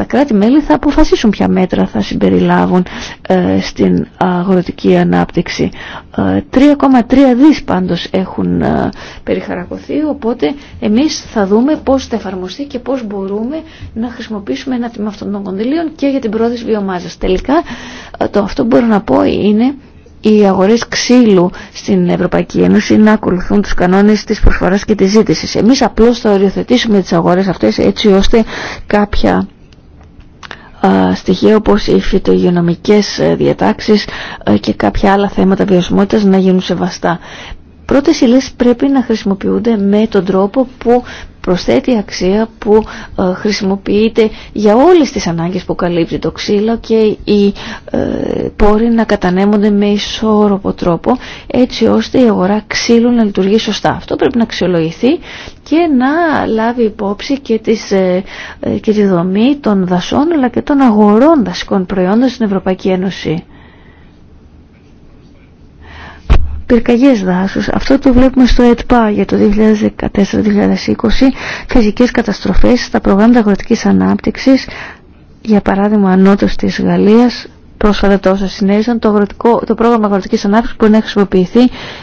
Τα κράτη-μέλη θα αποφασίσουν ποια μέτρα θα συμπεριλάβουν ε, στην αγροτική ανάπτυξη. 3,3 ε, δις πάντως έχουν ε, περιχαρακωθεί, οπότε εμείς θα δούμε πώς θα εφαρμοστεί και πώς μπορούμε να χρησιμοποιήσουμε ένα τμήμα αυτών των κονδυλίων και για την πρόθεση βιομάζας. Τελικά, το αυτό που μπορώ να πω είναι οι αγορές ξύλου στην Ευρωπαϊκή Ένωση να ακολουθούν τους κανόνες της προσφοράς και της ζήτησης. Εμείς απλώς θα οριοθετήσουμε τις αγορές αυτές έτσι ώστε κάποια στοιχεία όπως οι φυτογειονομικές ε, διατάξεις ε, και κάποια άλλα θέματα βιωσιμότητας να γίνουν σεβαστά. Πρώτες ύλες πρέπει να χρησιμοποιούνται με τον τρόπο που προσθέτει αξία που ε, χρησιμοποιείται για όλες τις ανάγκες που καλύπτει το ξύλο και οι πόροι να κατανέμονται με ισόρροπο τρόπο έτσι ώστε η αγορά ξύλου να λειτουργεί σωστά. Αυτό πρέπει να αξιολογηθεί και να λάβει υπόψη και, τις, ε, ε, και τη δομή των δασών αλλά και των αγορών δασικών προϊόντων στην Ευρωπαϊκή Ένωση. Πυρκαγιές δάσους, αυτό το βλέπουμε στο ΕΤΠΑ για το 2014-2020, φυσικές καταστροφές στα προγράμματα αγροτικής ανάπτυξης, για παράδειγμα ανώτος της Γαλλίας, πρόσφατα όσα συνέβησαν, το, το πρόγραμμα αγροτική ανάπτυξη μπορεί να χρησιμοποιηθεί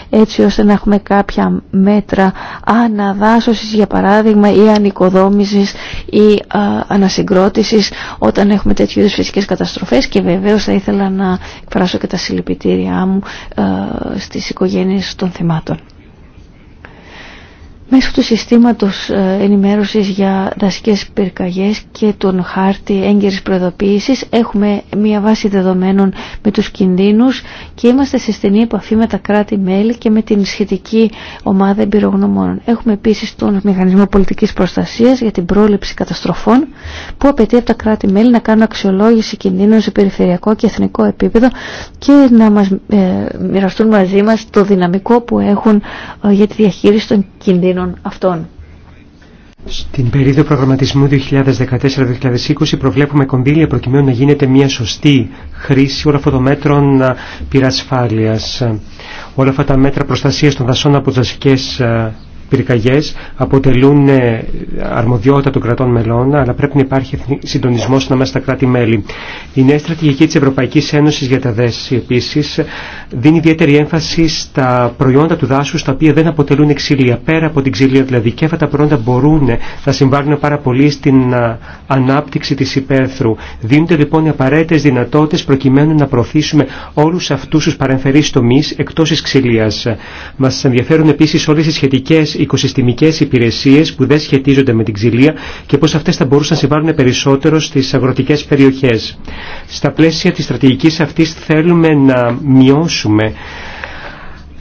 έτσι ώστε να έχουμε κάποια μέτρα αναδάσωσης για παράδειγμα ή ανοικοδόμηση ή ανασυγκρότηση όταν έχουμε τέτοιου είδου φυσικές καταστροφές και βεβαίω θα ήθελα να εκφράσω και τα συλληπιτήριά μου στι οικογένειε των θυμάτων. Μέσω του συστήματος ε, ενημέρωσης για δασικές πυρκαγιές και τον χάρτη έγκαιρης προειδοποίησης έχουμε μια βάση δεδομένων με τους κινδύνους και είμαστε σε στενή επαφή με τα κράτη-μέλη και με την σχετική ομάδα εμπειρογνωμόνων. Έχουμε επίσης τον Μηχανισμό Πολιτικής Προστασίας για την πρόληψη καταστροφών που απαιτεί από τα κράτη-μέλη να κάνουν αξιολόγηση κινδύνων σε περιφερειακό και εθνικό επίπεδο και να μας, ε, μοιραστούν μαζί μας το δυναμικό που έχουν ε, για τη διαχείριση των κινδύνων αυτών. Στην περίοδο προγραμματισμού 2014-2020 προβλέπουμε κονδύλια προκειμένου να γίνεται μια σωστή χρήση όλων αυτών των μέτρων ε, πυρασφάλειας. Όλα αυτά τα μέτρα προστασίας των δασών από τις ε, πυρκαγιές αποτελούν ε, αρμοδιότητα των κρατών μελών, αλλά πρέπει να υπάρχει συντονισμός ανάμεσα στα κράτη-μέλη. Η νέα στρατηγική της Ευρωπαϊκής Ένωσης για τα δάση επίσης δίνει ιδιαίτερη έμφαση στα προϊόντα του δάσους, τα οποία δεν αποτελούν ξύλια. Πέρα από την ξύλια δηλαδή και αυτά τα προϊόντα μπορούν να συμβάλλουν πάρα πολύ στην ε, ανάπτυξη της υπαίθρου. Δίνονται λοιπόν οι απαραίτητες δυνατότητες προκειμένου να προωθήσουμε όλους αυτούς τους παρεμφερείς εκτός ξυλίας. Μας ενδιαφέρουν επίσης όλες οι σχετικές οικοσυστημικές υπηρεσίες που δεν σχετίζονται με την ξυλία και πώς αυτές θα μπορούσαν να συμβάλλουν περισσότερο στις αγροτικές περιοχές. Στα πλαίσια της στρατηγικής αυτής θέλουμε να μειώσουμε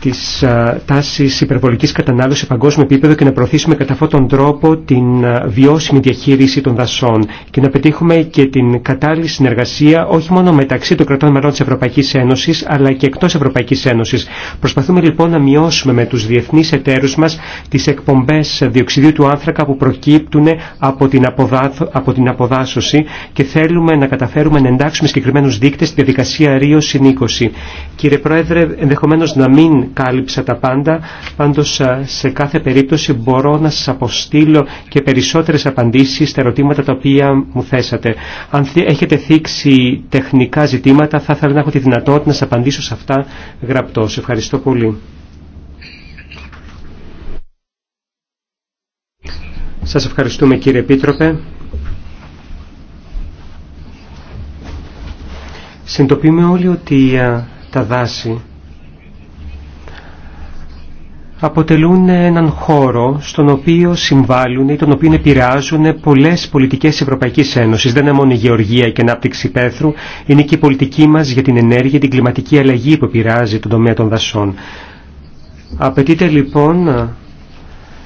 της ε, τάσης υπερβολικής κατανάλωση σε παγκόσμιο επίπεδο και να προωθήσουμε κατά αυτόν τον τρόπο την ε, βιώσιμη διαχείριση των δασών και να πετύχουμε και την κατάλληλη συνεργασία όχι μόνο μεταξύ των κρατών μελών της Ευρωπαϊκής Ένωσης αλλά και εκτός Ευρωπαϊκής Ένωσης. Προσπαθούμε λοιπόν να μειώσουμε με τους διεθνείς εταίρους μας τις εκπομπές διοξιδίου του άνθρακα που προκύπτουν από την, αποδάθ, από την αποδάσωση και θέλουμε να καταφέρουμε να εντάξουμε συγκεκριμένους δείκτες στη διαδικασία Ρίο Κύριε Πρόεδρε, ενδεχομένως να μην κάλυψα τα πάντα, πάντως σε κάθε περίπτωση μπορώ να σας αποστείλω και περισσότερες απαντήσεις στα ερωτήματα τα οποία μου θέσατε. Αν έχετε θίξει τεχνικά ζητήματα θα ήθελα να έχω τη δυνατότητα να σας απαντήσω σε αυτά σας Ευχαριστώ πολύ. Σας ευχαριστούμε κύριε Επίτροπε. Συντοπίμε όλοι ότι τα δάση αποτελούν έναν χώρο στον οποίο συμβάλλουν ή τον οποίο επηρεάζουν πολλές πολιτικές Ευρωπαϊκής Ένωσης. Δεν είναι μόνο η γεωργία και η ανάπτυξη πέθρου, είναι και η πολιτική μας για την ενέργεια, την κλιματική αλλαγή που επηρεάζει τον τομέα των δασών. Απαιτείται λοιπόν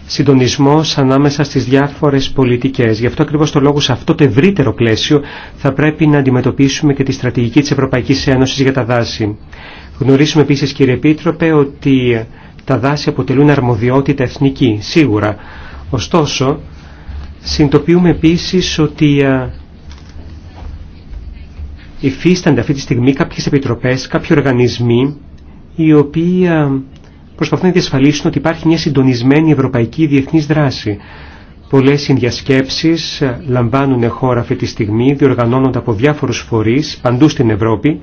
συντονισμός ανάμεσα στις διάφορες πολιτικές. Γι' αυτό ακριβώς το λόγο σε αυτό το ευρύτερο πλαίσιο θα πρέπει να αντιμετωπίσουμε και τη στρατηγική της Ευρωπαϊκής Ένωσης για τα δάση. Γνωρίζουμε επίσης κύριε Επίτροπε ότι τα δάση αποτελούν αρμοδιότητα εθνική, σίγουρα. Ωστόσο, συνειδητοποιούμε επίσης ότι ε, υφίστανται αυτή τη στιγμή κάποιες επιτροπές, κάποιοι οργανισμοί, οι οποίοι ε, προσπαθούν να διασφαλίσουν ότι υπάρχει μια συντονισμένη ευρωπαϊκή διεθνής δράση. Πολλές συνδιασκέψεις ε, λαμβάνουν χώρα αυτή τη στιγμή, διοργανώνονται από διάφορους φορείς παντού στην Ευρώπη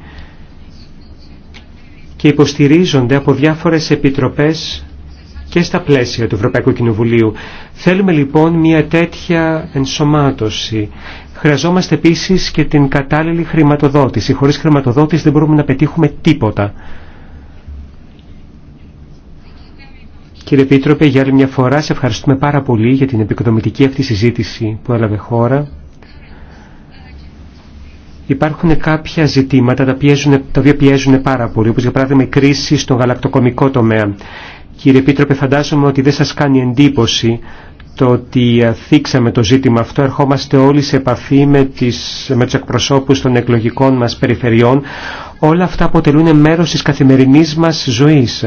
και υποστηρίζονται από διάφορες επιτροπές και στα πλαίσια του Ευρωπαϊκού Κοινοβουλίου. Θέλουμε λοιπόν μια τέτοια ενσωμάτωση. Χρειαζόμαστε επίσης και την κατάλληλη χρηματοδότηση. Χωρίς χρηματοδότηση δεν μπορούμε να πετύχουμε τίποτα. Κύριε Επίτροπε, για άλλη μια φορά σε ευχαριστούμε πάρα πολύ για την επικοδομητική αυτή συζήτηση που έλαβε χώρα. Υπάρχουν κάποια ζητήματα τα, πιέζουν, τα οποία πιέζουν πάρα πολύ, όπως για παράδειγμα η κρίση στον γαλακτοκομικό τομέα. Κύριε Επίτροπε, φαντάζομαι ότι δεν σας κάνει εντύπωση το ότι ε, θίξαμε το ζήτημα αυτό, ερχόμαστε όλοι σε επαφή με, τις, με τους εκπροσώπους των εκλογικών μας περιφερειών. Όλα αυτά αποτελούν μέρος της καθημερινής μας ζωής.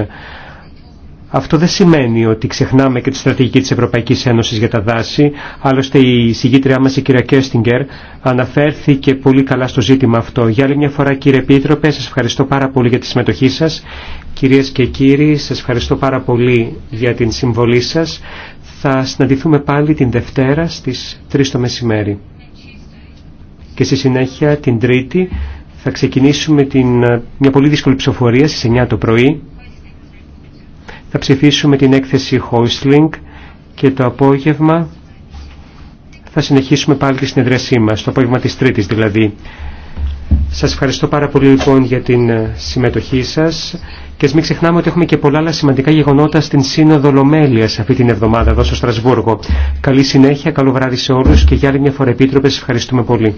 Αυτό δεν σημαίνει ότι ξεχνάμε και τη στρατηγική της Ευρωπαϊκής Ένωσης για τα δάση. Άλλωστε η συγγήτριά μας η κυρία Κέστιγκερ αναφέρθηκε πολύ καλά στο ζήτημα αυτό. Για άλλη μια φορά κύριε Επίτροπε, σας ευχαριστώ πάρα πολύ για τη συμμετοχή σας. Κυρίες και κύριοι, σας ευχαριστώ πάρα πολύ για την συμβολή σας. Θα συναντηθούμε πάλι την Δευτέρα στις 3 το μεσημέρι. Και στη συνέχεια την Τρίτη θα ξεκινήσουμε την, μια πολύ δύσκολη ψηφοφορία στις 9 το πρωί θα ψηφίσουμε την έκθεση Hoistling και το απόγευμα θα συνεχίσουμε πάλι τη συνεδρίασή μας, το απόγευμα της Τρίτης δηλαδή. Σας ευχαριστώ πάρα πολύ λοιπόν για την ε, συμμετοχή σας και μην ξεχνάμε ότι έχουμε και πολλά άλλα σημαντικά γεγονότα στην Σύνοδο Λομέλειας αυτή την εβδομάδα εδώ στο Στρασβούργο. Καλή συνέχεια, καλό βράδυ σε όλους και για άλλη μια φορά επίτροπες, ευχαριστούμε πολύ.